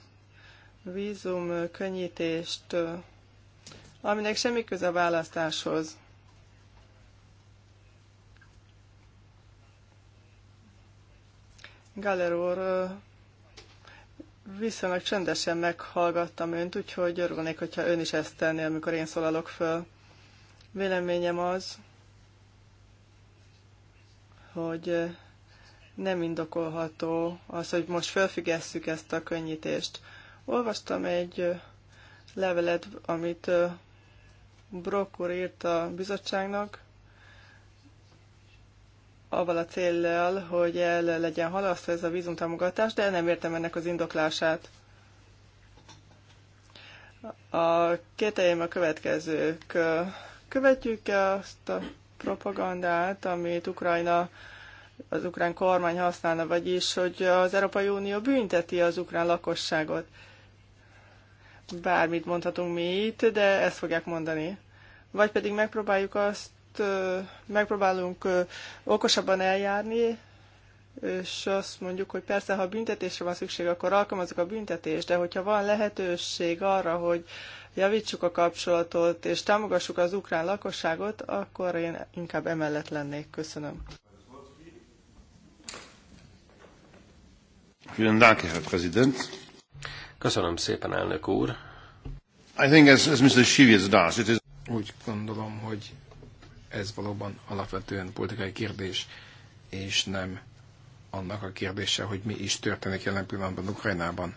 vízum könnyítést, aminek semmi köze a választáshoz, Galeror viszonylag csendesen meghallgattam önt, úgyhogy örülnék, hogyha ön is ezt tenné, amikor én szólalok föl. Véleményem az, hogy nem indokolható az, hogy most felfüggesszük ezt a könnyítést. Olvastam egy levelet, amit Brokkor írt a bizottságnak, avval a céllal, hogy el legyen halasztva ez a vízumtámogatás, de nem értem ennek az indoklását. A kételjem a következők. Követjük azt a propagandát, amit Ukrajna, az ukrán kormány használna, vagyis, hogy az Európai Unió bünteti az ukrán lakosságot. Bármit mondhatunk mi itt, de ezt fogják mondani. Vagy pedig megpróbáljuk azt megpróbálunk okosabban eljárni, és azt mondjuk, hogy persze, ha büntetésre van szükség, akkor alkalmazzuk a büntetést, de hogyha van lehetőség arra, hogy javítsuk a kapcsolatot és támogassuk az ukrán lakosságot, akkor én inkább emellett lennék. Köszönöm. Köszönöm szépen, elnök úr. I think Mr. Úgy gondolom, hogy ez valóban alapvetően politikai kérdés, és nem annak a kérdése, hogy mi is történik jelen pillanatban Ukrajnában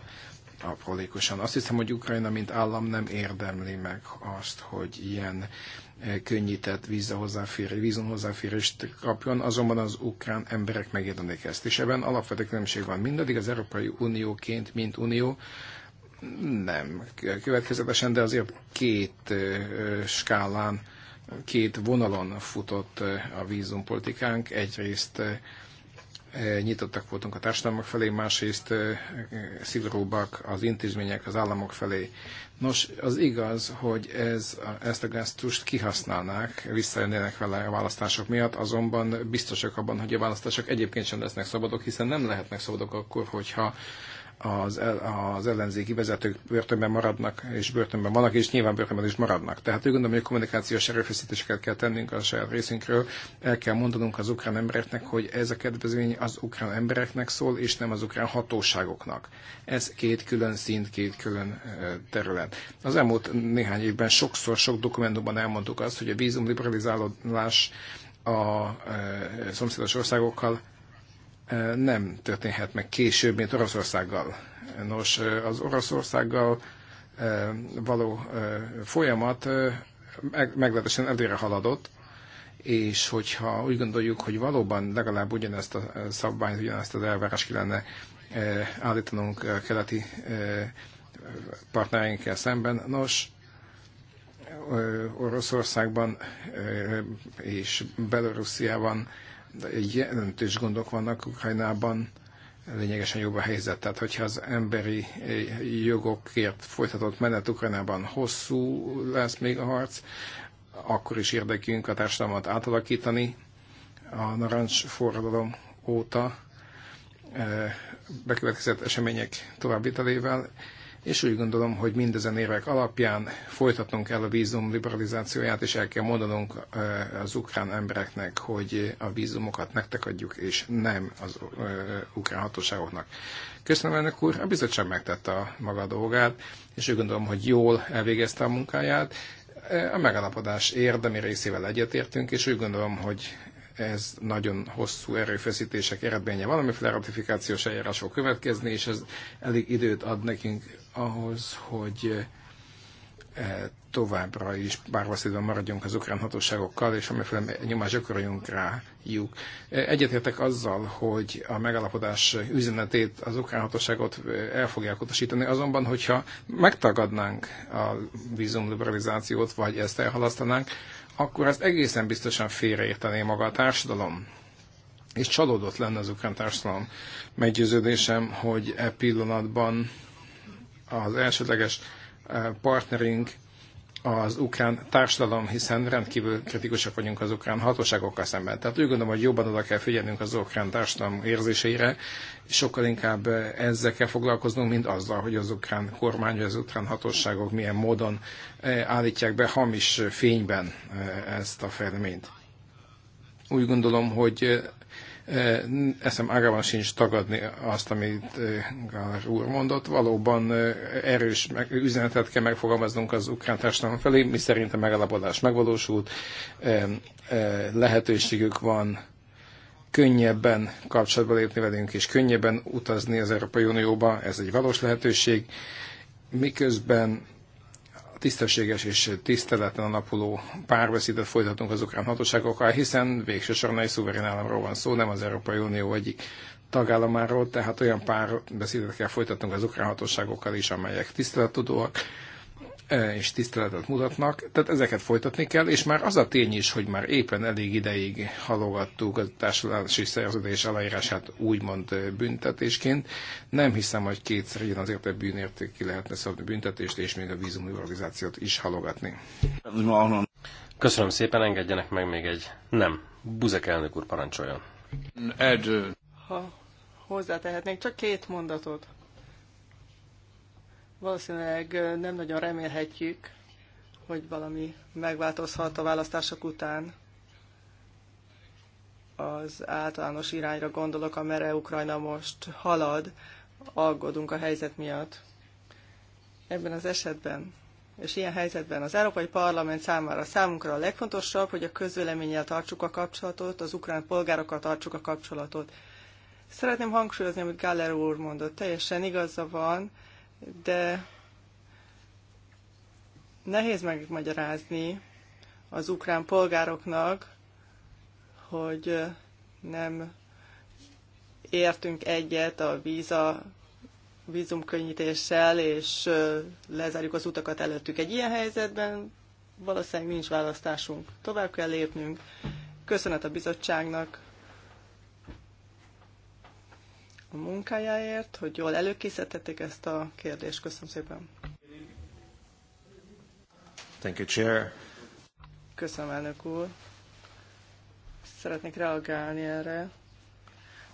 aprólékosan. Azt hiszem, hogy Ukrajna, mint állam nem érdemli meg azt, hogy ilyen e, könnyített vízon hozzáférést kapjon, azonban az ukrán emberek megérdemlik ezt. És ebben alapvető különbség van. Mindaddig az Európai Unióként, mint unió, nem következetesen, de azért két e, e, skálán két vonalon futott eh, a vízumpolitikánk. Egyrészt eh, eh, nyitottak voltunk a társadalmak felé, másrészt szigorúbbak az intézmények, az államok felé. Nos, az igaz, hogy ez, ezt a gesztust kihasználnák, visszajönnének vele a választások miatt, azonban biztosak abban, hogy a választások egyébként sem lesznek szabadok, hiszen nem lehetnek szabadok akkor, hogyha az, az ellenzéki vezetők börtönben maradnak, és börtönben vannak, és nyilván börtönben is maradnak. Tehát úgy gondolom, hogy a kommunikációs erőfeszítéseket kell tennünk a saját részünkről, el kell mondanunk az ukrán embereknek, hogy ez a kedvezmény az ukrán embereknek szól, és nem az ukrán hatóságoknak. Ez két külön szint, két külön terület. Az elmúlt néhány évben sokszor, sok dokumentumban elmondtuk azt, hogy a vízum liberalizálódás a szomszédos országokkal nem történhet meg később, mint Oroszországgal. Nos, az Oroszországgal való folyamat meglehetősen előre haladott, és hogyha úgy gondoljuk, hogy valóban legalább ugyanezt a szabványt, ugyanezt az elvárás ki lenne állítanunk keleti partnereinkkel szemben, nos, Oroszországban és Belorussziában jelentős gondok vannak Ukrajnában, lényegesen jobb a helyzet. Tehát, hogyha az emberi eh, jogokért folytatott menet Ukrajnában hosszú lesz még a harc, akkor is érdekünk a társadalmat átalakítani. A narancs forradalom óta eh, bekövetkezett események továbbitalével és úgy gondolom, hogy mindezen érvek alapján folytatnunk kell a vízum liberalizációját, és el kell mondanunk az ukrán embereknek, hogy a vízumokat nektek adjuk, és nem az ukrán hatóságoknak. Köszönöm, elnök úr, a bizottság megtette a maga dolgát, és úgy gondolom, hogy jól elvégezte a munkáját. A megállapodás érdemi részével egyetértünk, és úgy gondolom, hogy ez nagyon hosszú erőfeszítések eredménye valamiféle ratifikációs eljárás fog következni, és ez elég időt ad nekünk ahhoz, hogy eh, továbbra is párbeszédben maradjunk az ukrán hatóságokkal, és amiféle nyomást gyakoroljunk rájuk. Eh, egyetértek azzal, hogy a megállapodás üzenetét az ukrán hatóságot eh, el fogják utasítani, azonban, hogyha megtagadnánk a vízumliberalizációt, vagy ezt elhalasztanánk, akkor ezt egészen biztosan félreértené maga a társadalom. És csalódott lenne az ukrán társadalom. Meggyőződésem, hogy e pillanatban az elsődleges eh, partnerünk az ukrán társadalom, hiszen rendkívül kritikusak vagyunk az ukrán hatóságokkal szemben. Tehát úgy gondolom, hogy jobban oda kell figyelnünk az ukrán társadalom érzéseire, és sokkal inkább ezzel kell foglalkoznunk, mint azzal, hogy az ukrán kormány, az ukrán hatóságok milyen módon eh, állítják be hamis fényben eh, ezt a fejleményt. Úgy gondolom, hogy eh, eszem ágában sincs tagadni azt, amit Gálás úr mondott. Valóban erős üzenetet kell megfogalmaznunk az ukrán társadalom felé, mi szerint a megalapodás megvalósult, lehetőségük van könnyebben kapcsolatba lépni velünk, és könnyebben utazni az Európai Unióba, ez egy valós lehetőség, miközben tisztességes és tiszteleten alapuló párbeszédet folytatunk az ukrán hatóságokkal, hiszen végső soron egy szuverén államról van szó, nem az Európai Unió egyik tagállamáról, tehát olyan párbeszédet kell folytatnunk az ukrán hatóságokkal is, amelyek tisztelettudóak, és tiszteletet mutatnak, tehát ezeket folytatni kell, és már az a tény is, hogy már éppen elég ideig halogattuk a társadalmi szerződés aláírását úgymond büntetésként. Nem hiszem, hogy kétszer ilyen azért a bűnérték ki lehetne szabni büntetést, és még a vízumliberalizációt is halogatni. Köszönöm szépen, engedjenek meg még egy... Nem, Buzek elnök úr parancsoljon. Ed. Ha hozzátehetnék, csak két mondatot. Valószínűleg nem nagyon remélhetjük, hogy valami megváltozhat a választások után. Az általános irányra gondolok, amerre Ukrajna most halad, aggódunk a helyzet miatt. Ebben az esetben és ilyen helyzetben az Európai Parlament számára számunkra a legfontosabb, hogy a közvéleménnyel tartsuk a kapcsolatot, az ukrán polgárokkal tartsuk a kapcsolatot. Szeretném hangsúlyozni, amit Galler úr mondott, teljesen igaza van, de nehéz megmagyarázni az ukrán polgároknak, hogy nem értünk egyet a víza vízumkönnyítéssel, és lezárjuk az utakat előttük. Egy ilyen helyzetben valószínűleg nincs választásunk. Tovább kell lépnünk. Köszönet a bizottságnak, a munkájáért, hogy jól előkészítették ezt a kérdést. Köszönöm szépen. Thank you, Chair. Köszönöm, elnök úr. Szeretnék reagálni erre.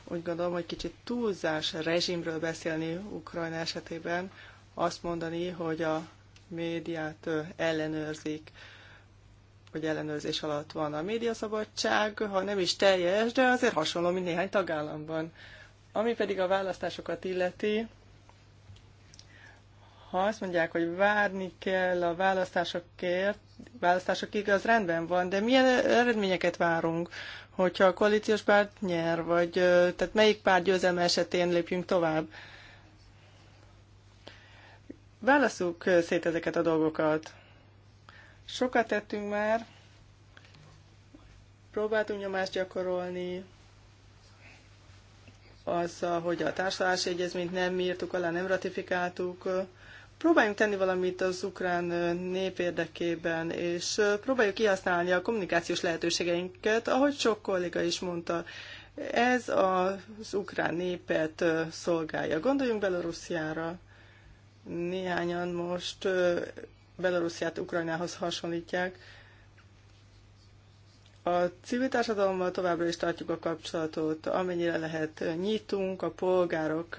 Úgy gondolom, hogy kicsit túlzás rezsimről beszélni Ukrajna esetében, azt mondani, hogy a médiát ellenőrzik, vagy ellenőrzés alatt van a médiaszabadság, ha nem is teljes, de azért hasonló, mint néhány tagállamban ami pedig a választásokat illeti, ha azt mondják, hogy várni kell a választásokért, választásokig, az rendben van, de milyen eredményeket várunk, hogyha a koalíciós párt nyer, vagy tehát melyik párt győzelme esetén lépjünk tovább? Válaszuk szét ezeket a dolgokat. Sokat tettünk már, próbáltunk nyomást gyakorolni, az, hogy a társadalási egyezményt nem írtuk alá, nem ratifikáltuk. Próbáljunk tenni valamit az ukrán nép érdekében, és próbáljuk kihasználni a kommunikációs lehetőségeinket, ahogy sok kolléga is mondta. Ez az ukrán népet szolgálja. Gondoljunk Belorussziára. Néhányan most Belorussziát Ukrajnához hasonlítják a civil társadalommal továbbra is tartjuk a kapcsolatot, amennyire lehet nyitunk a polgárok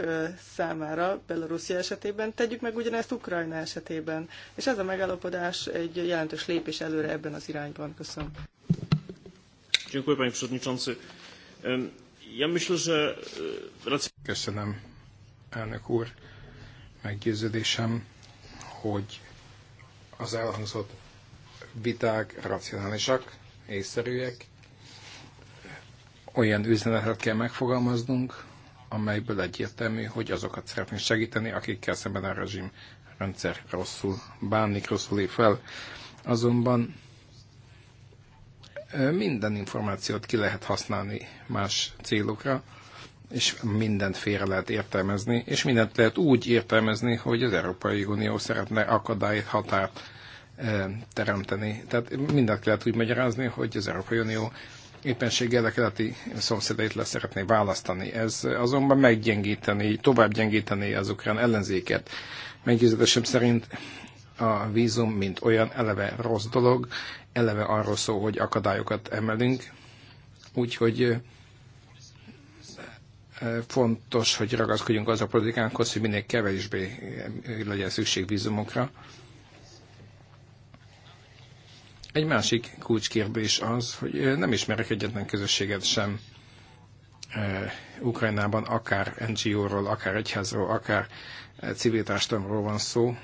számára Belarusia esetében, tegyük meg ugyanezt Ukrajna esetében, és ez a megállapodás egy jelentős lépés előre ebben az irányban. Köszönöm. E, Köszönöm, elnök úr. Meggyőződésem, hogy az elhangzott viták racionálisak, észszerűek. Olyan üzenetet kell megfogalmaznunk, amelyből egyértelmű, hogy azokat szeretnénk segíteni, akikkel szemben a rezsim rendszer rosszul bánik, rosszul lép fel. Azonban minden információt ki lehet használni más célokra, és mindent félre lehet értelmezni, és mindent lehet úgy értelmezni, hogy az Európai Unió szeretne akadályt, határt teremteni. Tehát mindent lehet úgy magyarázni, hogy az Európai Unió éppenséggel a keleti szomszédait lesz szeretné választani. Ez azonban meggyengíteni, tovább gyengíteni az ukrán ellenzéket. Meggyőződésem szerint a vízum, mint olyan eleve rossz dolog, eleve arról szól, hogy akadályokat emelünk, úgyhogy fontos, hogy ragaszkodjunk az a politikánkhoz, hogy minél kevésbé legyen szükség vízumokra. Egy másik kulcskérdés az, hogy nem ismerek egyetlen közösséget sem e, Ukrajnában, akár NGO-ról, akár egyházról, akár civil társadalomról van szó,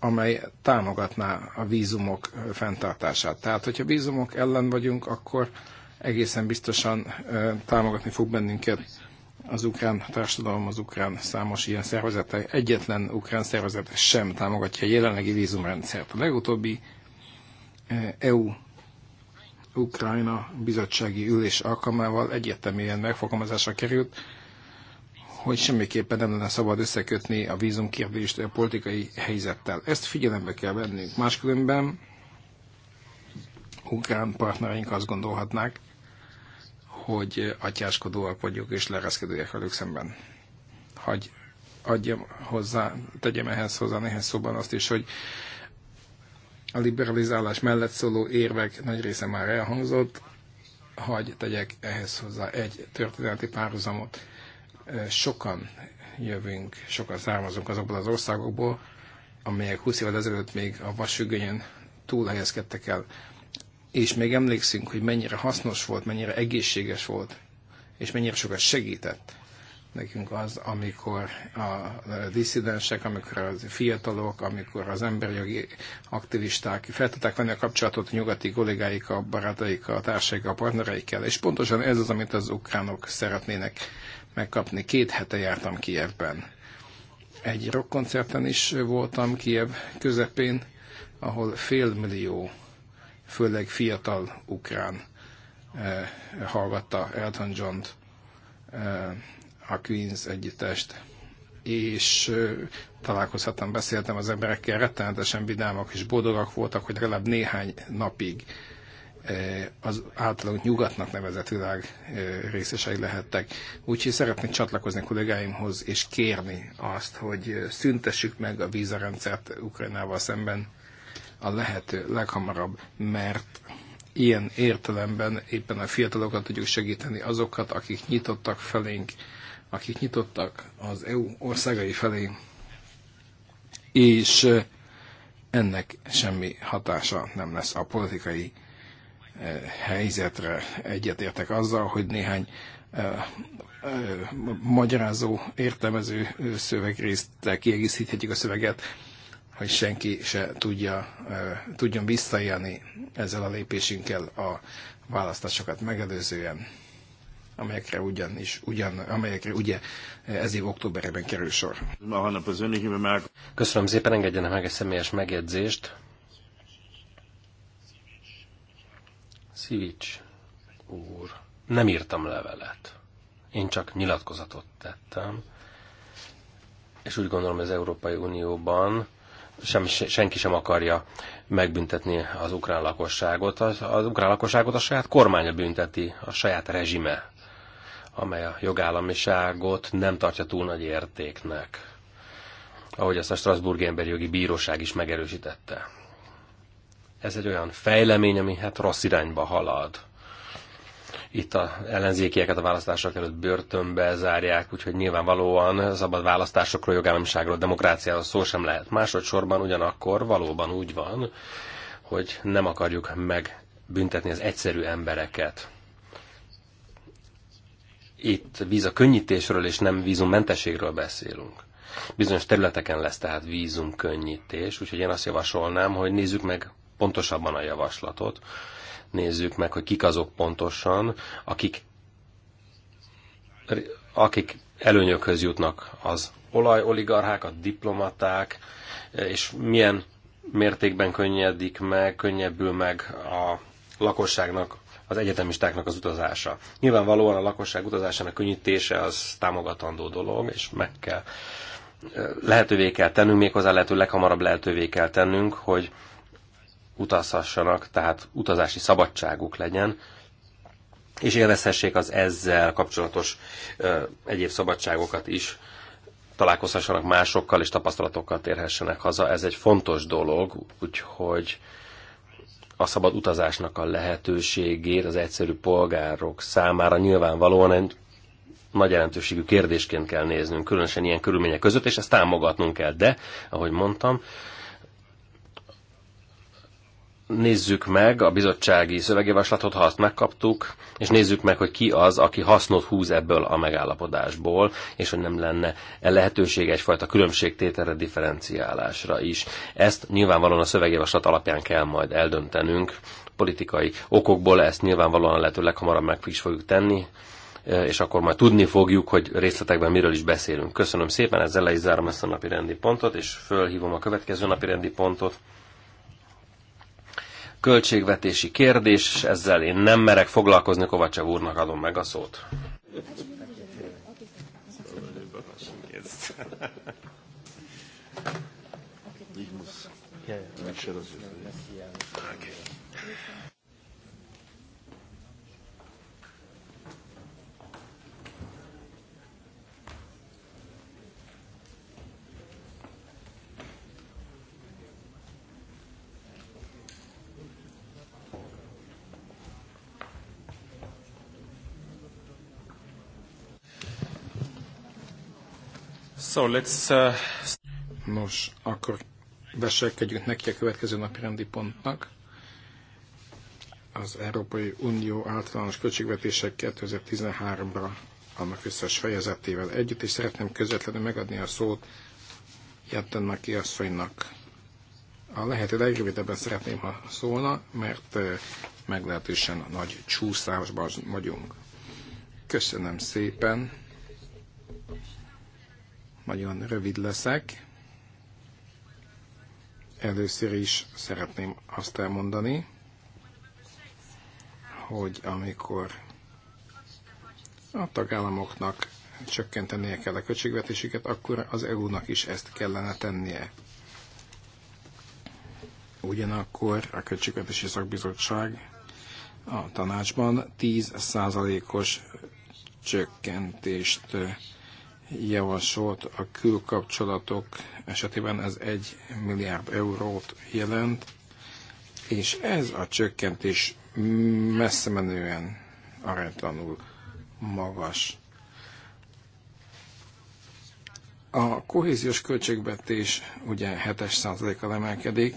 amely támogatná a vízumok fenntartását. Tehát, hogyha vízumok ellen vagyunk, akkor egészen biztosan e, támogatni fog bennünket az ukrán társadalom, az ukrán számos ilyen szervezete, egyetlen ukrán szervezet sem támogatja a jelenlegi vízumrendszert. A legutóbbi EU e Ukrajna bizottsági ülés alkalmával egyértelműen megfogalmazásra került, hogy semmiképpen nem lenne szabad összekötni a vízum kérdést a politikai helyzettel. Ezt figyelembe kell vennünk. Máskülönben ukrán partnereink azt gondolhatnák, hogy atyáskodóak vagyok és lereszkedőek velük szemben. Hagy adjam hozzá, tegyem ehhez hozzá néhány szóban azt is, hogy a liberalizálás mellett szóló érvek nagy része már elhangzott, hagy tegyek ehhez hozzá egy történeti párhuzamot. Sokan jövünk, sokan származunk azokból az országokból, amelyek 20 évvel ezelőtt még a vasügönyön túl helyezkedtek el. És még emlékszünk, hogy mennyire hasznos volt, mennyire egészséges volt, és mennyire sokat segített nekünk az, amikor a diszidensek, amikor a fiatalok, amikor az emberi jogi aktivisták fel tudták venni a kapcsolatot a nyugati kollégáikkal, barátaikkal, társaikkal, partnereikkel, és pontosan ez az, amit az ukránok szeretnének megkapni. Két hete jártam Kievben. Egy rockkoncerten is voltam Kiev közepén, ahol félmillió, főleg fiatal ukrán eh, hallgatta Elton John-t, eh, a Queens együttest, és találkozhattam, beszéltem az emberekkel, rettenetesen vidámak és boldogak voltak, hogy legalább néhány napig az általunk nyugatnak nevezett világ részesei lehettek. Úgyhogy szeretnék csatlakozni kollégáimhoz, és kérni azt, hogy szüntessük meg a vízarendszert Ukrajnával szemben a lehető leghamarabb, mert ilyen értelemben éppen a fiatalokat tudjuk segíteni, azokat, akik nyitottak felénk, akik nyitottak az EU országai felé, és ennek semmi hatása nem lesz a politikai helyzetre. Egyetértek azzal, hogy néhány magyarázó, értelmező szövegrészt kiegészíthetjük a szöveget, hogy senki se tudja, tudjon visszaélni ezzel a lépésünkkel a választásokat megelőzően amelyekre ugyanis, ugyan, amelyekre ugye eh, ez év októberben kerül sor. Köszönöm szépen, engedjenek meg egy személyes megjegyzést. Szivics úr, nem írtam levelet. Én csak nyilatkozatot tettem. És úgy gondolom, az Európai Unióban sem, senki sem akarja megbüntetni az ukrán lakosságot. Az, az ukrán lakosságot a saját kormánya bünteti, a saját rezsime amely a jogállamiságot nem tartja túl nagy értéknek, ahogy azt a Strasbourg Emberi Jogi Bíróság is megerősítette. Ez egy olyan fejlemény, ami hát rossz irányba halad. Itt a ellenzékieket a választások előtt börtönbe zárják, úgyhogy nyilvánvalóan szabad választásokról, jogállamiságról, demokráciáról szó sem lehet. Másodszorban ugyanakkor valóban úgy van, hogy nem akarjuk megbüntetni az egyszerű embereket itt a könnyítésről és nem vízummentességről beszélünk. Bizonyos területeken lesz tehát vízum úgyhogy én azt javasolnám, hogy nézzük meg pontosabban a javaslatot, nézzük meg, hogy kik azok pontosan, akik, akik előnyökhöz jutnak az olajoligarchák, a diplomaták, és milyen mértékben könnyedik meg, könnyebbül meg a lakosságnak az egyetemistáknak az utazása. Nyilvánvalóan a lakosság utazásának könnyítése az támogatandó dolog, és meg kell lehetővé kell tennünk, méghozzá lehető leghamarabb lehetővé kell tennünk, hogy utazhassanak, tehát utazási szabadságuk legyen, és élvezhessék az ezzel kapcsolatos ö, egyéb szabadságokat is, találkozhassanak másokkal, és tapasztalatokkal térhessenek haza. Ez egy fontos dolog, úgyhogy a szabad utazásnak a lehetőségét az egyszerű polgárok számára nyilvánvalóan egy nagy jelentőségű kérdésként kell néznünk, különösen ilyen körülmények között, és ezt támogatnunk kell. De, ahogy mondtam, nézzük meg a bizottsági szövegjavaslatot, ha azt megkaptuk, és nézzük meg, hogy ki az, aki hasznot húz ebből a megállapodásból, és hogy nem lenne -e lehetőség egyfajta különbségtételre differenciálásra is. Ezt nyilvánvalóan a szövegjavaslat alapján kell majd eldöntenünk. Politikai okokból ezt nyilvánvalóan lehetőleg hamarabb meg is fogjuk tenni, e, és akkor majd tudni fogjuk, hogy részletekben miről is beszélünk. Köszönöm szépen, ezzel le is zárom ezt a napi rendi pontot, és fölhívom a következő napi rendi pontot költségvetési kérdés, és ezzel én nem merek foglalkozni, Kovacsev úrnak adom meg a szót. Okay. So let's, uh... Nos, akkor veselkedjünk neki a következő napi rendi pontnak. Az Európai Unió általános költségvetések 2013-ra annak összes fejezetével együtt, és szeretném közvetlenül megadni a szót Jetten Maki asszonynak. A lehető legrövidebben szeretném, ha szólna, mert uh, meglehetősen nagy csúszásban vagyunk. Köszönöm szépen! Nagyon rövid leszek. Először is szeretném azt elmondani, hogy amikor a tagállamoknak csökkentenie kell a költségvetésüket, akkor az EU-nak is ezt kellene tennie. Ugyanakkor a Költségvetési Szakbizottság a tanácsban 10%-os csökkentést javasolt a külkapcsolatok esetében ez 1 milliárd eurót jelent, és ez a csökkentés messze menően aránytlanul magas. A kohéziós költségvetés ugye 7 százaléka emelkedik,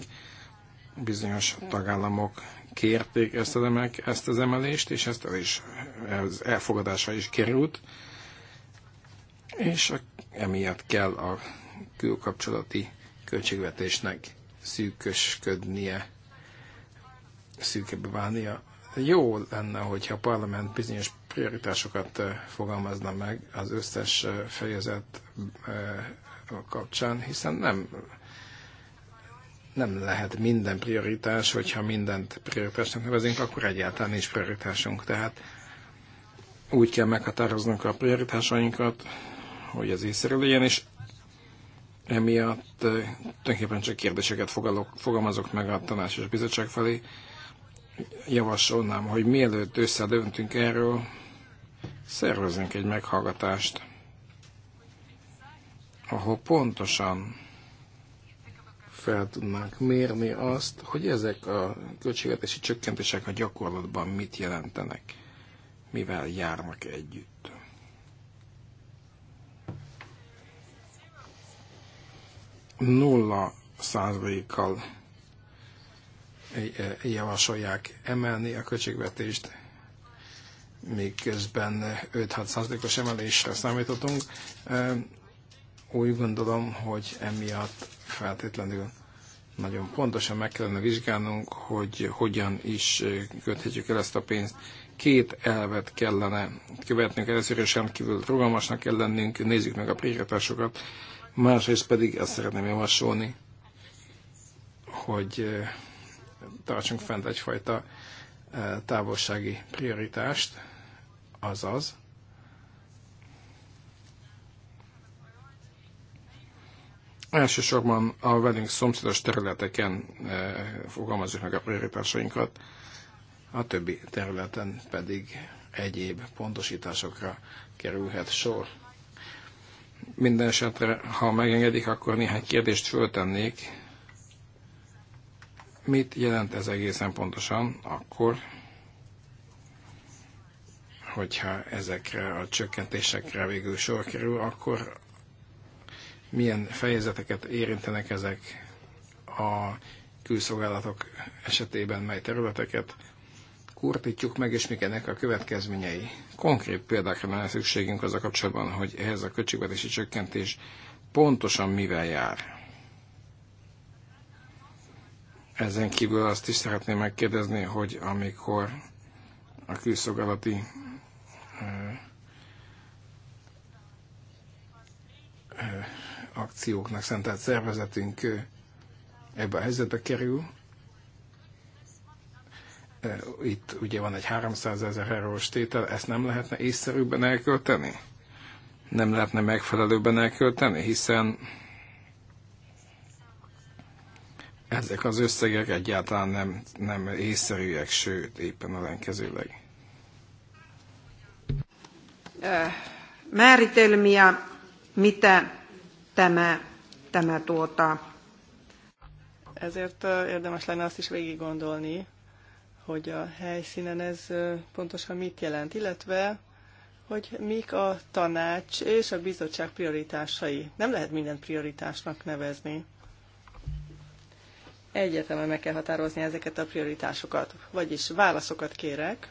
bizonyos tagállamok kérték ezt az, emelk, ezt az emelést, és ezt el is, ez elfogadásra is került és a, emiatt kell a külkapcsolati költségvetésnek szűkösködnie, szűkebb válnia. Jó lenne, hogyha a parlament bizonyos prioritásokat fogalmazna meg az összes fejezet kapcsán, hiszen nem nem lehet minden prioritás, hogyha mindent prioritásnak nevezünk, akkor egyáltalán nincs prioritásunk. Tehát úgy kell meghatároznunk a prioritásainkat, hogy ez észre legyen, és emiatt eh, tulajdonképpen csak kérdéseket fogalok, fogalmazok meg a tanács és bizottság felé. Javasolnám, hogy mielőtt összedöntünk erről, szervezünk egy meghallgatást, ahol pontosan fel tudnánk mérni azt, hogy ezek a költségvetési csökkentések a gyakorlatban mit jelentenek, mivel járnak együtt. nulla százalékkal eh, eh, javasolják emelni a költségvetést, még közben 5-6 százalékos emelésre számítottunk. Eh, úgy gondolom, hogy emiatt feltétlenül nagyon pontosan meg kellene vizsgálnunk, hogy hogyan is köthetjük el ezt a pénzt. Két elvet kellene követnünk, először is rendkívül rugalmasnak kell lennünk, nézzük meg a prioritásokat, Másrészt pedig azt szeretném javasolni, hogy eh, tartsunk fent egyfajta eh, távolsági prioritást, azaz, elsősorban a velünk szomszédos területeken eh, fogalmazzuk meg a prioritásainkat, a többi területen pedig egyéb pontosításokra kerülhet sor. Minden esetre, ha megengedik, akkor néhány kérdést föltennék. Mit jelent ez egészen pontosan akkor, hogyha ezekre a csökkentésekre végül sor kerül, akkor milyen fejezeteket érintenek ezek a külszolgálatok esetében, mely területeket, kurtítjuk meg, és mik ennek a következményei. Konkrét példákra lenne szükségünk az a kapcsolatban, hogy ehhez a költségvetési csökkentés pontosan mivel jár. Ezen kívül azt is szeretném megkérdezni, hogy amikor a külszolgálati akcióknak szentelt szervezetünk ebbe a helyzetbe kerül, itt ugye van egy 300 ezer eurós tétel, ezt nem lehetne észszerűbben elkölteni? Nem lehetne megfelelőbben elkölteni, hiszen ezek az összegek egyáltalán nem, nem észszerűek, sőt, éppen ellenkezőleg. Määritelmiä, mitä tämä, tämä tuota. Ezért érdemes lenne azt is végig gondolni, hogy a helyszínen ez pontosan mit jelent, illetve hogy mik a tanács és a bizottság prioritásai. Nem lehet mindent prioritásnak nevezni. Egyértelműen meg kell határozni ezeket a prioritásokat, vagyis válaszokat kérek.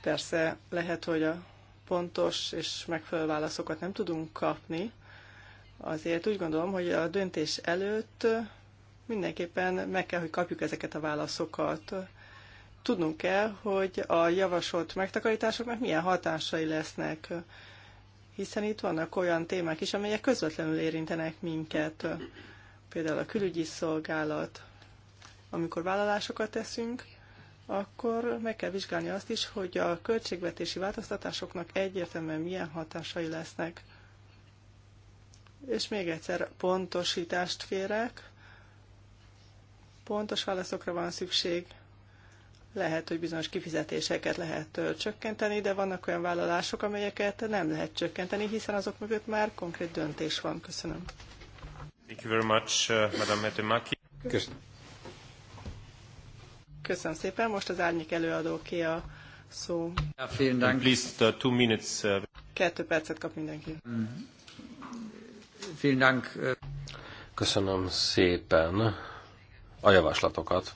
Persze lehet, hogy a pontos és megfelelő válaszokat nem tudunk kapni, azért úgy gondolom, hogy a döntés előtt mindenképpen meg kell, hogy kapjuk ezeket a válaszokat. Tudnunk kell, hogy a javasolt megtakarításoknak milyen hatásai lesznek, hiszen itt vannak olyan témák is, amelyek közvetlenül érintenek minket, például a külügyi szolgálat. Amikor vállalásokat teszünk, akkor meg kell vizsgálni azt is, hogy a költségvetési változtatásoknak egyértelműen milyen hatásai lesznek. És még egyszer pontosítást férek Pontos válaszokra van szükség. Lehet, hogy bizonyos kifizetéseket lehet csökkenteni, de vannak olyan vállalások, amelyeket nem lehet csökkenteni, hiszen azok mögött már konkrét döntés van. Köszönöm. Thank you very much, uh, Madame Metemaki. Köszönöm. Köszönöm szépen. Most az árnyék előadóké a szó. Ja, vielen Dank. Uh, two minutes. Uh, Kettő percet kap mindenki. Mm. Vielen Dank. Uh, Köszönöm szépen a javaslatokat,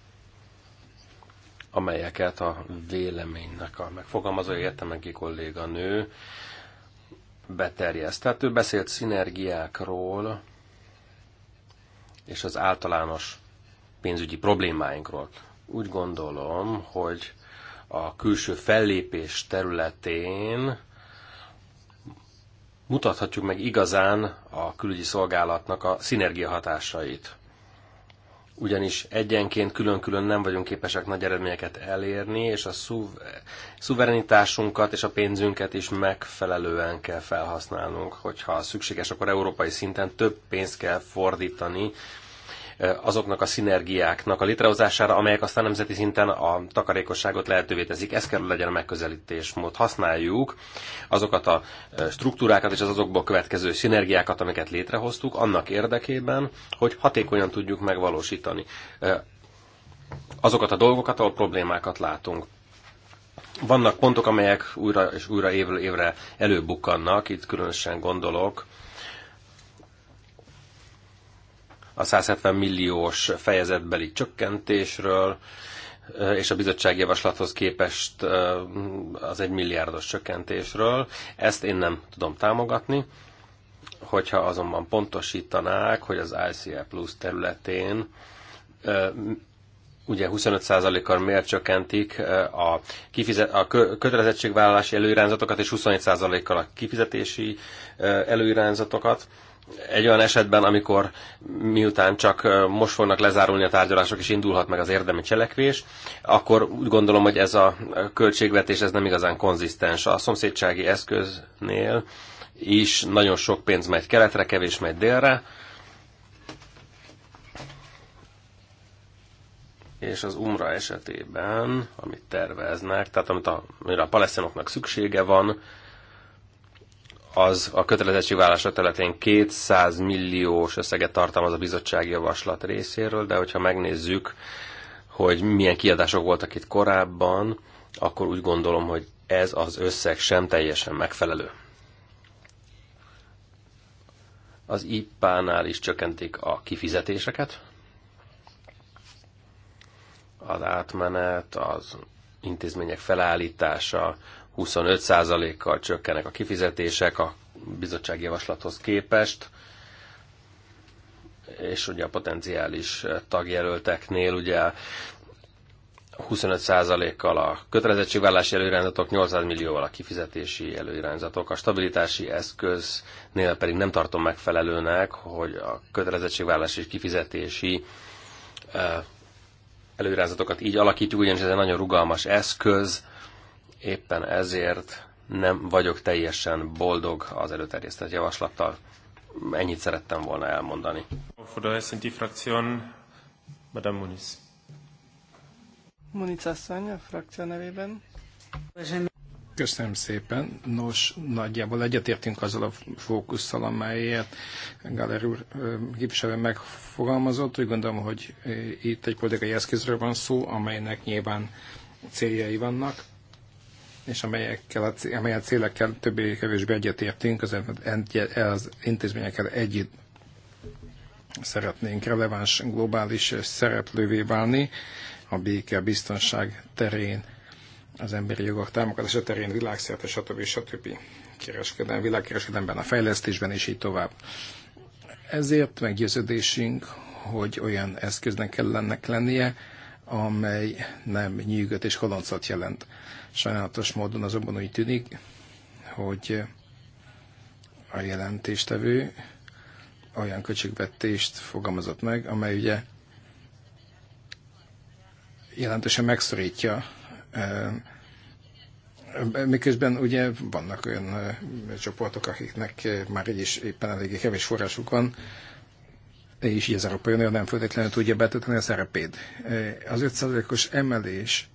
amelyeket a véleménynek a megfogalmazó kolléga nő beterjesztett. Ő beszélt szinergiákról és az általános pénzügyi problémáinkról. Úgy gondolom, hogy a külső fellépés területén mutathatjuk meg igazán a külügyi szolgálatnak a szinergia hatásait ugyanis egyenként külön-külön nem vagyunk képesek nagy eredményeket elérni, és a szuverenitásunkat és a pénzünket is megfelelően kell felhasználnunk, hogyha szükséges, akkor európai szinten több pénzt kell fordítani azoknak a szinergiáknak a létrehozására, amelyek aztán nemzeti szinten a takarékosságot lehetővé teszik. Ez kell legyen a megközelítés megközelítésmód. Használjuk azokat a struktúrákat és az azokból következő szinergiákat, amiket létrehoztuk, annak érdekében, hogy hatékonyan tudjuk megvalósítani azokat a dolgokat, ahol problémákat látunk vannak pontok, amelyek újra és újra évről évre előbukkannak, itt különösen gondolok a 170 milliós fejezetbeli csökkentésről, és a bizottság javaslathoz képest az egy milliárdos csökkentésről. Ezt én nem tudom támogatni. Hogyha azonban pontosítanák, hogy az ICL Plus területén ugye 25%-kal miért csökkentik a, kifizet, a kötelezettségvállalási előirányzatokat és 27%-kal a kifizetési előirányzatokat, egy olyan esetben, amikor miután csak most fognak lezárulni a tárgyalások, és indulhat meg az érdemi cselekvés, akkor úgy gondolom, hogy ez a költségvetés ez nem igazán konzisztens. A szomszédsági eszköznél is nagyon sok pénz megy keletre, kevés megy délre, és az umra esetében, amit terveznek, tehát amit a, amire a palesztinoknak szüksége van, az a kötelezettségvállásra területén 200 milliós összeget tartalmaz a bizottsági javaslat részéről, de hogyha megnézzük, hogy milyen kiadások voltak itt korábban, akkor úgy gondolom, hogy ez az összeg sem teljesen megfelelő. Az IPA-nál is csökkentik a kifizetéseket, az átmenet, az intézmények felállítása, 25%-kal csökkenek a kifizetések a bizottsági javaslathoz képest, és ugye a potenciális tagjelölteknél ugye 25%-kal a kötelezettségvállási előirányzatok, 800 millióval a kifizetési előirányzatok. A stabilitási eszköznél pedig nem tartom megfelelőnek, hogy a kötelezettségvállási és kifizetési eh, előirányzatokat így alakítjuk, ugyanis ez egy nagyon rugalmas eszköz, Éppen ezért nem vagyok teljesen boldog az előterjesztett javaslattal. Ennyit szerettem volna elmondani. frakción, Madame Muniz. Muniz asszony a frakció nevében. Köszönöm szépen. Nos, nagyjából egyetértünk azzal a fókusszal, amelyet Galler úr képviselő megfogalmazott. Úgy gondolom, hogy itt egy politikai eszközről van szó, amelynek nyilván céljai vannak és amelyekkel a, amely a célekkel többé-kevésbé egyetértünk, az, az intézményekkel együtt szeretnénk releváns globális szereplővé válni a béke, biztonság terén, az emberi jogok támogatása terén, világszerte, stb. stb. Kereskedem, világkereskedemben, a fejlesztésben, és így tovább. Ezért meggyőződésünk, hogy olyan eszköznek kell lennek lennie, amely nem nyűgöt és kalancot jelent. Sajnálatos módon azonban úgy tűnik, hogy a jelentéstevő olyan köcsögvetést fogalmazott meg, amely ugye jelentősen megszorítja, eh, miközben ugye vannak olyan eh, csoportok, akiknek eh, már így is éppen eléggé kevés forrásuk van, és így az Európai Unió nem feltétlenül tudja betölteni a szerepét. Eh, az 5%-os emelés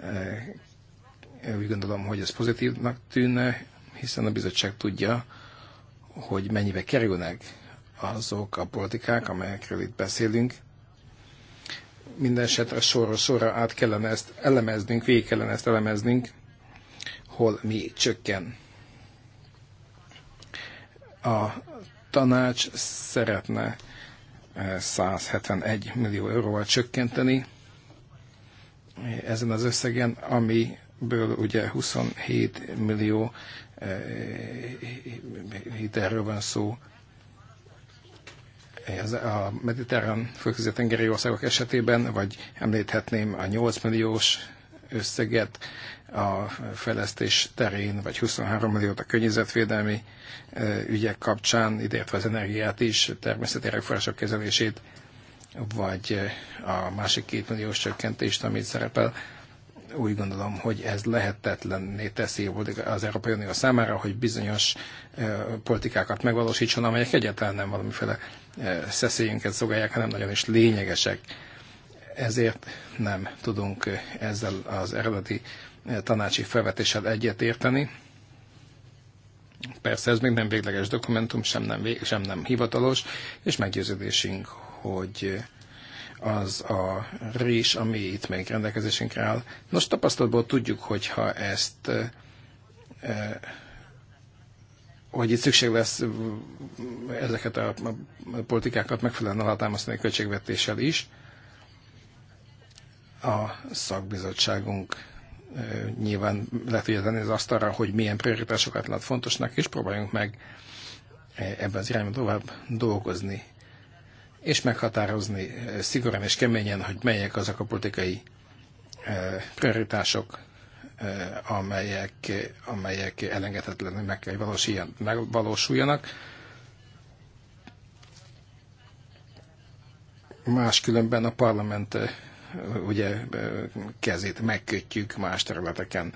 eh, úgy gondolom, hogy ez pozitívnak tűnne, hiszen a bizottság tudja, hogy mennyibe kerülnek azok a politikák, amelyekről itt beszélünk. Mindenesetre sorra sorra át kellene ezt elemeznünk, végig kellene ezt elemeznünk, hol mi csökken. A tanács szeretne 171 millió euróval csökkenteni ezen az összegen, amiből ugye 27 millió eh, hitelről van szó a mediterrán tengeri országok esetében, vagy említhetném a 8 milliós összeget, a fejlesztés terén, vagy 23 milliót a környezetvédelmi e, ügyek kapcsán, ideértve az energiát is, természeti erőforrások kezelését, vagy e, a másik két milliós csökkentést, amit szerepel. Úgy gondolom, hogy ez lehetetlenné teszi az Európai Unió számára, hogy bizonyos e, politikákat megvalósítson, amelyek egyáltalán nem valamiféle szeszélyünket szolgálják, hanem nagyon is lényegesek. Ezért nem tudunk ezzel az eredeti tanácsi felvetéssel egyetérteni. Persze ez még nem végleges dokumentum, sem nem, vég, sem nem hivatalos, és meggyőződésünk, hogy az a rés, ami itt még rendelkezésünkre áll. Nos, tapasztalatból tudjuk, hogy ha ezt hogy itt szükség lesz ezeket a politikákat megfelelően alátámasztani költségvetéssel is. A szakbizottságunk nyilván le tudja tenni az asztalra, hogy milyen prioritásokat lát fontosnak, és próbáljunk meg e, ebben az irányban tovább dolgozni, és meghatározni e, szigorúan és keményen, hogy melyek azok a politikai e, prioritások, amelyek, amelyek elengedhetetlenül meg kell, megvalósuljanak. Máskülönben a parlament ugye kezét megkötjük más területeken.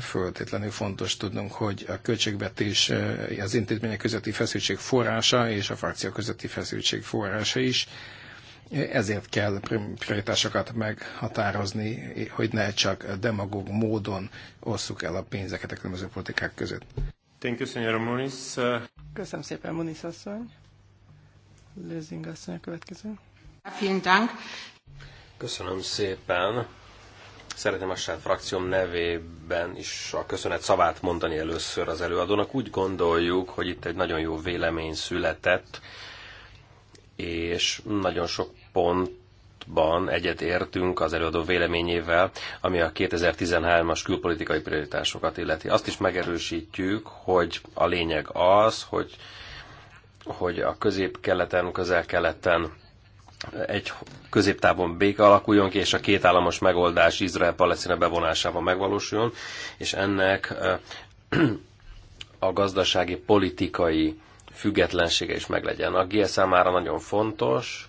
Föltétlenül fontos tudnunk, hogy a költségvetés az intézmények közötti feszültség forrása és a frakció közötti feszültség forrása is. Ezért kell prioritásokat meghatározni, hogy ne csak demagóg módon osszuk el a pénzeket a különböző politikák között. Thank you, Moniz. Köszönöm szépen, Moniz asszony. Lőzing asszony a következő. Vielen Dank. Köszönöm szépen. Szeretném a saját frakcióm nevében is a köszönet szavát mondani először az előadónak. Úgy gondoljuk, hogy itt egy nagyon jó vélemény született, és nagyon sok pont egyet értünk az előadó véleményével, ami a 2013-as külpolitikai prioritásokat illeti. Azt is megerősítjük, hogy a lényeg az, hogy, hogy a közép-keleten, közel-keleten egy középtávon béke alakuljon ki, és a két államos megoldás Izrael-Palesztina bevonásával megvalósuljon, és ennek a gazdasági, politikai függetlensége is meglegyen. A GIE számára nagyon fontos,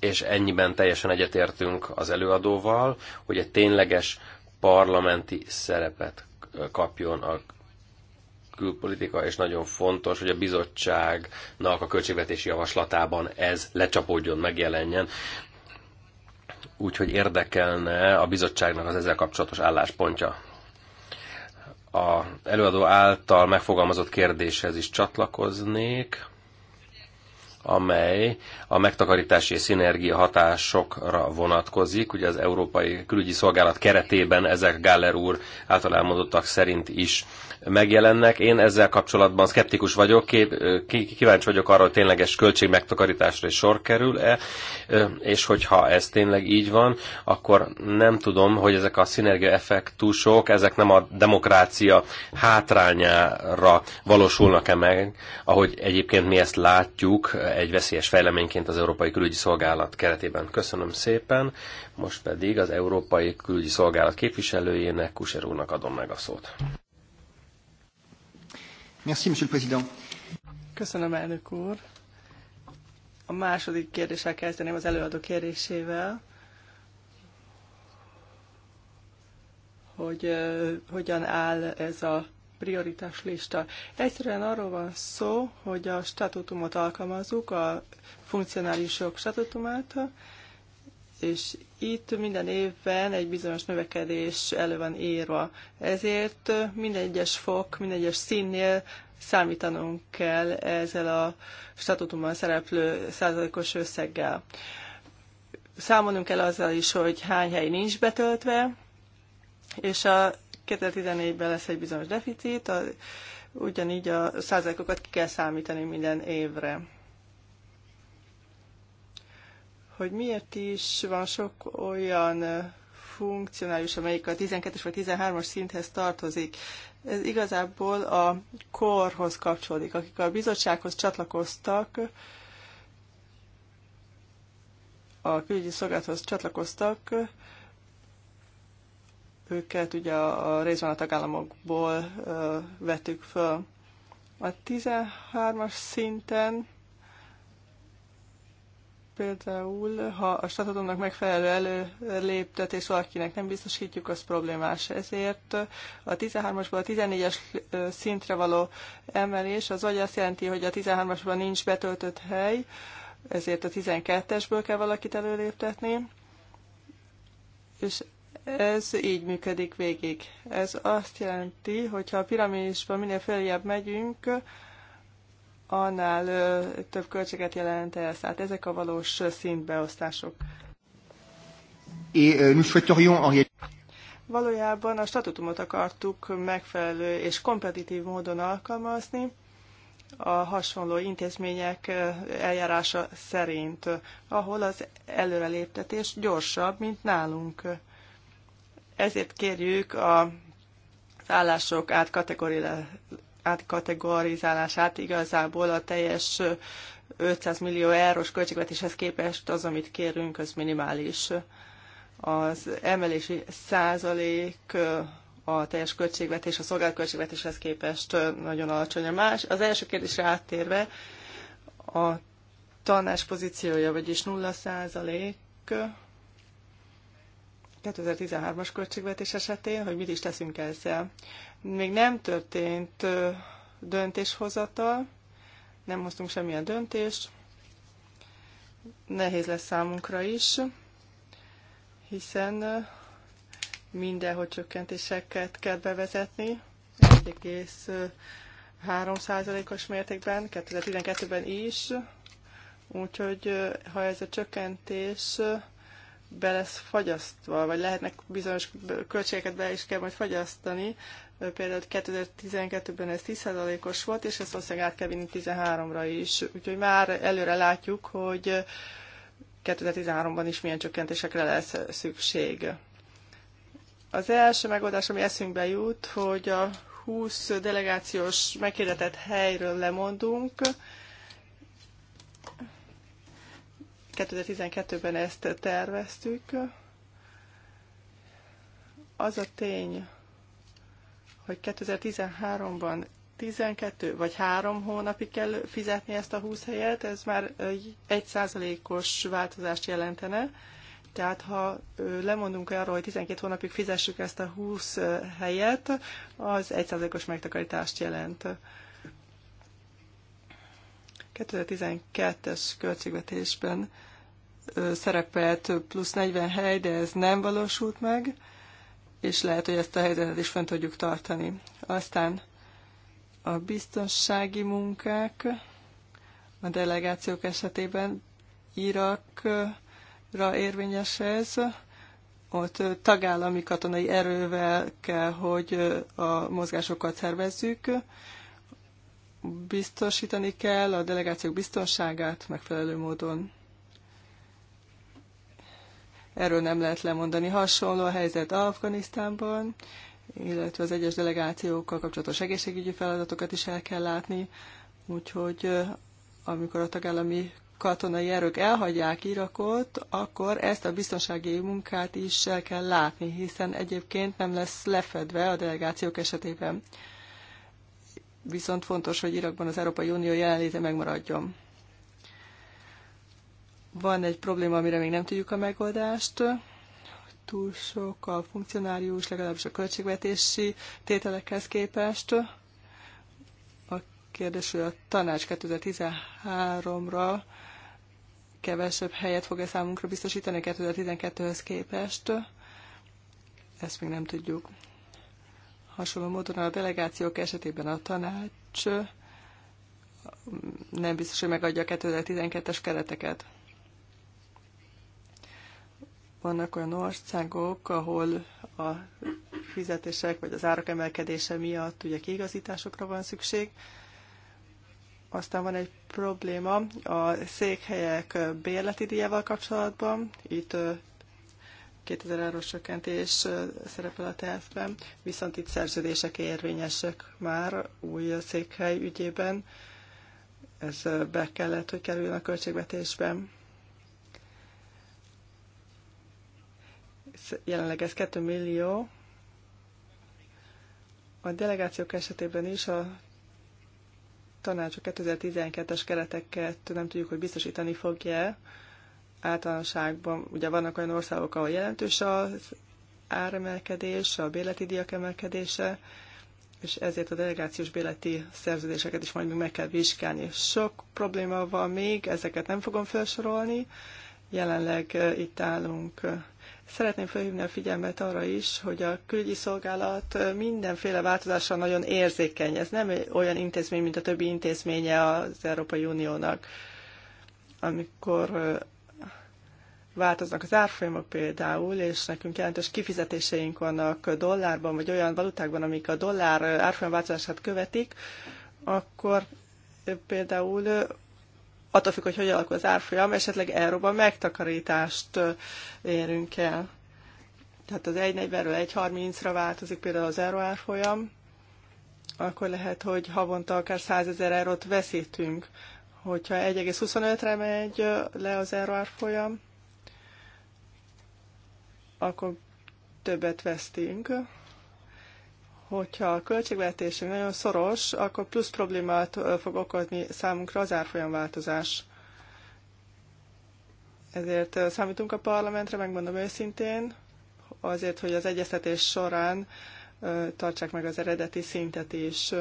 és ennyiben teljesen egyetértünk az előadóval, hogy egy tényleges parlamenti szerepet kapjon a külpolitika, és nagyon fontos, hogy a bizottságnak a költségvetési javaslatában ez lecsapódjon, megjelenjen. Úgyhogy érdekelne a bizottságnak az ezzel kapcsolatos álláspontja. A előadó által megfogalmazott kérdéshez is csatlakoznék amely a megtakarítási és szinergia hatásokra vonatkozik. Ugye az Európai Külügyi Szolgálat keretében ezek Galler úr által elmondottak szerint is megjelennek. Én ezzel kapcsolatban szkeptikus vagyok, kíváncsi vagyok arra, hogy tényleges költség megtakarításra is sor kerül-e, és hogyha ez tényleg így van, akkor nem tudom, hogy ezek a szinergia effektusok, ezek nem a demokrácia hátrányára valósulnak-e meg, ahogy egyébként mi ezt látjuk egy veszélyes fejleményként az Európai Külügyi Szolgálat keretében. Köszönöm szépen, most pedig az Európai Külügyi Szolgálat képviselőjének, Kuser úrnak adom meg a szót. Merci, Monsieur le Président. Köszönöm, elnök úr. A második kérdéssel kezdeném az előadó kérdésével, hogy uh, hogyan áll ez a prioritás lista. Egyszerűen arról van szó, hogy a statutumot alkalmazzuk, a funkcionálisok statutumát, és itt minden évben egy bizonyos növekedés elő van írva. Ezért minden egyes fok, minden egyes színnél számítanunk kell ezzel a statutumban szereplő százalékos összeggel. Számolnunk kell azzal is, hogy hány hely nincs betöltve, és a 2014-ben lesz egy bizonyos deficit, a, ugyanígy a százalékokat ki kell számítani minden évre. Hogy miért is van sok olyan funkcionális, amelyik a 12-es vagy 13-as szinthez tartozik. Ez igazából a korhoz kapcsolódik, akik a bizottsághoz csatlakoztak, a külügyi szolgálathoz csatlakoztak, őket ugye a, a részben a tagállamokból ö, vettük föl. A 13-as szinten például, ha a statutumnak megfelelő előléptetés valakinek nem biztosítjuk, az problémás. Ezért a 13-asból a 14-es szintre való emelés az vagy azt jelenti, hogy a 13-asban nincs betöltött hely, ezért a 12-esből kell valakit előléptetni, és ez így működik végig. Ez azt jelenti, hogy ha a piramisban minél följebb megyünk, annál több költséget jelent ez. Tehát ezek a valós szintbeosztások. Et euh, nous Valójában a statutumot akartuk megfelelő és kompetitív módon alkalmazni a hasonló intézmények eljárása szerint, ahol az előreléptetés gyorsabb, mint nálunk. Ezért kérjük a az állások átkategorizálását igazából a teljes 500 millió eurós költségvetéshez képest az, amit kérünk, az minimális. Az emelési százalék a teljes költségvetés, a szolgált költségvetéshez képest nagyon alacsony. A más, az első kérdésre áttérve, a tanás pozíciója, vagyis 0 százalék, 2013-as költségvetés esetén, hogy mit is teszünk ezzel. Még nem történt döntéshozatal, nem hoztunk semmilyen döntést, nehéz lesz számunkra is, hiszen mindenhol csökkentéseket kell bevezetni, 1,3%-os mértékben, 2012-ben is, úgyhogy ha ez a csökkentés be lesz fagyasztva, vagy lehetnek bizonyos költségeket be is kell majd fagyasztani. Például 2012-ben ez 10%-os volt, és ezt valószínűleg át kell vinni 13-ra is. Úgyhogy már előre látjuk, hogy 2013-ban is milyen csökkentésekre lesz szükség. Az első megoldás, ami eszünkbe jut, hogy a 20 delegációs meghirdetett helyről lemondunk, 2012-ben ezt terveztük. Az a tény, hogy 2013-ban 12 vagy 3 hónapig kell fizetni ezt a 20 helyet, ez már egy százalékos változást jelentene. Tehát ha lemondunk arról, hogy 12 hónapig fizessük ezt a 20 helyet, az egy os megtakarítást jelent. 2012-es költségvetésben szerepelt plusz 40 hely, de ez nem valósult meg, és lehet, hogy ezt a helyzetet is fent tudjuk tartani. Aztán a biztonsági munkák a delegációk esetében Irakra érvényes ez, ott tagállami katonai erővel kell, hogy a mozgásokat szervezzük, biztosítani kell a delegációk biztonságát megfelelő módon. Erről nem lehet lemondani. Hasonló a helyzet Afganisztánban, illetve az egyes delegációkkal kapcsolatos egészségügyi feladatokat is el kell látni. Úgyhogy amikor a tagállami katonai erők elhagyják Irakot, akkor ezt a biztonsági munkát is el kell látni, hiszen egyébként nem lesz lefedve a delegációk esetében. Viszont fontos, hogy Irakban az Európai Unió jelenléte megmaradjon. Van egy probléma, amire még nem tudjuk a megoldást. Túl sok a funkcionárius, legalábbis a költségvetési tételekhez képest. A kérdés, hogy a tanács 2013-ra kevesebb helyet fog-e számunkra biztosítani 2012-höz képest. Ezt még nem tudjuk. Hasonló módon a delegációk esetében a tanács nem biztos, hogy megadja a 2012-es kereteket vannak olyan országok, ahol a fizetések vagy az árak emelkedése miatt ugye kiigazításokra van szükség. Aztán van egy probléma a székhelyek bérleti díjával kapcsolatban. Itt 2000 eurós csökkentés szerepel a tervben, viszont itt szerződések érvényesek már új székhely ügyében. Ez be kellett, hogy kerüljön a költségvetésben. jelenleg ez 2 millió. A delegációk esetében is a tanácsok 2012-es kereteket nem tudjuk, hogy biztosítani fogja általánosságban. Ugye vannak olyan országok, ahol jelentős az áremelkedés, a béleti díjak emelkedése, és ezért a delegációs béleti szerződéseket is majd még meg kell vizsgálni. Sok probléma van még, ezeket nem fogom felsorolni. Jelenleg eh, itt állunk eh, Szeretném felhívni a figyelmet arra is, hogy a külügyi szolgálat mindenféle változásra nagyon érzékeny. Ez nem olyan intézmény, mint a többi intézménye az Európai Uniónak. Amikor változnak az árfolyamok például, és nekünk jelentős kifizetéseink vannak dollárban, vagy olyan valutákban, amik a dollár árfolyam változását követik, akkor például attól függ, hogy hogy alakul az árfolyam, esetleg euróban megtakarítást érünk el. Tehát az 1.40-ről 1.30-ra változik például az euró árfolyam, akkor lehet, hogy havonta akár 100 ezer eurót veszítünk. Hogyha 1,25-re megy le az euró árfolyam, akkor többet vesztünk hogyha a költségvetésünk nagyon szoros, akkor plusz problémát fog okozni számunkra az árfolyam változás. Ezért számítunk a parlamentre, megmondom őszintén, azért, hogy az egyeztetés során tartsák meg az eredeti szintet is.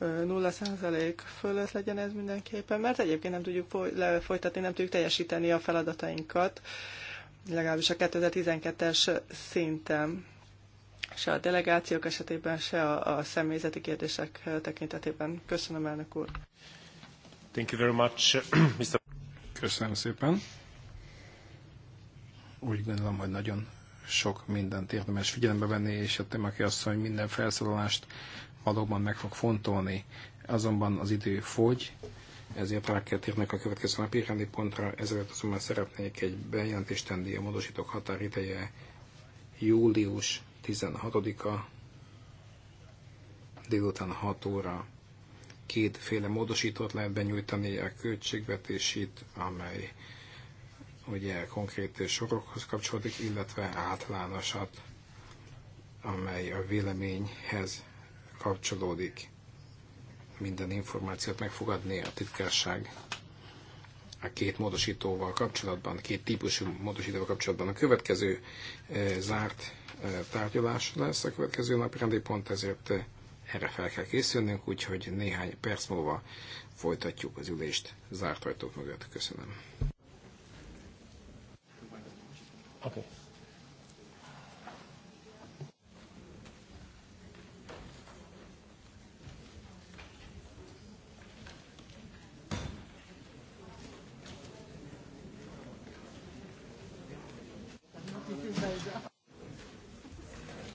0% fölött legyen ez mindenképpen, mert egyébként nem tudjuk folytatni, nem tudjuk teljesíteni a feladatainkat, legalábbis a 2012-es szinten se a delegációk esetében, se a, a személyzeti kérdések eh, tekintetében. Köszönöm, elnök úr. Thank you very much, eh, Mr. Köszönöm szépen. Úgy gondolom, hogy nagyon sok mindent érdemes figyelembe venni, és a Temaki hogy minden felszólalást valóban meg fog fontolni. Azonban az idő fogy, ezért rá kell térnek a következő napi rendi pontra, ezért azonban szeretnék egy bejelentést tenni a módosítók határideje július 16-a délután 6 óra kétféle módosítót lehet benyújtani a költségvetését, amely ugye konkrét sorokhoz kapcsolódik, illetve általánosat, amely a véleményhez kapcsolódik. Minden információt megfogadni a titkárság a két módosítóval kapcsolatban, két típusú módosítóval kapcsolatban. A következő e, zárt tárgyalás lesz a következő nap rendi pont, ezért erre fel kell készülnünk, úgyhogy néhány perc múlva folytatjuk az ülést zárt ajtók mögött. Köszönöm. Okay.